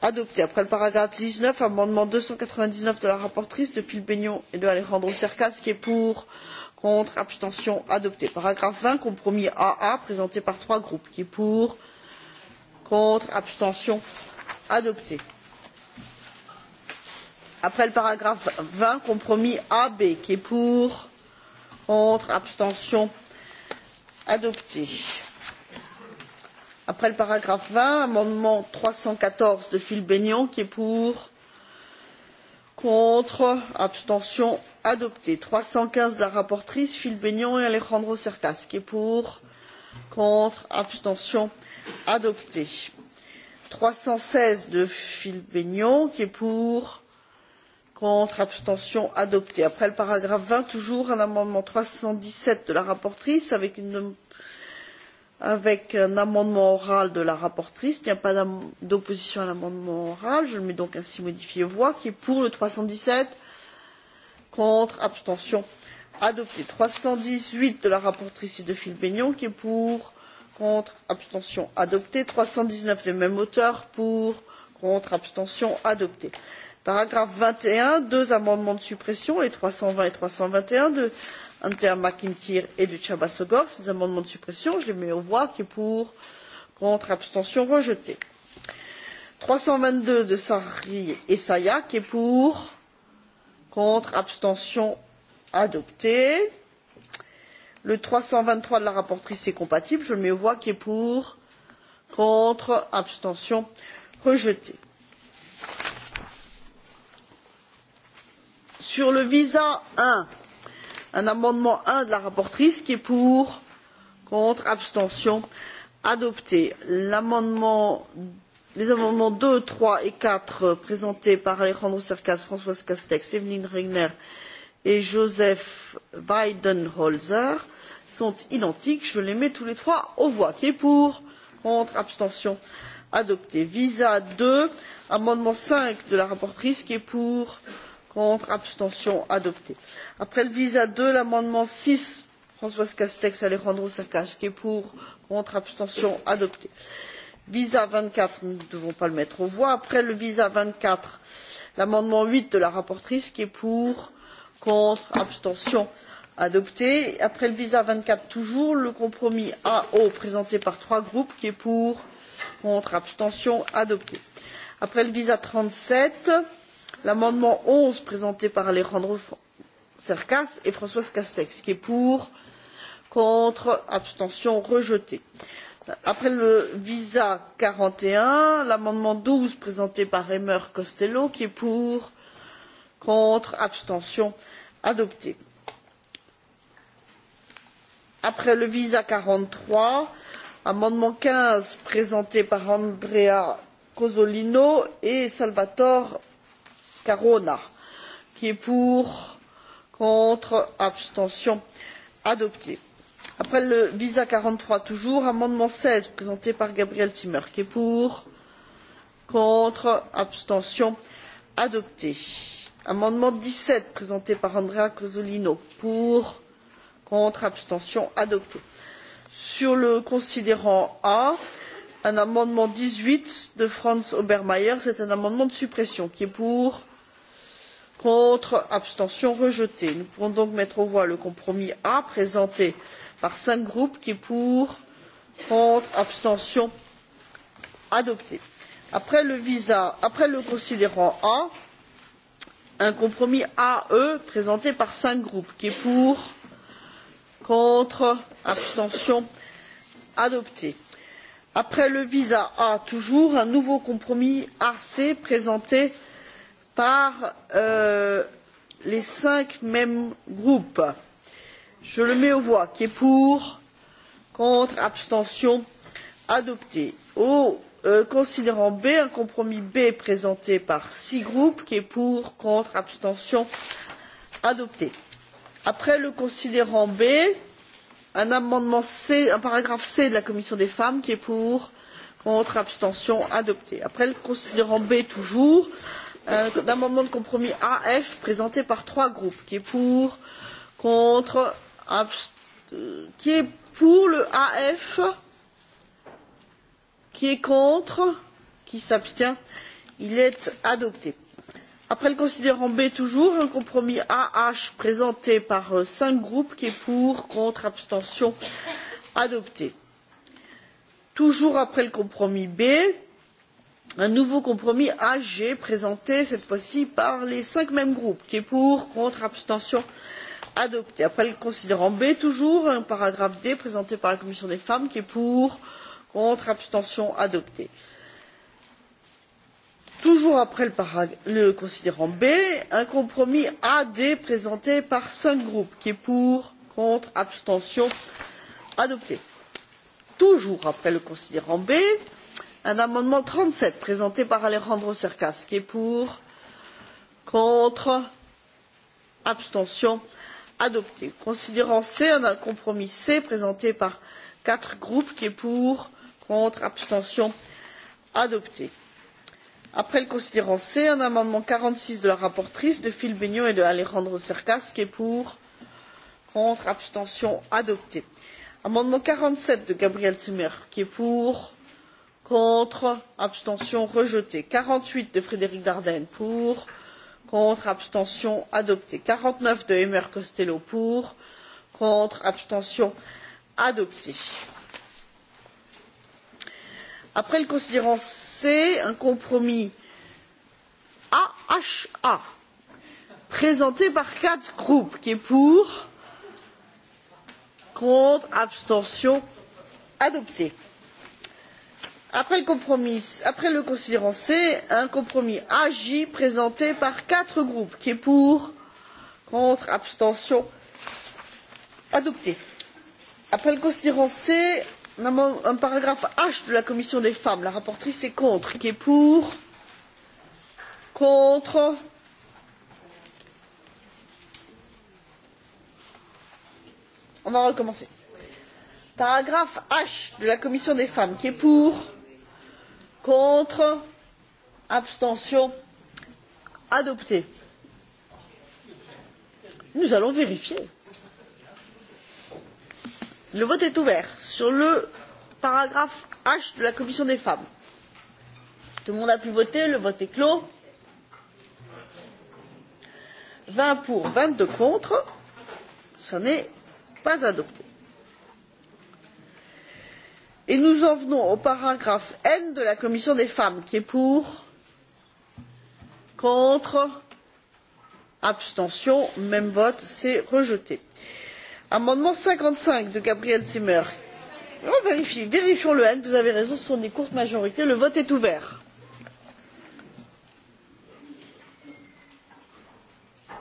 adopté. après le paragraphe dix neuf amendement deux cent quatre vingt dix neuf de la rapporteure de philippe bennion et d'alejandro cercas qui est pour? contre abstention adopté. paragraphe vingt compromis aa présenté par trois groupes qui est pour? contre abstention adopté. après le paragraphe vingt compromis ab qui est pour? contre abstention adopté après le paragraphe vingt amendement trois cent quatorze de philippe bennion qui est pour contre abstention adopté trois cent quinze de la rapporteure philippe bennion et alejandro cercas qui est pour contre abstention adopté trois cent seize de philippe bennion qui est pour contre abstention adopté. après le paragraphe vingt toujours un amendement trois cent dix sept de la rapporteure avec une avec un amendement oral de la rapporteure il n'y a pas d'opposition à l'amendement oral je le mets donc ainsi modifié aux voix qui est pour le trois cent dix sept contre abstention adopté trois cent dix huit de la rapporteure et de phil bennion qui est pour contre abstention adopté trois cent dix neuf du même auteur pour contre abstention adopté paragraphe vingt et un deux amendements de suppression les trois cent vingt et trois cent vingt et un de hunter mcintyre et de chaba-sogor ces amendements de suppression je les mets aux voix qui est pour contre abstention rejeté trois cent vingt deux de sarri et essayah qui est pour contre abstention adopté le trois cent vingt trois de la rapporteure est compatible je le mets aux voix qui est pour contre abstention rejeté. sur le visa un un amendement un de la rapporteure qui est pour contre abstention adopté. les amendements deux trois et quatre présentés par alejandro cercas françoise castex evelyne regner et joseph weidenholzer sont identiques. je les mets tous les trois aux voix. qui est pour? contre? abstention? adopté. visa deux amendement cinq de la rapporteure qui est pour? contre? contre abstention adopté. après le visa deux l'amendement six françoise castex alejandro cercas qui est pour contre abstention adopté. visa vingt quatre nous ne devons pas le mettre aux voix. après le visa vingt quatre l'amendement huit de la rapporteure qui est pour contre abstention adopté. après le visa vingt quatre toujours le compromis ao présenté par trois groupes qui est pour contre abstention adopté. après le visa trente sept l'amendement onze présenté par alejandro cercas et françoise castex qui est pour contre abstention rejeté. après le visa quarante et un l'amendement douze présenté par emer costello qui est pour contre abstention adopté. après le visa quarante trois amendement quinze présenté par andrea cozzolino et salvatore caronna qui est pour contre abstention adopté. après le visa quarante trois toujours amendement seize présenté par gabriel zimmer qui est pour contre abstention adopté. amendement dix sept présenté par andrea cozzolino pour contre abstention adopté. sur le considérant a un amendement dix huit de franz obermayr c'est un amendement de suppression qui est pour contre abstention rejeté. nous pouvons donc mettre aux voix le compromis a présenté par cinq groupes qui est pour contre abstention adopté. après le visa après le considérant a un compromis ae présenté par cinq groupes qui est pour contre abstention adopté. après le visa a toujours un nouveau compromis ac présenté par par euh, les cinq mêmes groupes. Je le mets aux voix. Qui est pour Contre Abstention Adopté. Au euh, considérant B, un compromis B présenté par six groupes. Qui est pour Contre Abstention Adopté. Après le considérant B, un amendement C, un paragraphe C de la Commission des femmes. Qui est pour Contre Abstention Adopté. Après le considérant B toujours, Euh, d'amendements de compromis AF présentés par trois groupes. Qui est pour Contre euh, Qui est pour le AF Qui est contre Qui s'abstient Il est adopté. Après le considérant B toujours, un compromis AH présenté par euh, cinq groupes qui est pour, contre, abstention, adopté. Toujours après le compromis B, un nouveau compromis ag présenté cette fois ci par les cinq mêmes groupes qui est pour contre abstention adopté. après le considérant b toujours un paragraphe d présenté par la commission des femmes qui est pour contre abstention adopté. toujours après le, le considérant b un compromis ad présenté par cinq groupes qui est pour contre abstention adopté. toujours après le considérant b un amendement trente sept présenté par alejandro cercas qui est pour contre abstention adopté. considérant c un compromis c présenté par quatre groupes qui est pour contre abstention adopté. après le considérant c un amendement quarante six de la rapporteure de phil bennion et d'alejandro cercas qui est pour contre abstention adopté. amendement quarante sept de gabriel zimmer qui est pour contre abstention rejeté quarante huit de frédéric dardenne pour contre abstention adopté quarante neuf de emer costello pour contre abstention adopté. après le considérant c un compromis aha présenté par quatre groupes qui est pour contre abstention adopté après le considérant c un compromis aj présenté par quatre groupes qui est pour contre abstention adopté. après le considérant c un paragraphe h de la commission des femmes la rapporteure est contre qui est pour contre on va recommencer paragraphe h de la commission des femmes qui est pour Contre Abstention Adopté. Nous allons vérifier. Le vote est ouvert sur le paragraphe H de la commission des femmes. Tout le monde a pu voter, le vote est clos. 20 pour, 22 contre. Ça n'est pas adopté et nous en venons au paragraphe n de la commission des femmes qui est pour contre abstention même vote c'est rejeté. amendement cinquante cinq de gabriel zimmer on vérifie vérifions le n vous avez raison ce sont des courtes majorités le vote est ouvert.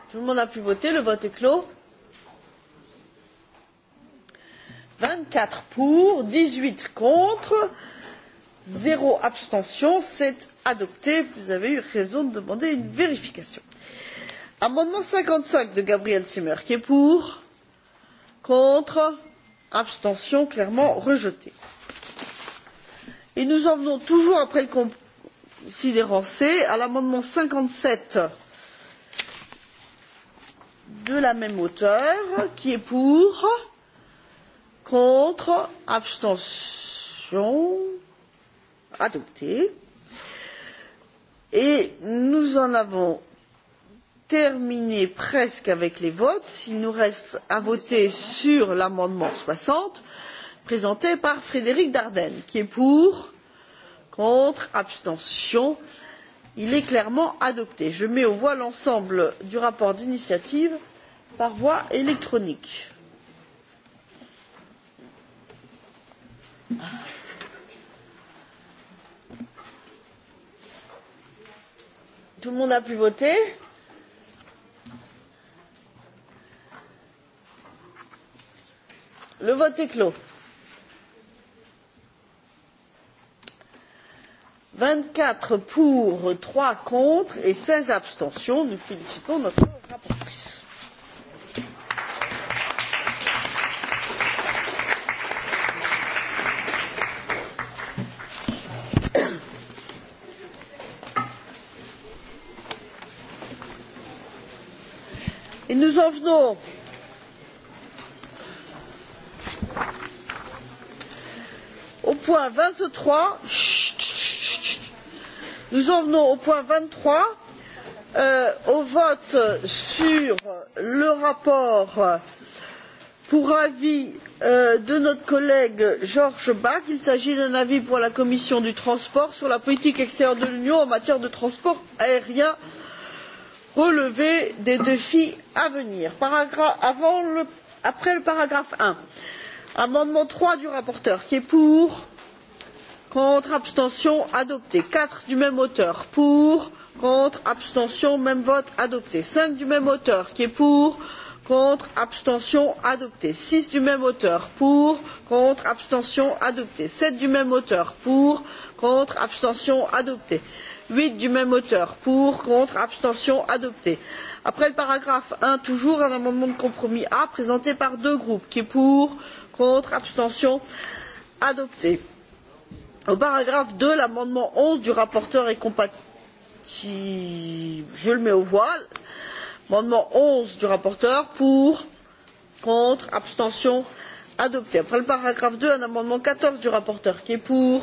tout le monde a pu voter le vote est clos. vingt quatre pour dix huit contre zéro abstention c'est adopté. vous avez eu raison de demander une vérification. amendement cinquante cinq de Gabriel zimmer qui est pour? contre? abstention clairement rejeté. et nous en venons toujours après le considérant c à l'amendement cinquante sept de la même auteure qui est pour? Contre, abstention, adopté. Et nous en avons terminé presque avec les votes. Il nous reste à voter sur l'amendement 60 présenté par Frédéric Dardenne, qui est pour, contre, abstention. Il est clairement adopté. Je mets aux voix l'ensemble du rapport d'initiative par voie électronique. Tout le monde a pu voter Le vote est clos. 24 pour, 3 contre et 16 abstentions. Nous félicitons notre rapporteur. nous en venons au point vingt trois nous en venons au point vingt euh, au vote sur le rapport pour avis euh, de notre collègue georges bach il s'agit d'un avis pour la commission des transports sur la politique extérieure de l'union en matière de transport aérien et relever des défis à venir. avant le, après le paragraphe un amendement trois du rapporteur qui est pour contre abstention adopté quatre du même auteur pour contre abstention même vote adopté cinq du même auteur qui est pour contre abstention adopté six du même auteur pour contre abstention adopté sept du même auteur pour contre abstention adopté huit huit du même auteur pour contre abstention adopté. après le paragraphe un toujours un amendement de compromis a présenté par deux groupes qui est pour contre abstention adopté. au paragraphe deux l'amendement onze du rapporteur est compatible je le mets aux voix amendement onze du rapporteur pour contre abstention adopté. après le paragraphe deux un amendement quatorze du rapporteur qui est pour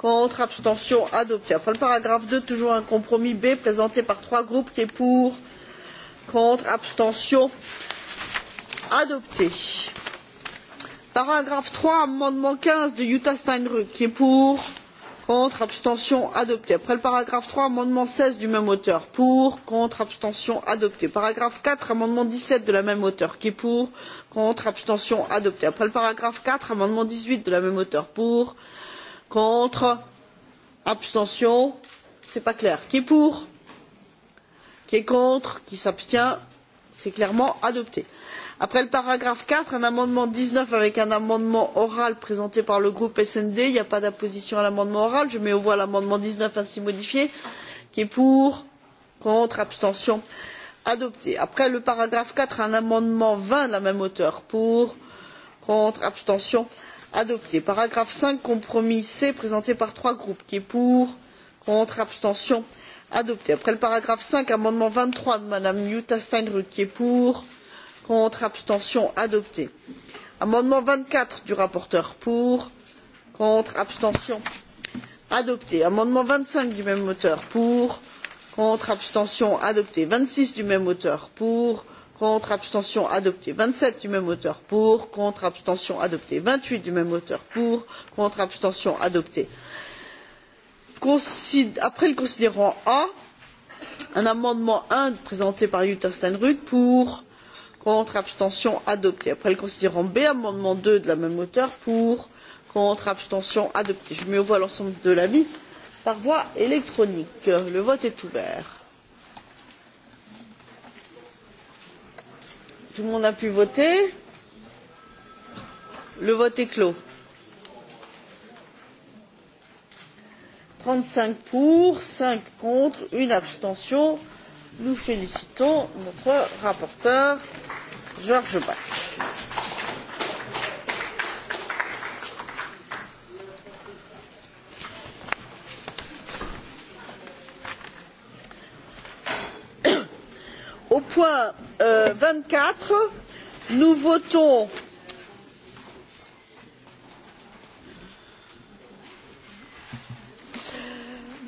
contre abstention adopté. après le paragraphe deux toujours un compromis b présenté par trois groupes qui est pour contre abstention adopté. paragraphe trois amendement quinze de jutta steinruck qui est pour contre abstention adopté. après le paragraphe trois amendement seize du même auteur pour contre abstention adopté. paragraphe quatre amendement dix sept de la même auteur qui est pour contre abstention adopté. après le paragraphe quatre amendement dix huit de la même auteur pour contre Contre Abstention C'est pas clair. Qui est pour Qui est contre Qui s'abstient C'est clairement adopté. Après le paragraphe quatre un amendement dix neuf avec un amendement oral présenté par le groupe SND. Il n'y a pas d'opposition à l'amendement oral. Je mets aux voix l'amendement dix neuf ainsi modifié. Qui est pour Contre Abstention Adopté. Après le paragraphe quatre un amendement vingt de la même hauteur. Pour Contre Abstention Adopté adopté. paragraphe cinq compromis c présenté par trois groupes qui est pour contre abstention adopté. après le paragraphe cinq amendement vingt trois de mme jutta steinruck qui est pour contre abstention adopté. amendement vingt quatre du rapporteur pour contre abstention adopté. amendement vingt cinq du même auteur pour contre abstention adopté. vingt six du même auteur pour contre contre abstention adoptée vingt sept du même auteur pour contre abstention adoptée vingt huit du même auteur pour contre abstention adoptée après le considérant a un amendement un présenté par jutta steinruck pour contre abstention adoptée après le considérant b amendement deux de la même auteure pour contre abstention adoptée je mets aux voix l'ensemble de l'avis par voie électronique. le vote est ouvert. Tout le monde a pu voter Le vote est clos. 35 pour, 5 contre, une abstention. Nous félicitons notre rapporteur Georges Bach. au point euh, vingt quatre nous votons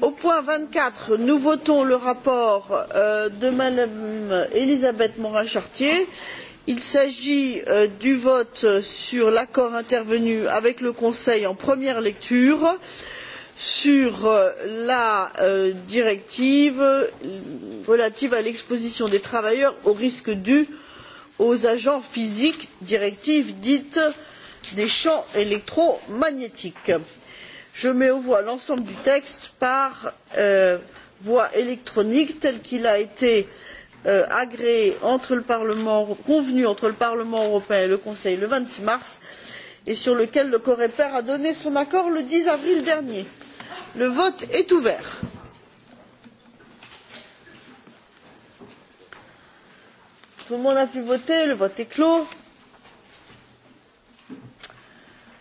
au point vingt quatre nous votons le rapport euh, de mme elisabeth morin chartier il s'agit euh, du vote sur l'accord intervenu avec le conseil en première lecture sur sur euh, la euh, directive relative à l'exposition des travailleurs aux risques dus aux agents physiques directive dite des champs électromagnétiques. je mets aux voix l'ensemble du texte par euh, voie électronique tel qu'il a été agréé entre le parlement, convenu entre le parlement européen et le conseil le vingt six mars et sur lequel le coreper a donné son accord le dix avril dernier le vote est ouvert. tout le monde a pu voter le vote est clos.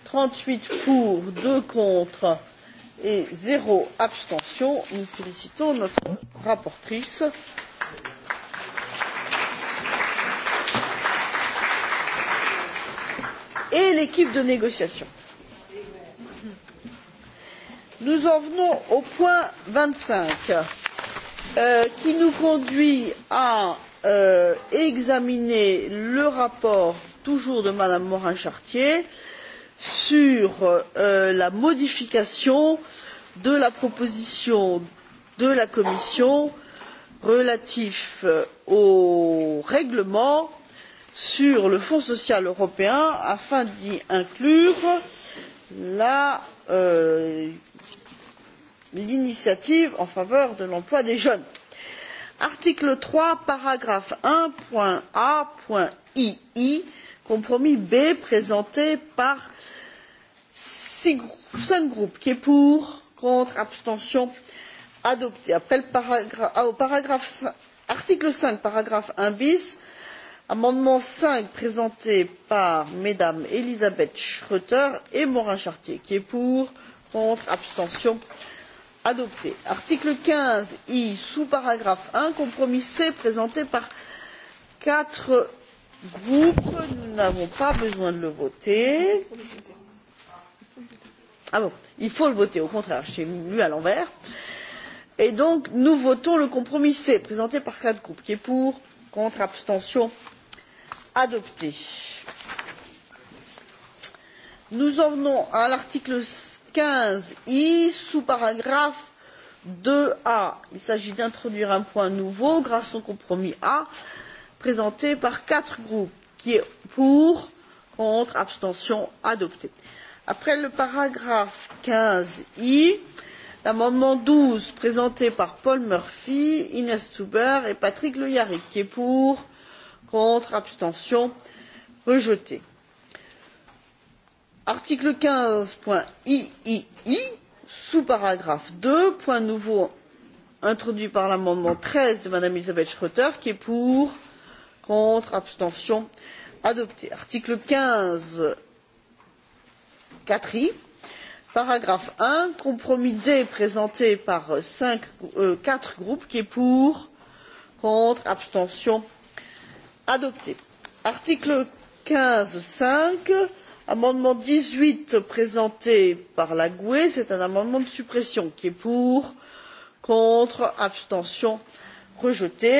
trente huit pour deux contre et zéro abstention. nous félicitons notre rapporteure. et l'équipe de négociation nous en venons au point vingt cinq euh, qui nous conduit à euh, examiner le rapport toujours de mme morin chartier sur euh, la modification de la proposition de la commission relative euh, au règlement sur le fonds social européen afin d'y inclure la euh, l'initiative en faveur de l'emploi des jeunes. article trois paragraphe un point a point ii compromis b présenté par cinq groupes qui est pour contre abstention adopté. Ah, article cinq paragraphe un bis amendement cinq présenté par mesdames elisabeth schroedter et morin chartier qui est pour contre abstention adopté adopté. article quinze i sous paragraphe un compromis c présenté par quatre groupes nous n'avons pas besoin de le voter. Ah bon, il faut le voter au contraire j'ai lu à l'envers et donc nous votons le compromis c présenté par quatre groupes qui est pour contre abstention adopté. nous en venons à l'article quinze i sous paragraphe deux a. il s'agit d'introduire un point nouveau grâce au compromis a présenté par quatre groupes qui est pour contre abstention adopté. après le paragraphe quinze i l'amendement douze présenté par paul murphy ines zuber et patrick le yarrick qui est pour contre abstention rejeté article quinze point iii sous paragraphe deux point nouveau introduit par l'amendement treize de mme elisabeth schroedter qui est pour contre abstention adopté. article quinze i paragraphe un compromis d présenté par euh, quatre groupes qui est pour contre abstention adopté. article quinze paragraphe cinq amendement dix huit présenté par la gue c'est un amendement de suppression qui est pour contre abstention rejeté.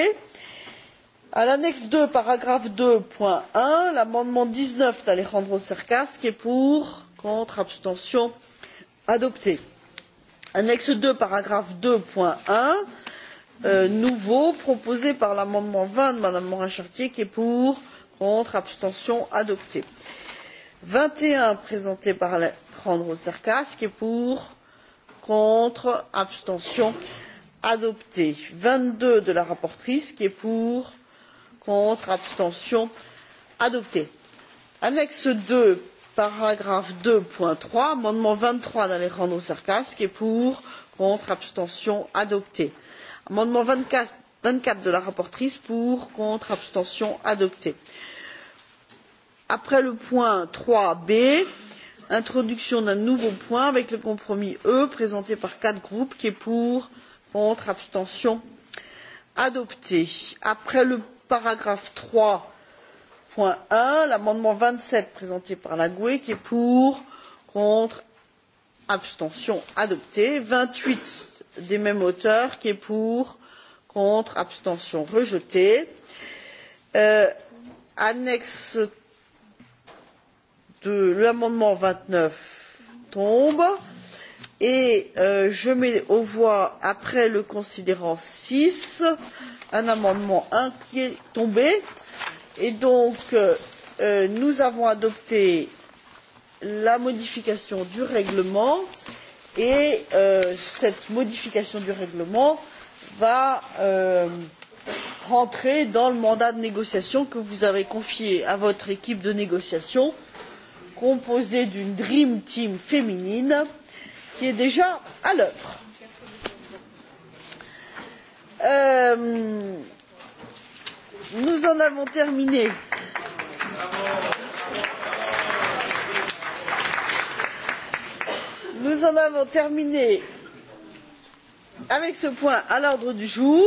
à l'annexe ii paragraphe deux point un l'amendement dix neuf d'alejandro cercas qui est pour contre abstention adopté. annexe ii paragraphe deux point un euh, nouveau proposé par l'amendement vingt de mme morin chartier qui est pour contre abstention adopté vingt et un présenté par alejandro cercas qui est pour contre abstention adopté vingt deux de la rapporteure qui est pour contre abstention adopté annexe ii paragraphe deux point trois amendement vingt trois d'alejandro cercas qui est pour contre abstention adopté amendement vingt quatre de la rapporteure pour contre abstention adopté après le point trois b introduction d'un nouveau point avec le compromis e présenté par quatre groupes qui est pour contre abstention adopté. après le paragraphe trois point un l'amendement vingt sept présenté par la gue qui est pour contre abstention adopté vingt huit des mêmes auteurs qui est pour contre abstention rejeté. Euh, annexe de l'amendement vingt neuf tombe et euh, je mets aux voix après le considérant six un amendement un qui est tombé et donc euh, euh, nous avons adopté la modification du règlement et cette modification du règlement va entrer dans le mandat de négociation que vous avez confié à votre équipe de négociation composée d'une dream team féminine qui est déjà à l'œuvre. Euh, nous en avons terminé. Nous en avons terminé avec ce point à l'ordre du jour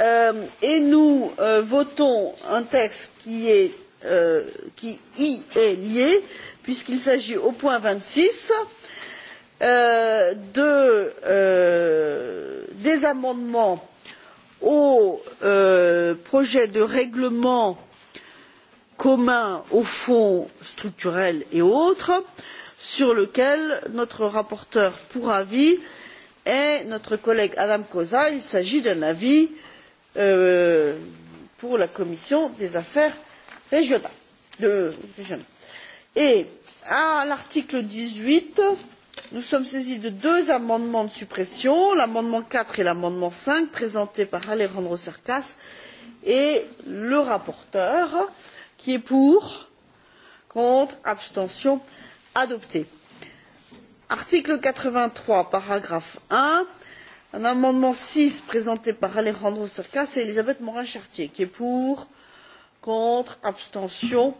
euh, et nous euh, votons un texte qui, est, euh, qui y est lié puisqu'il s'agit au point vingt six euh, de, euh, des amendements au euh, projet de règlement commun aux fonds structurels et autres sur lequel notre rapporteur pour avis est notre collègue adam ksa. il s'agit d'un avis pour la commission des affaires régionales et à l'article dix huit nous sommes saisis de deux amendements de suppression l'amendement quatre et l'amendement cinq présentés par alejandro cercas et le rapporteur qui est pour contre abstention adopté. article quatre vingt trois paragraphe un un amendement six présenté par alejandro cercas et elisabeth morin chartier qui est pour contre abstention adopté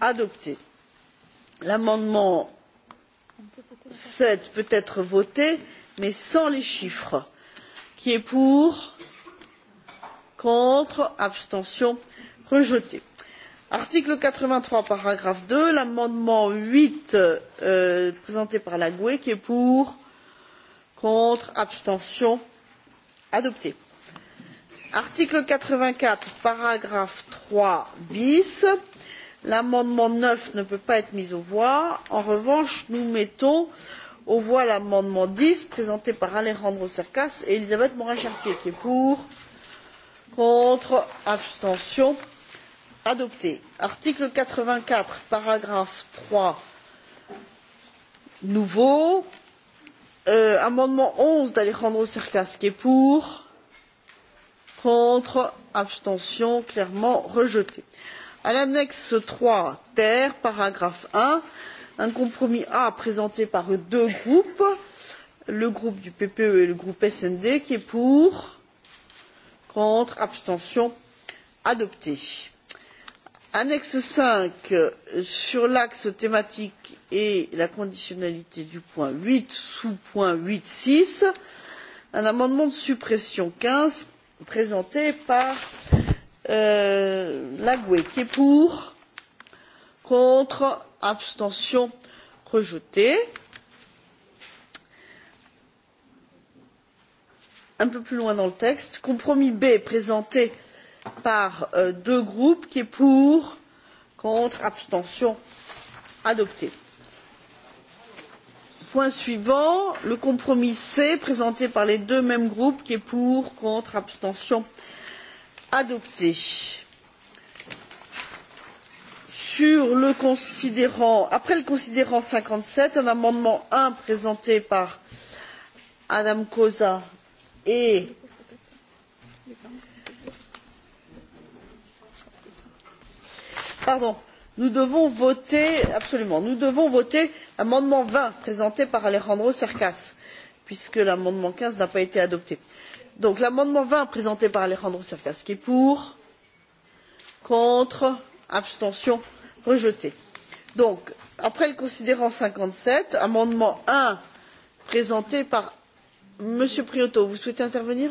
adopté. l'amendement sept peut être voté mais sans les chiffres. qui est pour? contre? abstention? rejeté. article quatre vingt trois paragraphe deux l'amendement huit euh, présenté par la gue qui est pour? contre? abstention? adopté article quatre vingt quatre paragraphe trois bis l'amendement neuf ne peut pas être mis aux voix. en revanche nous mettons aux voix l'amendement dix présenté par alejandro cercas et elisabeth morin chartier qui est pour contre abstention adopté. article quatre vingt quatre paragraphe trois nouveau euh, amendement onze d'alejandro cercas qui est pour contre abstention clairement rejeté à l'annexe iii ter paragraphe un un compromis a présenté par deux groupes le groupe du ppe et le groupe s d qui est pour contre abstention adopté. annexe v sur l'axe thématique et la conditionnalité du point huit sous point huit paragraphe six un amendement de suppression quinze présenté par m euh, Lagoué, e qui est pour, contre, abstention rejeté. Un peu plus loin dans le texte, compromis B présenté par euh, deux groupes qui est pour, contre, abstention adopté. Point suivant, le compromis C présenté par les deux mêmes groupes qui est pour, contre, abstention adopté adopté. Sur le considérant, après le considérant 57, un amendement 1 présenté par Adam Cosa et Pardon, nous devons voter absolument nous devons voter l'amendement 20 présenté par alejandro cercas puisque l'amendement 15 n'a pas été adopté donc l'amendement vingt présenté par alejandro cercas qui est pour contre abstention rejeté. donc après le considérant cinquante sept amendement un présenté par m. prieto vous souhaitez intervenir?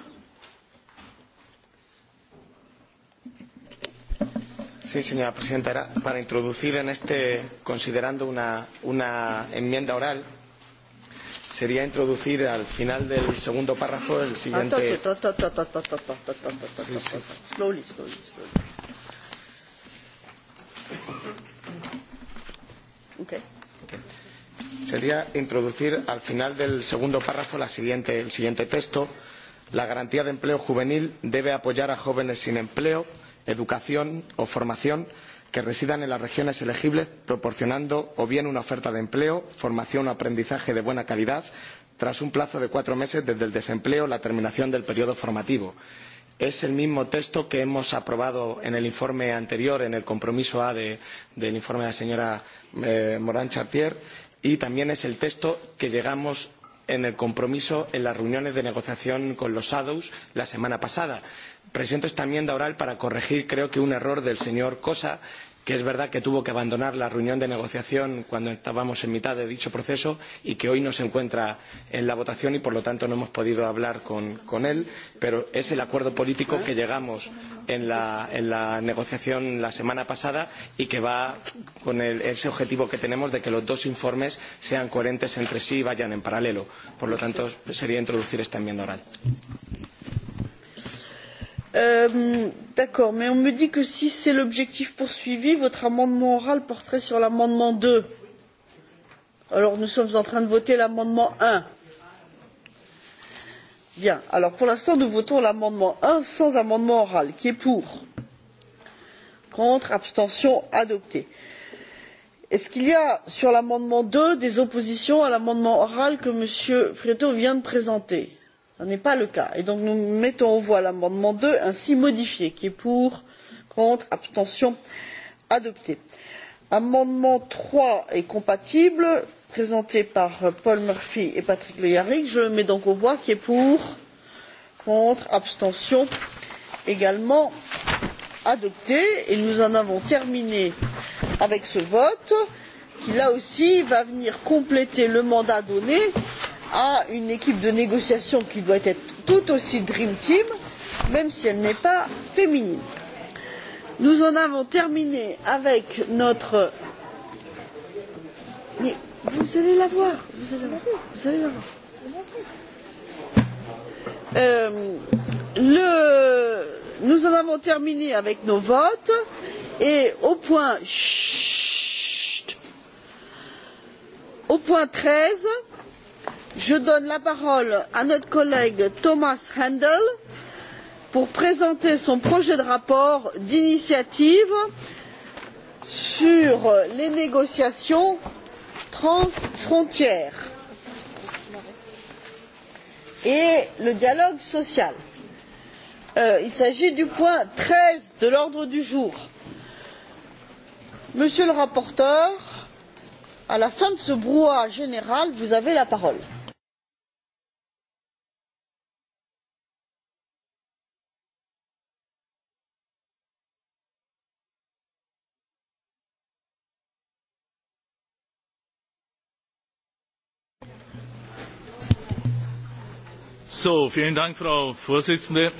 Sí, señora presidenta era para introducir en este considerando una enmienda oral sería introducir al final del segundo párrafo el siguiente. Sería introducir al final del segundo párrafo la siguiente, el siguiente texto. La garantía de empleo juvenil debe apoyar a jóvenes sin empleo, educación o formación que residan en las regiones elegibles, proporcionando o bien una oferta de empleo, formación o aprendizaje de buena calidad, tras un plazo de cuatro meses desde el desempleo o la terminación del periodo formativo. Es el mismo texto que hemos aprobado en el informe anterior, en el compromiso A de, del informe de la señora eh, Morán Chartier, y también es el texto que llegamos en el compromiso en las reuniones de negociación con los SADUS la semana pasada presento esta enmienda oral para corregir, creo que, un error del señor Cosa, que es verdad que tuvo que abandonar la reunión de negociación cuando estábamos en mitad de dicho proceso y que hoy no se encuentra en la votación y por lo tanto no hemos podido hablar con, con él, pero es el acuerdo político que llegamos en la, en la negociación la semana pasada y que va con el, ese objetivo que tenemos de que los dos informes sean coherentes entre sí y vayan en paralelo. Por lo tanto, sería introducir esta enmienda oral. Euh, d'accord, mais on me dit que si c'est l'objectif poursuivi, votre amendement oral porterait sur l'amendement deux Alors nous sommes en train de voter l'amendement un Bien, alors pour l'instant nous votons l'amendement un sans amendement oral. Qui est pour Contre, abstention, adopté. Est ce qu'il y a sur l'amendement deux des oppositions à l'amendement oral que m. prieto vient de présenter? ce n'est pas le cas et donc nous mettons aux voix l'amendement deux ainsi modifié qui est pour contre abstention adopté. amendement trois est compatible présenté par paul murphy et patrick le yarrick je le mets donc aux voix qui est pour contre abstention également adopté et nous en avons terminé avec ce vote qui là aussi va venir compléter le mandat donné à une équipe de négociation qui doit être tout aussi dream team même si elle n'est pas féminine. nous en avons terminé avec notre mais vous allez la voir vous allez la voir, vous allez la voir. Euh, le... nous en avons terminé avec nos votes et au point chut, au point treize 13 je donne la parole à notre collègue thomas hendel pour présenter son projet de rapport d'initiative sur les négociations transfrontières et le dialogue social. Euh, il s'agit du point treize de l'ordre du jour. monsieur le rapporteur à la fin de ce brouhaha général vous avez la parole. So, vielen Dank, Frau Vorsitzende.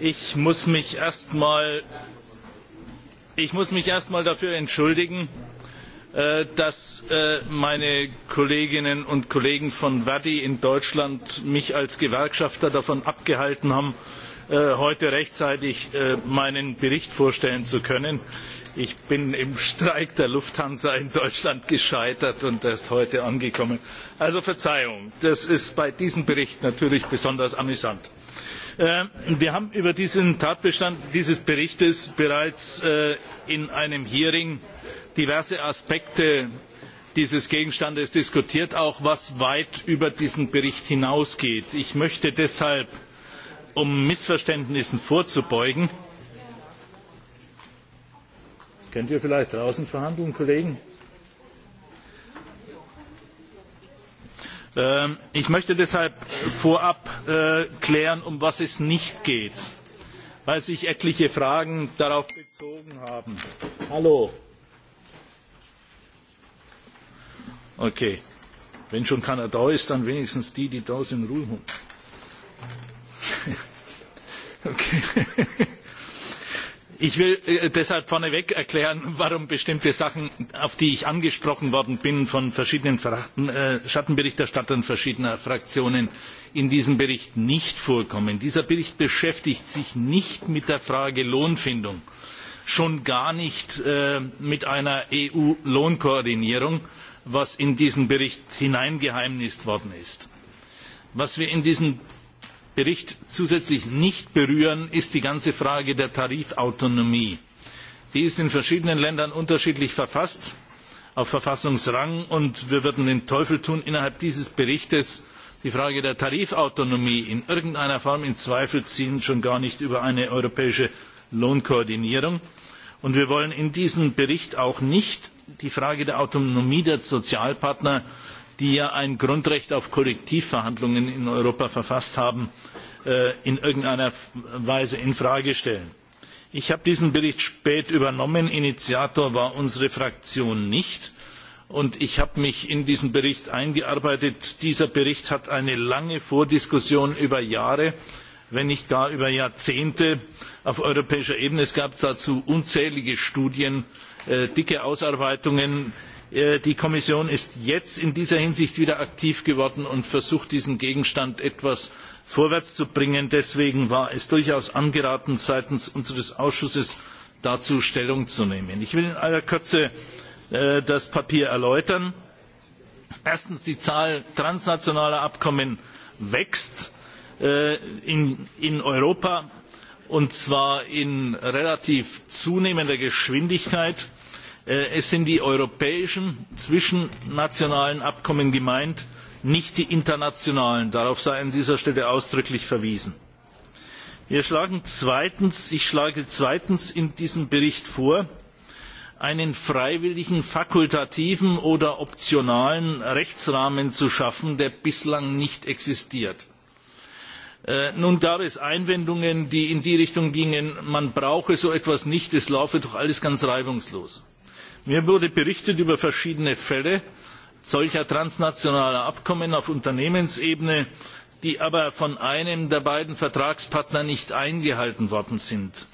Ich muss mich erst mal, ich muss mich erst mal dafür entschuldigen, äh, dass äh, meine Kolleginnen und Kollegen von Verdi in Deutschland mich als Gewerkschafter davon abgehalten haben, äh, heute rechtzeitig meinen Bericht vorstellen zu können. Ich bin im Streik der Lufthansa in Deutschland gescheitert und erst heute angekommen. Also Verzeihung, das ist bei diesem Bericht natürlich besonders amüsant. Ähm, wir haben über diesen Tatbestand dieses Berichtes bereits äh, in einem Hearing diverse Aspekte dieses Gegenstandes diskutiert, auch was weit über diesen Bericht hinausgeht. Ich möchte deshalb, um Missverständnissen vorzubeugen, Könnt ihr vielleicht draußen verhandeln, Kollegen? Ähm, ich möchte deshalb vorab äh, klären, um was es nicht geht, weil sich etliche Fragen darauf bezogen haben. Hallo. Okay. Wenn schon keiner da ist, dann wenigstens die, die da sind, Ruhe. okay ich will äh, deshalb vorneweg erklären warum bestimmte sachen auf die ich angesprochen worden bin von verschiedenen äh, schattenberichterstattern verschiedener fraktionen in diesem bericht nicht vorkommen. dieser bericht beschäftigt sich nicht mit der frage lohnfindung schon gar nicht äh, mit einer eu lohnkoordinierung was in diesen bericht hineingeheimnist worden ist. was wir in diesem Bericht zusätzlich nicht berühren, ist die ganze Frage der Tarifautonomie. Die ist in verschiedenen Ländern unterschiedlich verfasst, auf Verfassungsrang, und wir würden den Teufel tun, innerhalb dieses berichts die Frage der Tarifautonomie in irgendeiner Form in Zweifel zu ziehen, schon gar nicht über eine europäische Lohnkoordinierung. Und wir wollen in diesem Bericht auch nicht die Frage der Autonomie der Sozialpartner die ja ein Grundrecht auf Korrektivverhandlungen in Europa verfasst haben, äh, in irgendeiner Weise in Frage stellen. Ich habe diesen Bericht spät übernommen. Initiator war unsere Fraktion nicht. Und ich habe mich in diesen Bericht eingearbeitet. Dieser Bericht hat eine lange Vordiskussion über Jahre, wenn nicht gar über Jahrzehnte auf europäischer Ebene. Es gab dazu unzählige Studien, äh, dicke Ausarbeitungen Äh, die kommission ist jetzt in dieser hinsicht wieder aktiv geworden und versucht diesen gegenstand etwas voranzubringen. deswegen war es durchaus angeraten seitens unseres ausschusses dazu stellung zu nehmen. ich will in aller kürze äh, das papier erläutern. erstens die zahl transnationaler abkommen wächst äh, in europa und zwar in relativ zunehmender geschwindigkeit Äh, es sind die europäischen zwischennationalen abkommen gemeint nicht die internationalen. darauf sei an dieser stelle ausdrücklich verwiesen. ich schlage zweitens in diesem bericht vor einen freiwilligen fakultativen oder optionalen rechtsrahmen zu schaffen der bislang nicht existiert. Äh, nun gab es einwendungen die in die richtung gingen man brauche so etwas nicht es laufe doch alles ganz reibungslos mir wurde berichtet über verschiedene fälle solcher transnationaler abkommen auf unternehmensebene die aber von einem der beiden vertragspartner nicht eingehalten worden sind.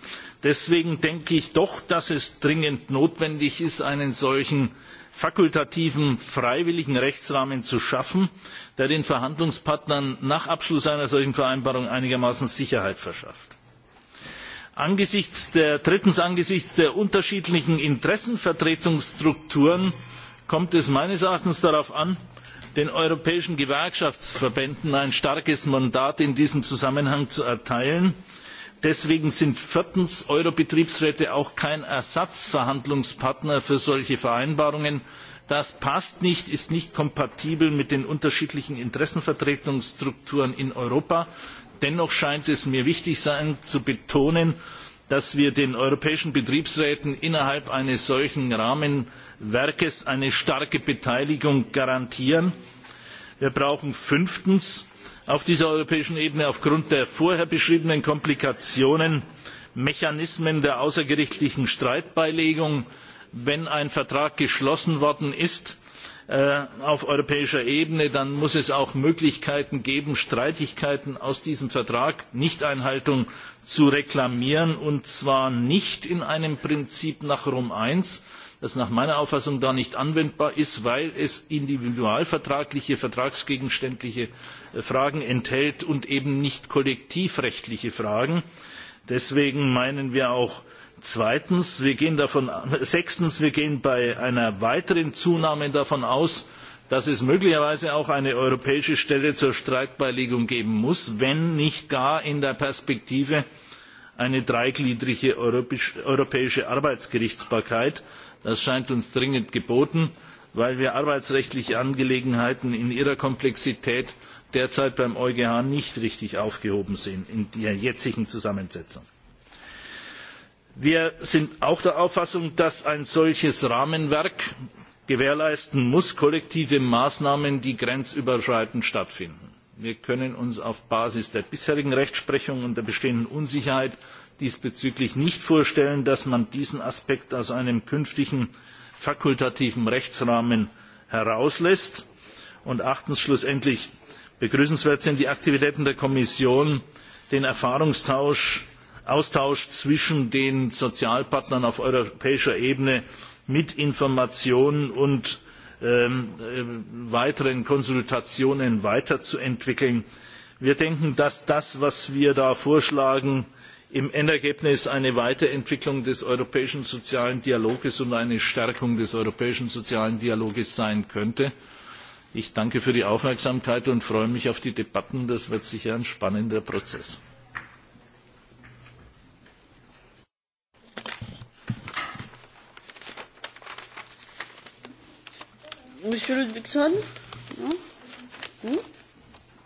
deswegen denke ich doch dass es dringend notwendig ist einen solchen fakultativen freiwilligen rechtsrahmen zu schaffen der den verhandlungspartnern nach abschluss einer solchen vereinbarung einigermaßen sicherheit verschafft. Angesichts der, drittens angesichts der unterschiedlichen Interessenvertretungsstrukturen kommt es meines Erachtens darauf an, den europäischen Gewerkschaftsverbänden ein starkes Mandat in diesem Zusammenhang zu erteilen. Deswegen sind viertens Eurobetriebsräte auch kein Ersatzverhandlungspartner für solche Vereinbarungen. Das passt nicht, ist nicht kompatibel mit den unterschiedlichen Interessenvertretungsstrukturen in Europa. Dennoch scheint es mir wichtig sein zu betonen, dass wir den europäischen Betriebsräten innerhalb eines solchen Rahmenwerkes eine starke Beteiligung garantieren. Wir brauchen fünftens auf dieser europäischen Ebene aufgrund der vorher beschriebenen Komplikationen Mechanismen der außergerichtlichen Streitbeilegung, wenn ein Vertrag geschlossen worden ist Äh, auf europäischer Ebene, dann muss es auch Möglichkeiten geben, Streitigkeiten aus diesem Vertrag Nichteinhaltung zu reklamieren, und zwar nicht in einem Prinzip nach Rom I, das nach meiner Auffassung da nicht anwendbar ist, weil es individualvertragliche, vertragsgegenständliche äh, Fragen enthält und eben nicht kollektivrechtliche Fragen. Deswegen meinen wir auch, Zweitens, wir gehen davon, sechstens, wir gehen bei einer weiteren Zunahme davon aus, dass es möglicherweise auch eine europäische Stelle zur Streitbeilegung geben muss, wenn nicht gar in der Perspektive eine dreigliedrige europäische Arbeitsgerichtsbarkeit. Das scheint uns dringend geboten, weil wir arbeitsrechtliche Angelegenheiten in ihrer Komplexität derzeit beim EuGH nicht richtig aufgehoben sehen in der jetzigen Zusammensetzung wir sind auch der auffassung dass ein solches rahmenwerk gewährleisten muss kollektive maßnahmen die grenzüberschreitend stattfinden. wir können uns auf basis der bisherigen rechtsprechung und der bestehenden unsicherheit diesbezüglich nicht vorstellen dass man diesen aspekt aus einem künftigen fakultativen rechtsrahmen herauslässt. und achtens schlussendlich begrüßenswert sind die aktivitäten der kommission den erfahrungsaustausch Austausch zwischen den Sozialpartnern auf europäischer Ebene mit Informationen und ähm, äh, weiteren Konsultationen weiterzuentwickeln. Wir denken, dass das, was wir da vorschlagen, im Endergebnis eine Weiterentwicklung des europäischen sozialen dialogs und eine Stärkung des europäischen sozialen dialogs sein könnte. Ich danke für die Aufmerksamkeit und freue mich auf die Debatten. Das wird sicher ein spannender Prozess. Monsieur Ludwigson Non hmm?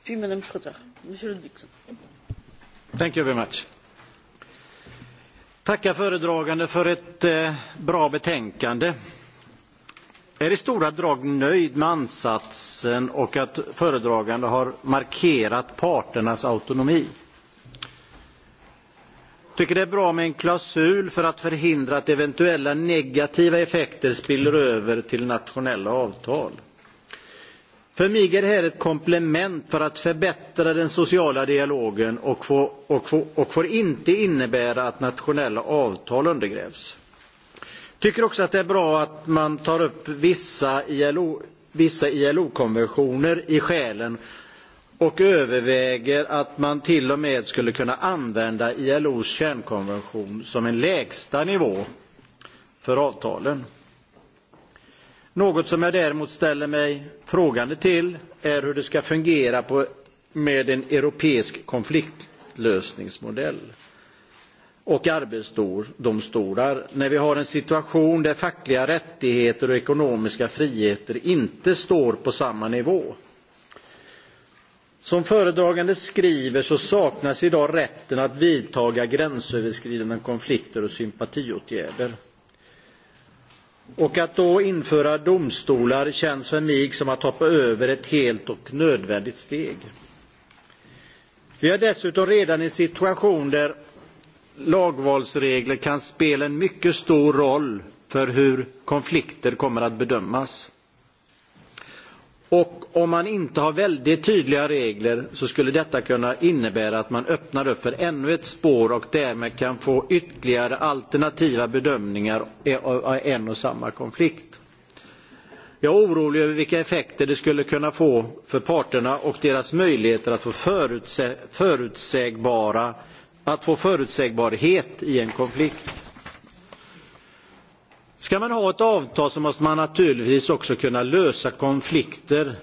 Puis Madame Schroeter. Monsieur Ludwigson. Thank you very much. Tacka föredragande för ett eh, bra betänkande. Är i stora drag nöjd med ansatsen och att föredragande har markerat parternas autonomi tycker det är bra med en klausul för att förhindra att eventuella negativa effekter spiller över till nationella avtal. För mig är det här ett komplement för att förbättra den sociala dialogen och får, och får, och får inte innebära att nationella avtal undergrävs. Tycker också att det är bra att man tar upp vissa ILO-konventioner vissa ILO i skälen och överväger att man till och med skulle kunna använda ILOs kärnkonvention som en lägsta nivå för avtalen. Något som jag däremot ställer mig frågande till är hur det ska fungera på, med en europeisk konfliktlösningsmodell och arbetsdomstolar när vi har en situation där fackliga rättigheter och ekonomiska friheter inte står på samma nivå. Som föredragande skriver så saknas idag rätten att vidtaga gränsöverskridande konflikter och sympatiåtgärder. Och att då införa domstolar känns för mig som att hoppa över ett helt och nödvändigt steg. Vi är dessutom redan i en situation där lagvalsregler kan spela en mycket stor roll för hur konflikter kommer att bedömas. Och om man inte har väldigt tydliga regler så skulle detta kunna innebära att man öppnar upp för ännu ett spår och därmed kan få ytterligare alternativa bedömningar e- av en och samma konflikt. Jag är orolig över vilka effekter det skulle kunna få för parterna och deras möjligheter att få, förutsägbara, att få förutsägbarhet i en konflikt. Ska man ha ett avtal så måste man naturligtvis också kunna lösa konflikter.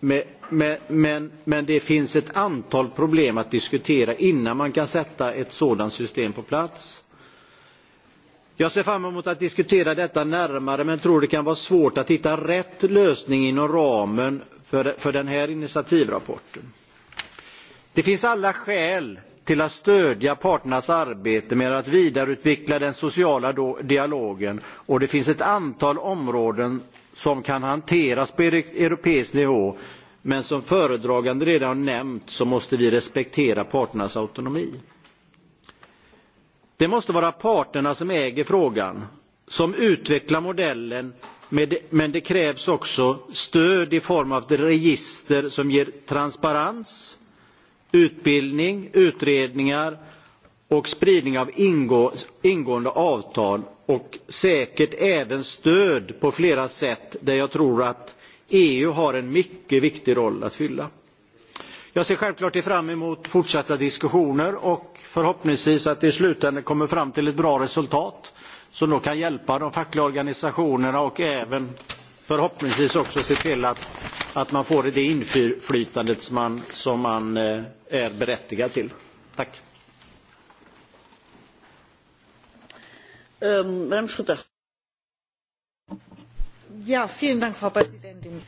men, men det finns ett antal problem att diskutera innan man kan sätta ett sådant system på plats. Jag ser fram emot att diskutera detta närmare men tror det kan vara svårt att hitta rätt lösning inom ramen för, för den här initiativrapporten. Det finns alla skäl till att stödja parternas arbete med att vidareutveckla den sociala dialogen och det finns ett antal områden som kan hanteras på europeisk nivå men som föredraganden redan har nämnt så måste vi respektera parternas autonomi. Det måste vara parterna som äger frågan, som utvecklar modellen men det krävs också stöd i form av ett register som ger transparens utbildning, utredningar och spridning av ingående avtal och säkert även stöd på flera sätt där jag tror att EU har en mycket viktig roll att fylla. Jag ser självklart fram emot fortsatta diskussioner och förhoppningsvis att det i slutändan kommer fram till ett bra resultat som då kan hjälpa de fackliga organisationerna och även förhoppningsvis också se till att, att man får det inflytande som man, som man eh, är berättigad till. Tack. Ähm, ja, vielen Dank, Frau Präsidentin.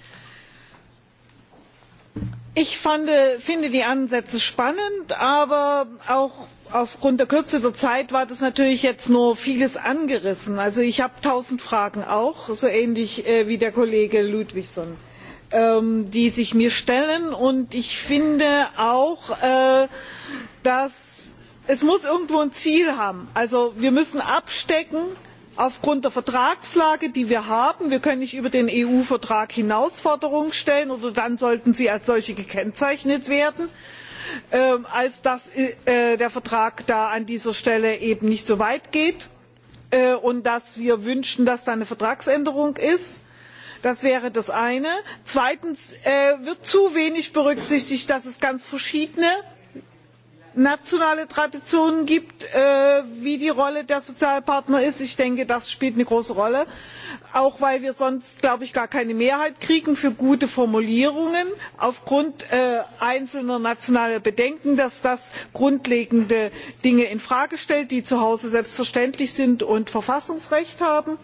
Ich fand, äh, finde die Ansätze spannend, aber auch aufgrund der Kürze der Zeit war das natürlich jetzt nur vieles angerissen. Also ich habe tausend Fragen auch, so ähnlich äh, wie der Kollege Ludwigsson Ähm, die sich mir stellen. Und ich finde auch, äh, dass es muss irgendwo ein Ziel haben. Also wir müssen abstecken aufgrund der Vertragslage, die wir haben. Wir können nicht über den EU-Vertrag hinaus Forderungen stellen oder dann sollten sie als solche gekennzeichnet werden ähm, als dass äh, der Vertrag da an dieser Stelle eben nicht so weit geht äh, und dass wir wünschen, dass da eine Vertragsänderung ist das wäre das eine. zweitens äh, wird zu wenig berücksichtigt dass es ganz verschiedene nationale traditionen gibt äh, wie die rolle der sozialpartner ist. ich denke das spielt eine große rolle auch weil wir sonst glaube ich gar keine mehrheit kriegen für gute formulierungen aufgrund äh, einzelner nationaler bedenken dass das grundlegende dinge in frage stellt die zu hause selbstverständlich sind und verfassungsrecht haben.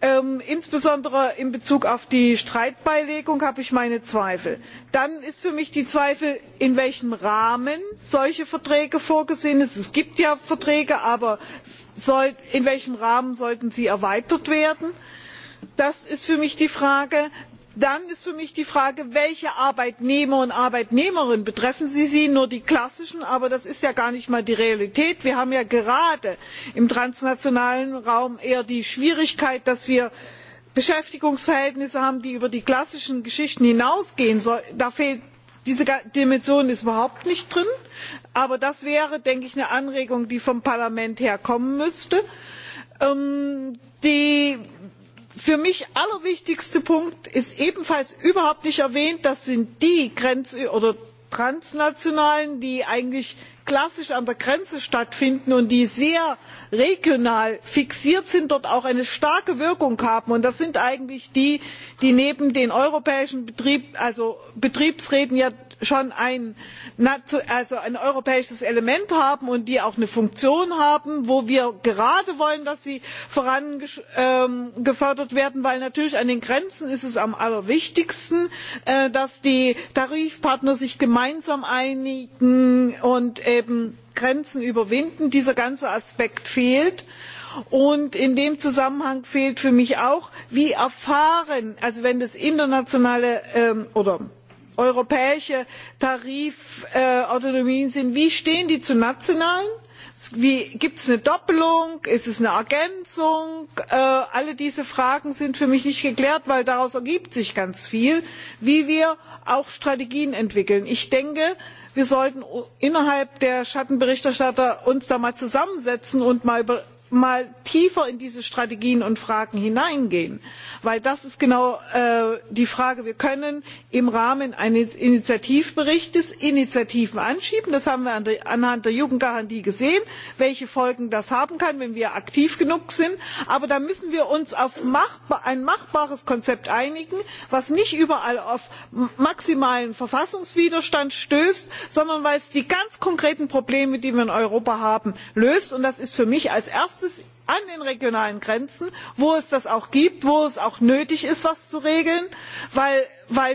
Ähm, insbesondere in bezug auf die streitbeilegung habe ich meine zweifel. dann sind für mich die zweifel in welchem rahmen solche verträge vorgesehen sind. es gibt ja verträge aber in welchem rahmen sollten sie erweitert werden? das ist für mich die frage dann ist für mich die frage welche arbeitnehmer und arbeitnehmerinnen betreffen sie sie? nur die klassischen aber das ist ja gar nicht mal die realität. wir haben ja gerade im transnationalen raum eher die schwierigkeit dass wir beschäftigungsverhältnisse haben die über die klassischen geschichten hinausgehen. diese dimension ist überhaupt nicht drin aber das wäre denke ich eine anregung die vom parlament her kommen müsste. Ähm, die für mich allerwichtigste punkt ist ebenfalls überhaupt nicht erwähnt das sind die transnationalen die eigentlich klassisch an der grenze stattfinden und die sehr regional fixiert sind dort auch eine starke wirkung haben und das sind eigentlich die die neben den europäischen betriebsräten schon ein, also ein europäisches element haben und die auch eine funktion haben wo wir gerade wollen dass sie ähm, gefördert werden weil natürlich an den grenzen ist es am allerwichtigsten äh, dass die tarifpartner sich gemeinsam einigen und eben grenzen überwinden. dieser ganze aspekt fehlt und in dem zusammenhang fehlt für mich auch wie erfahren also wenn das internationale ähm, oder europäische tarifautonomien sind wie stehen die zu nationalen? gibt es eine doppelung ist es eine ergänzung? Äh, alle diese fragen sind für mich nicht geklärt weil daraus ergibt sich ganz viel wie wir auch strategien entwickeln. ich denke wir sollten uns innerhalb der schattenberichterstatter da mal zusammensetzen und mal mal tiefer in diese strategien und fragen hineingehen denn das ist genau äh, die frage wir können im rahmen eines initiativberichts initiativen anschieben das haben wir an der, anhand der jugendgarantie gesehen welche folgen das haben kann wenn wir aktiv genug sind aber da müssen wir uns auf ein machbares konzept einigen das nicht überall auf maximalen verfassungswiderstand stößt sondern das die ganz konkreten probleme die wir in europa haben löst und das ist für mich als es an den regionalen grenzen wo es das auch gibt wo es auch nötig ist etwas zu regeln weil,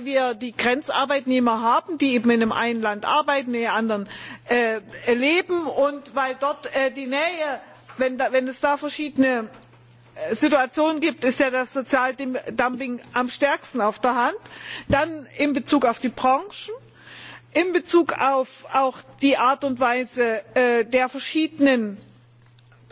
wir die grenzarbeitnehmer haben die eben in dem einen land arbeiten in dem anderen äh, leben und weil dort äh, die nähe wenn, es da verschiedene äh, situationen gibt ist ja das sozialdumping am stärksten auf der hand dann in bezug auf die branchen in bezug auf auch die art und weise der verschiedenen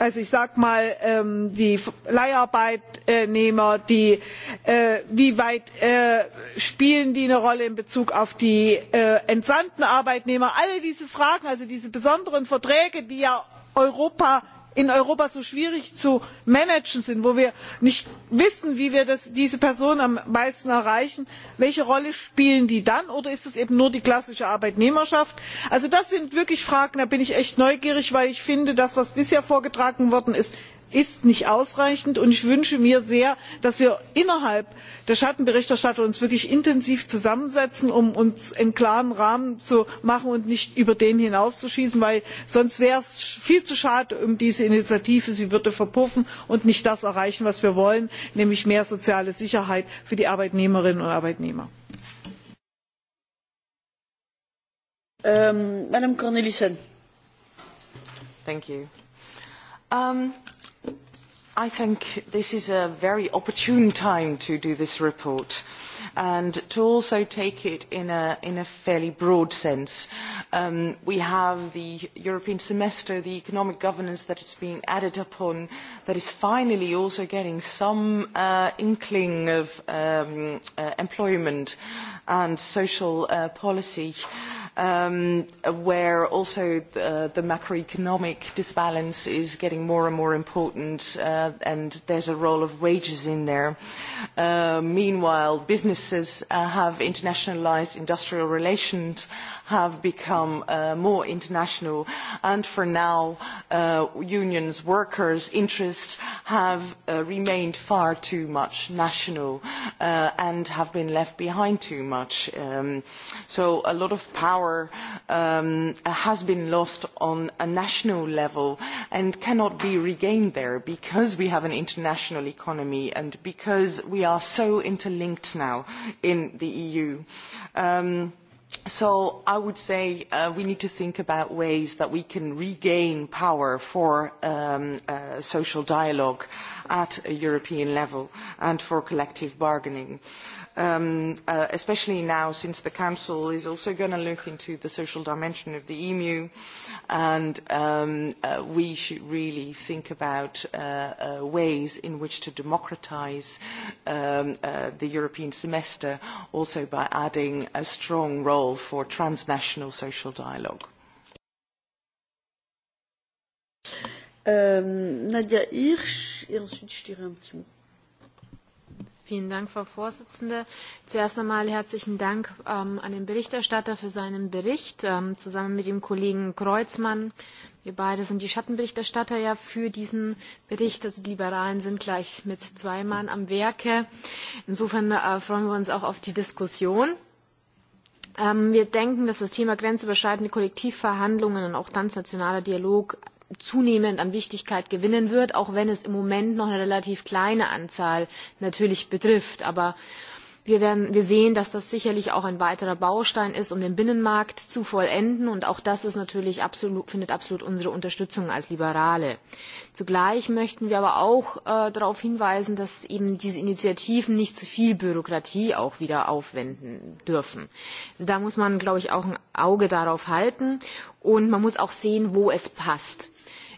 also ich sag mal ähm, die leiharbeitnehmer die, äh, wie weit äh, spielen die eine rolle in bezug auf die äh, entsandten arbeitnehmer alle diese fragen also diese besonderen verträge die ja europa in europa so schwierig zu managen sind wo wir nicht wissen wie wir diese personen am meisten erreichen welche rolle spielen die dann oder ist es eben nur die klassische arbeitnehmerschaft? das sind wirklich fragen da bin ich echt neugierig weil ich finde das was bisher vorgetragen worden ist ist nicht ausreichend und ich wünsche mir sehr dass wir uns innerhalb der schattenberichterstatter wirklich intensiv zusammensetzen um uns einen klaren rahmen zu machen und nicht über den hinauszuschießen denn sonst wäre es viel zu schade um diese initiative sie würde verpuffen und nicht das erreichen was wir wollen nämlich mehr soziale sicherheit für die arbeitnehmerinnen und arbeitnehmer. Ähm, I think this is a very opportune time to do this report and to also take it in a, in a fairly broad sense. Um, we have the European semester, the economic governance that is being added upon, that is finally also getting some uh, inkling of um, uh, employment and social uh, policy um, where also uh, the macroeconomic disbalance is getting more and more important, uh, and there's a role of wages in there. Uh, meanwhile, businesses uh, have internationalized industrial relations, have become uh, more international, and for now, uh, unions, workers' interests have uh, remained far too much national uh, and have been left behind too much. Um, so a lot of power power um, has been lost on a national level and cannot be regained there because we have an international economy and because we are so interlinked now in the EU. Um, so I would say uh, we need to think about ways that we can regain power for um, uh, social dialogue at a European level and for collective bargaining. Uh, um, uh, especially now since the Council is also going to look into the social dimension of the EMU, and um, uh, we should really think about uh, uh ways in which to democratise um, uh, the European semester, also by adding a strong role for transnational social dialogue. Euh, Nadia Hirsch, et ensuite je dirai un petit mot. Vielen Dank, Frau Vorsitzende. Zuerst einmal herzlichen Dank ähm, an den Berichterstatter für seinen Bericht, ähm, zusammen mit dem Kollegen Kreuzmann. Wir beide sind die Schattenberichterstatter ja für diesen Bericht. Also die Liberalen sind gleich mit zwei Mann am Werke. Insofern äh, freuen wir uns auch auf die Diskussion. Ähm, wir denken, dass das Thema grenzüberschreitende Kollektivverhandlungen und auch transnationaler Dialog zunehmend an Wichtigkeit gewinnen wird, auch wenn es im Moment noch eine relativ kleine Anzahl natürlich betrifft. Aber wir, werden, wir sehen, dass das sicherlich auch ein weiterer Baustein ist, um den Binnenmarkt zu vollenden. Und auch das ist natürlich absolut, findet absolut unsere Unterstützung als Liberale. Zugleich möchten wir aber auch äh, darauf hinweisen, dass eben diese Initiativen nicht zu viel Bürokratie auch wieder aufwenden dürfen. Also da muss man, glaube ich, auch ein Auge darauf halten. Und man muss auch sehen, wo es passt.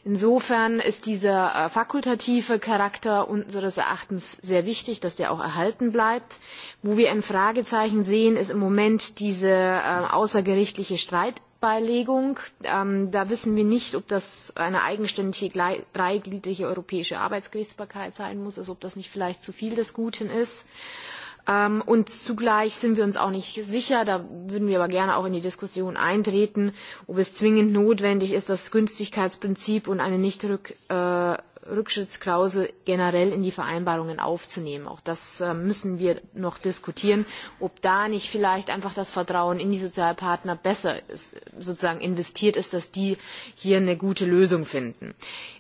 Insofern ist dieser äh, fakultative Charakter unseres Erachtens sehr wichtig, dass der auch erhalten bleibt. Wo wir ein Fragezeichen sehen, ist im Moment diese äh, außergerichtliche Streit Rechtsbeilegung. Ähm, da wissen wir nicht, ob das eine eigenständige dreigliedrige europäische Arbeitsgerichtsbarkeit sein muss, also ob das nicht vielleicht zu viel des Guten ist. Ähm, und zugleich sind wir uns auch nicht sicher, da würden wir aber gerne auch in die Diskussion eintreten, ob es zwingend notwendig ist, das Günstigkeitsprinzip und eine Nichtrückschrittsklausel äh, generell in die Vereinbarungen aufzunehmen. Auch das äh, müssen wir noch diskutieren, ob da nicht vielleicht einfach das Vertrauen in die Sozialpartner besser ist, sozusagen investiert ist, dass die hier eine gute Lösung finden.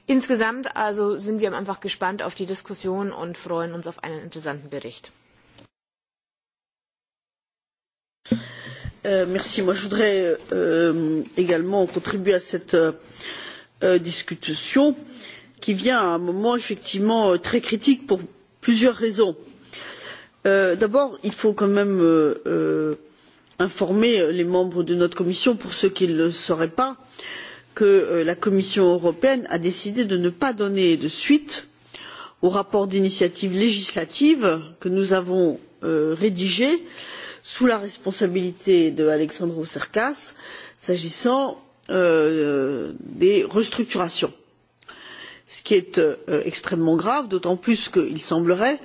Insgesamt also sind wir einfach gespannt auf die Diskussion und freuen uns auf einen interessanten Bericht. Euh, merci. Moi, je voudrais euh, également contribuer à cette euh, euh discussion qui vient à un moment effectivement euh, très critique pour plusieurs raisons. D'abord, il faut quand même informer les membres de notre commission pour ceux qui ne le sauraient pas que la Commission européenne a décidé de ne pas donner de suite au rapport d'initiative législative que nous avons rédigé euh, sous la responsabilité d'alexandros cercas s'agissant euh, des restructurations ce qui est euh, extrêmement grave d'autant plus qu'il semblerait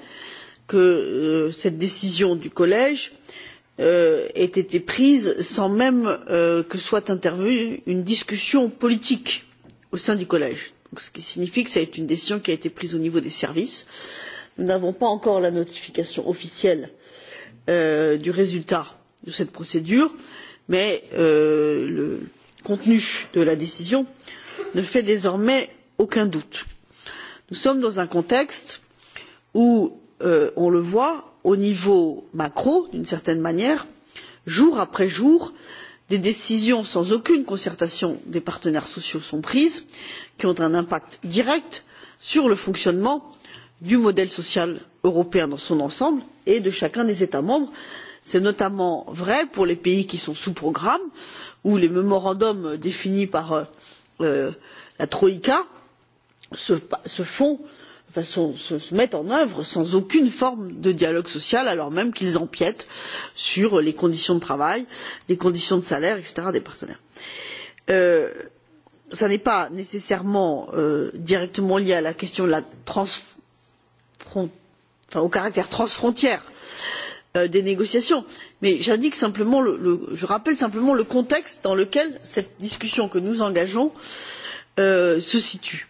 que euh, cette décision du collège ait été prise sans même que soit intervenue une discussion politique au sein du collège ce qui signifie que c'est une décision qui a été prise au niveau des services. nous n'avons pas encore la notification officielle Euh, du résultat de cette procédure mais euh, le contenu de la décision ne fait désormais aucun doute. nous sommes dans un contexte où euh, on le voit au niveau macro d'une certaine manière jour après jour des décisions sans aucune concertation des partenaires sociaux sont prises qui ont un impact direct sur le fonctionnement du modèle social européen dans son ensemble et de chacun des états membres. c'est notamment vrai pour les pays qui sont sous programme où les mémorandums définis par euh, la troïka se, mettent en œuvre sans aucune forme de dialogue social alors même qu'ils empiètent sur les conditions de travail les conditions de salaire etc. des partenaires. Euh, ce n'est pas nécessairement euh, directement lié à la question de la transfrontière enfin au caractère transfrontière euh, des négociations mais je rappelle simplement le contexte dans lequel cette discussion que nous engageons euh, se situe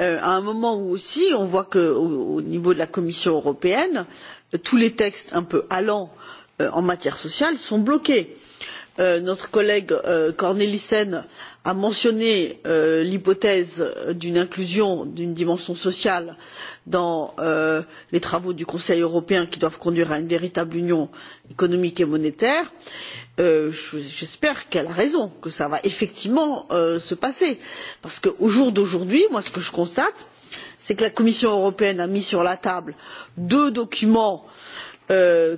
euh, à un moment où aussi on voit qu'au au niveau de la commission européenne tous les textes un peu allants en matière sociale sont bloqués. Euh, Euh, notre collègue euh, cornelissen a mentionné euh, l'hypothèse d'une inclusion d'une dimension sociale dans les travaux du conseil européen qui doivent conduire à une véritable union économique et monétaire j'espère qu'elle a raison que cela va effectivement se passer parce qu'au jour d'aujourd'hui ce que je constate c'est que la commission européenne a mis sur la table deux documents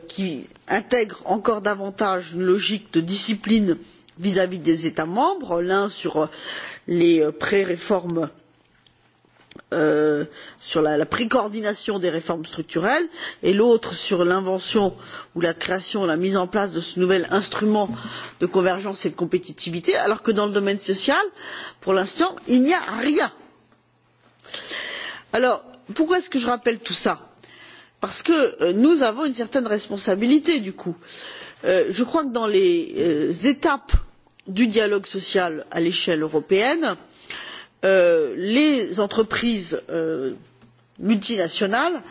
qui intègre encore davantage une logique de discipline vis à vis des états membres l'un sur les euh, pré réformes euh, sur la, la coordination des réformes structurelles et l'autre sur l'invention ou la création la mise en place de ce nouvel instrument de convergence et de compétitivité alors que dans le domaine social pour l'instant il n'y a rien. alors pourquoi est ce que je rappelle tout cela? parce que euh, nous avons une certaine responsabilité du coup. Euh, je crois que dans les euh, étapes du dialogue social à l'échelle européenne les entreprises multinationales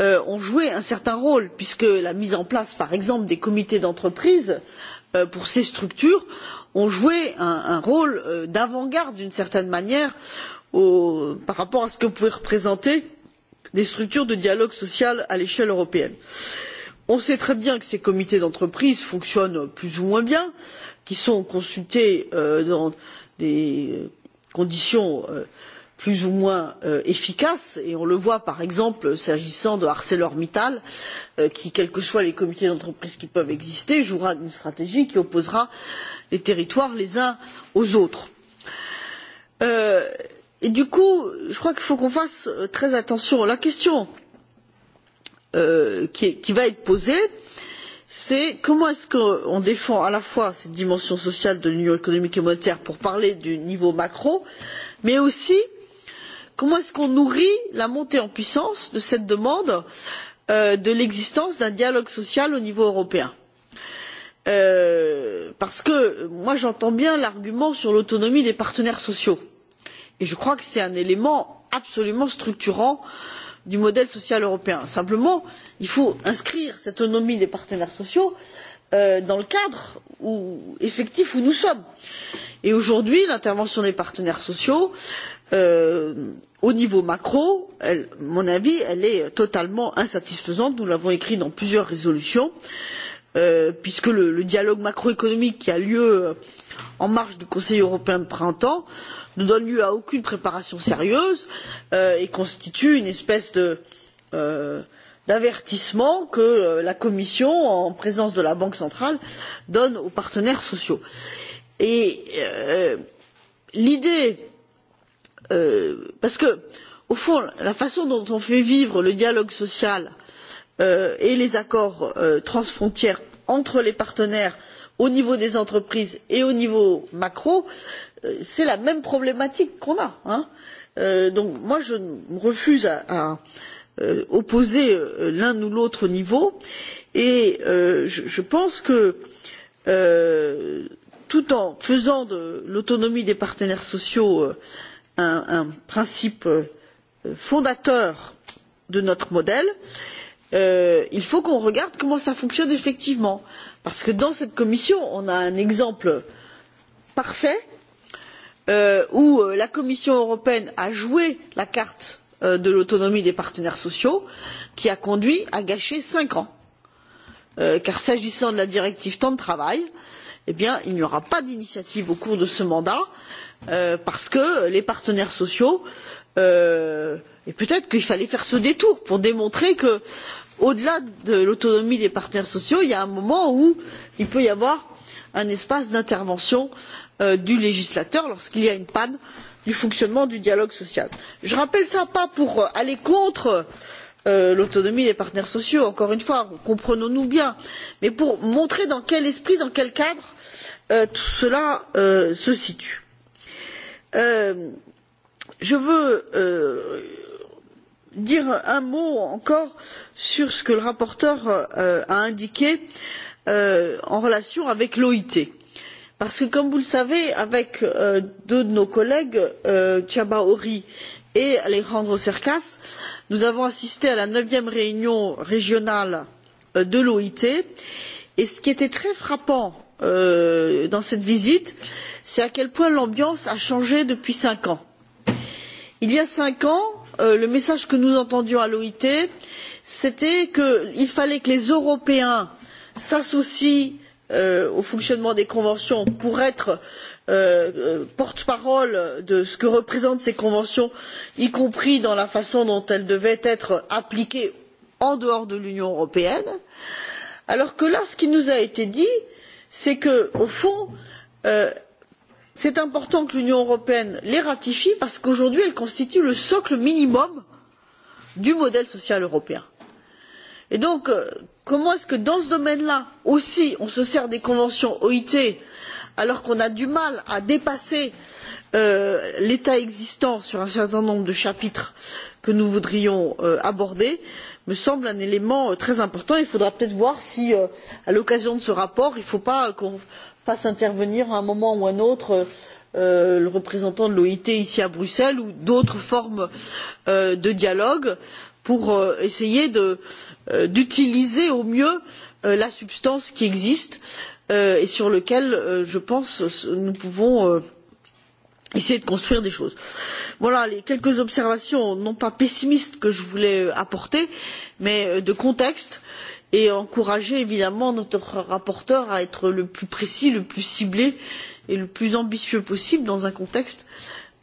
ont joué un certain rôle puisque la mise en place par exemple des comités d'entreprise pour ces structures a joué un, rôle d'avant garde d'une certaine manière par rapport à ce que pouvaient représenter des structures de dialogue social à l'échelle européenne. on sait très bien que ces comités d'entreprise fonctionnent plus ou moins bien qu'ils sont consultés euh, dans des conditions euh, plus ou moins euh, efficaces et on le voit par exemple s'agissant de arcelormittal qui quels que soient les comités d'entreprise qui peuvent exister jouera une stratégie qui opposera les territoires les uns aux autres. Euh, et du coup je crois qu'il faut qu'on fasse euh, très attention. la question euh, qui, va être posée c'est comment est ce qu'on défend à la fois cette dimension sociale de l'union économique et monétaire pour parler du niveau macro mais aussi comment est ce qu'on nourrit la montée en puissance de cette demande euh, de l'existence d'un dialogue social au niveau européen? parce que moi j'entends bien l'argument sur l'autonomie des partenaires sociaux et je crois que c'est un élément absolument structurant du modèle social européen. simplement il faut inscrire cette autonomie des partenaires sociaux euh, dans le cadre effectif où nous sommes et aujourd'hui l'intervention des partenaires sociaux euh, au niveau macro à mon avis est totalement insatisfaisante nous l'avons écrit dans plusieurs résolutions et Euh, puisque le, dialogue macroéconomique qui a lieu euh, en marge du conseil européen de printemps ne donne lieu à aucune préparation sérieuse euh, et constitue une espèce d'avertissement que la commission en présence de la banque centrale donne aux partenaires sociaux. l'idée parce que au fond la façon dont on fait vivre le dialogue social et Euh, et les accords euh, transfrontières entre les partenaires au niveau des entreprises et au niveau macro euh, c'est la même problématique qu'on a. Hein donc moi je me refuse à, à opposer l'un ou l'autre niveau et je, pense que tout en faisant de l'autonomie des partenaires sociaux un, principe fondateur de notre modèle il Euh, il faut qu'on regarde comment cela fonctionne effectivement parce que dans cette commission on a un exemple parfait euh, où euh, la commission européenne a joué la carte de l'autonomie des partenaires sociaux qui a conduit à gâcher cinq ans car s'agissant de la directive temps de travail eh il n'y aura pas d'initiative au cours de ce mandat parce que les partenaires sociaux et peut être qu'il fallait faire ce détour pour démontrer que au delà de l'autonomie des partenaires sociaux il y a un moment où il peut y avoir un espace d'intervention euh, du législateur lorsqu'il y a une panne du fonctionnement du dialogue social. je rappelle cela pas pour euh, aller contre euh, l'autonomie des partenaires sociaux encore une fois comprenons nous bien mais pour montrer dans quel esprit dans quel cadre tout cela se situe. je veux dire un mot encore sur ce que le rapporteur euh, a indiqué euh, en relation avec l'oit parce que comme vous le savez avec euh, deux de nos collègues csaba ry et alejandro cercas nous avons assisté à la neuvième réunion régionale de l'oit et ce qui était très frappant dans cette visite c'est à quel point l'ambiance a changé depuis cinq ans. il y a cinq ans Euh, le message que nous entendions à l'oit c'était qu'il fallait que les européens s'associent euh, au fonctionnement des conventions pour être euh, porte parole de ce que représentent ces conventions y compris dans la façon dont elles devaient être appliquées en dehors de l'union européenne alors que là ce qui nous a été dit c'est qu'au fond il c'est important que l'union européenne les ratifie parce qu'aujourd'hui elles constituent le socle minimum du modèle social européen. et donc euh, comment est ce que dans ce domaine là aussi on se sert des conventions oit alors qu'on a du mal à dépasser euh, l'état existant sur un certain nombre de chapitres que nous voudrions euh, aborder me semble un élément euh, très important. il faudra peut être voir si à l'occasion de ce rapport il ne faut pas qu'on fasse intervenir à un moment ou à un autre euh, euh, le représentant de l'oit ici à bruxelles ou d'autres formes euh, de dialogue pour essayer d'utiliser au mieux la substance qui existe et sur laquelle je pense nous pouvons essayer de construire des choses. voilà les quelques observations non pas pessimistes que je voulais apporter mais de contexte et encourager évidemment notre rapporteur à être le plus précis le plus ciblé et le plus ambitieux possible dans un contexte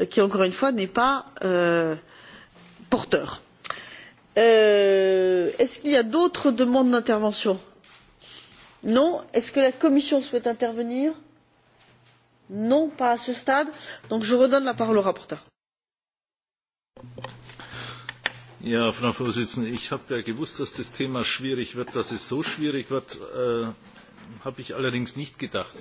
qui encore une fois n'est pas euh, porteur. Euh, est ce qu'il y a d'autres demandes d'intervention? non. est ce que la commission souhaite intervenir? non pas à ce stade donc je redonne la parole au rapporteur. Ja, Frau Vorsitzende, ich habe ja gewusst, dass das Thema schwierig wird, dass es so schwierig wird, äh, habe ich allerdings nicht gedacht.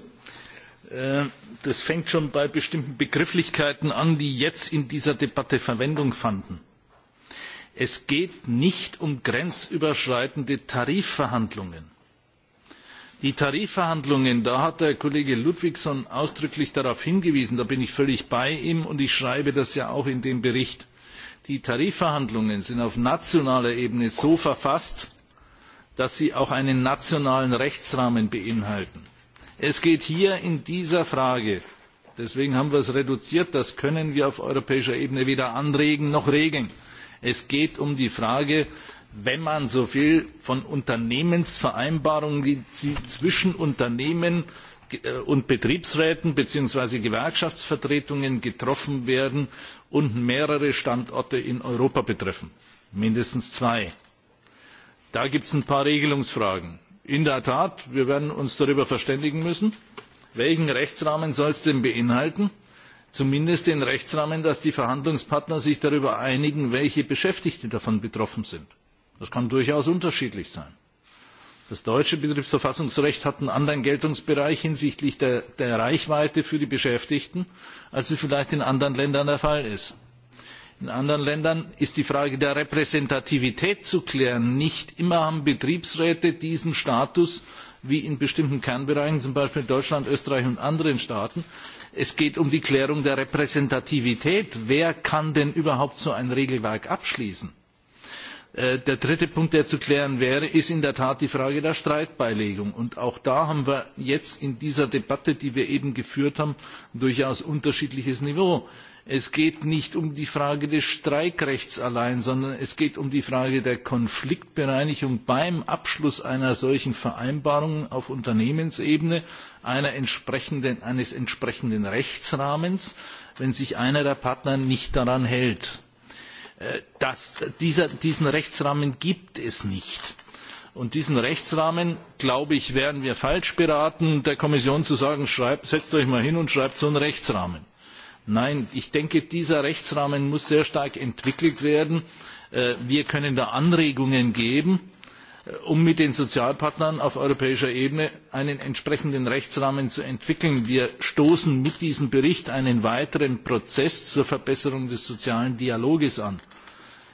Äh, das fängt schon bei bestimmten Begrifflichkeiten an, die jetzt in dieser Debatte Verwendung fanden. Es geht nicht um grenzüberschreitende Tarifverhandlungen. Die Tarifverhandlungen, da hat der Kollege Ludwigsson ausdrücklich darauf hingewiesen, da bin ich völlig bei ihm und ich schreibe das ja auch in dem Bericht Die Tarifverhandlungen sind auf nationaler Ebene so verfasst, dass sie auch einen nationalen Rechtsrahmen beinhalten. Es geht hier in dieser Frage, deswegen haben wir es reduziert, das können wir auf europäischer Ebene weder anregen noch regeln. Es geht um die Frage, wenn man so will, von Unternehmensvereinbarungen, die zwischen Unternehmen Äh, und Betriebsräten bzw. Gewerkschaftsvertretungen getroffen werden und mehrere Standorte in Europa betreffen. Mindestens zwei. Da gibt es ein paar Regelungsfragen. In der Tat, wir werden uns darüber verständigen müssen, welchen Rechtsrahmen soll es denn beinhalten? Zumindest den Rechtsrahmen, dass die Verhandlungspartner sich darüber einigen, welche Beschäftigte davon betroffen sind. Das kann durchaus unterschiedlich sein. Das deutsche Betriebsverfassungsrecht hat einen anderen Geltungsbereich hinsichtlich der, der Reichweite für die Beschäftigten, als es vielleicht in anderen Ländern der Fall ist. In anderen Ländern ist die Frage der Repräsentativität zu klären. Nicht immer haben Betriebsräte diesen Status wie in bestimmten Kernbereichen, zum Beispiel Deutschland, Österreich und anderen Staaten. Es geht um die Klärung der Repräsentativität. Wer kann denn überhaupt so ein Regelwerk abschließen? Äh, der dritte Punkt, der zu klären wäre, ist in der Tat die Frage der Streitbeilegung. Und auch da haben wir jetzt in dieser Debatte, die wir eben geführt haben, durchaus unterschiedliches Niveau. Es geht nicht um die Frage des Streikrechts allein, sondern es geht um die Frage der Konfliktbereinigung beim Abschluss einer solchen Vereinbarung auf Unternehmensebene, entsprechenden, eines entsprechenden Rechtsrahmens, wenn sich einer der Partner nicht daran hält Äh, dass dieser, diesen Rechtsrahmen gibt es nicht. Und diesen Rechtsrahmen, glaube ich, wären wir falsch beraten, der Kommission zu sagen, schreibt, setzt euch mal hin und schreibt so einen Rechtsrahmen. Nein, ich denke, dieser Rechtsrahmen muss sehr stark entwickelt werden. Äh, wir können da Anregungen geben um mit den Sozialpartnern auf europäischer Ebene einen entsprechenden Rechtsrahmen zu entwickeln. Wir stoßen mit diesem Bericht einen weiteren Prozess zur Verbesserung des sozialen dialogs an.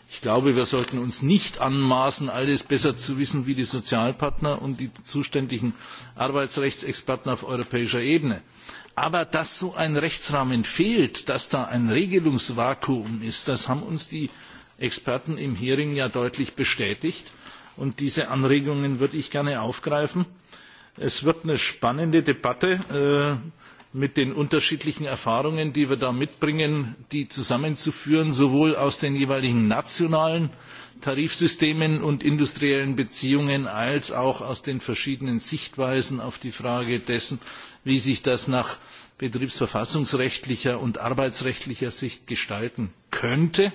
Ich glaube, wir sollten uns nicht anmaßen, alles besser zu wissen als die Sozialpartner und die zuständigen Arbeitsrechtsexperten auf europäischer Ebene. Aber dass so ein Rechtsrahmen fehlt, dass da ein Regelungsvakuum ist, das haben uns die Experten im Hearing ja deutlich bestätigt. Und diese Anregungen würde ich gerne aufgreifen. Es wird eine spannende Debatte äh, mit den unterschiedlichen Erfahrungen, die wir da mitbringen, die zusammenzuführen, sowohl aus den jeweiligen nationalen Tarifsystemen und industriellen Beziehungen als auch aus den verschiedenen Sichtweisen auf die Frage dessen, wie sich das nach betriebsverfassungsrechtlicher und arbeitsrechtlicher Sicht gestalten könnte.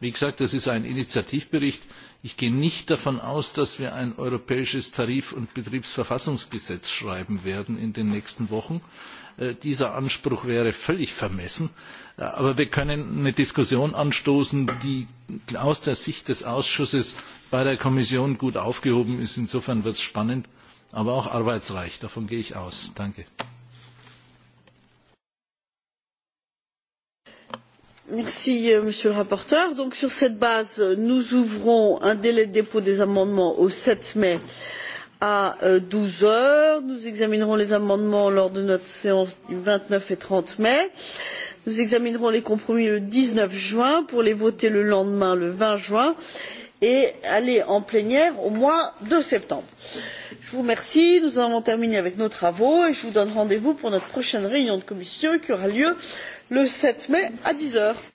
Wie gesagt, das ist ein Initiativbericht. Ich gehe nicht davon aus, dass wir ein europäisches Tarif- und Betriebsverfassungsgesetz schreiben werden in den nächsten Wochen. Äh, dieser Anspruch wäre völlig vermessen. Äh, aber wir können eine Diskussion anstoßen, die aus der Sicht des Ausschusses bei der Kommission gut aufgehoben ist. Insofern wird es spannend, aber auch arbeitsreich. Davon gehe ich aus. Danke. Euh, monsieur le rapporteur. sur cette base nous ouvrons un délai de dépôt des amendements au sept mai à euh, douze heures nous examinerons les amendements lors de notre séance du vingt neuf et trente mai nous examinerons les compromis le dix neuf juin pour les voter le lendemain le vingt juin et aller en plénière au mois de septembre. je vous remercie nous en avons terminé avec nos travaux et je vous donne rendez vous pour notre prochaine réunion de commission qui aura lieu le le sept mai à dix heures.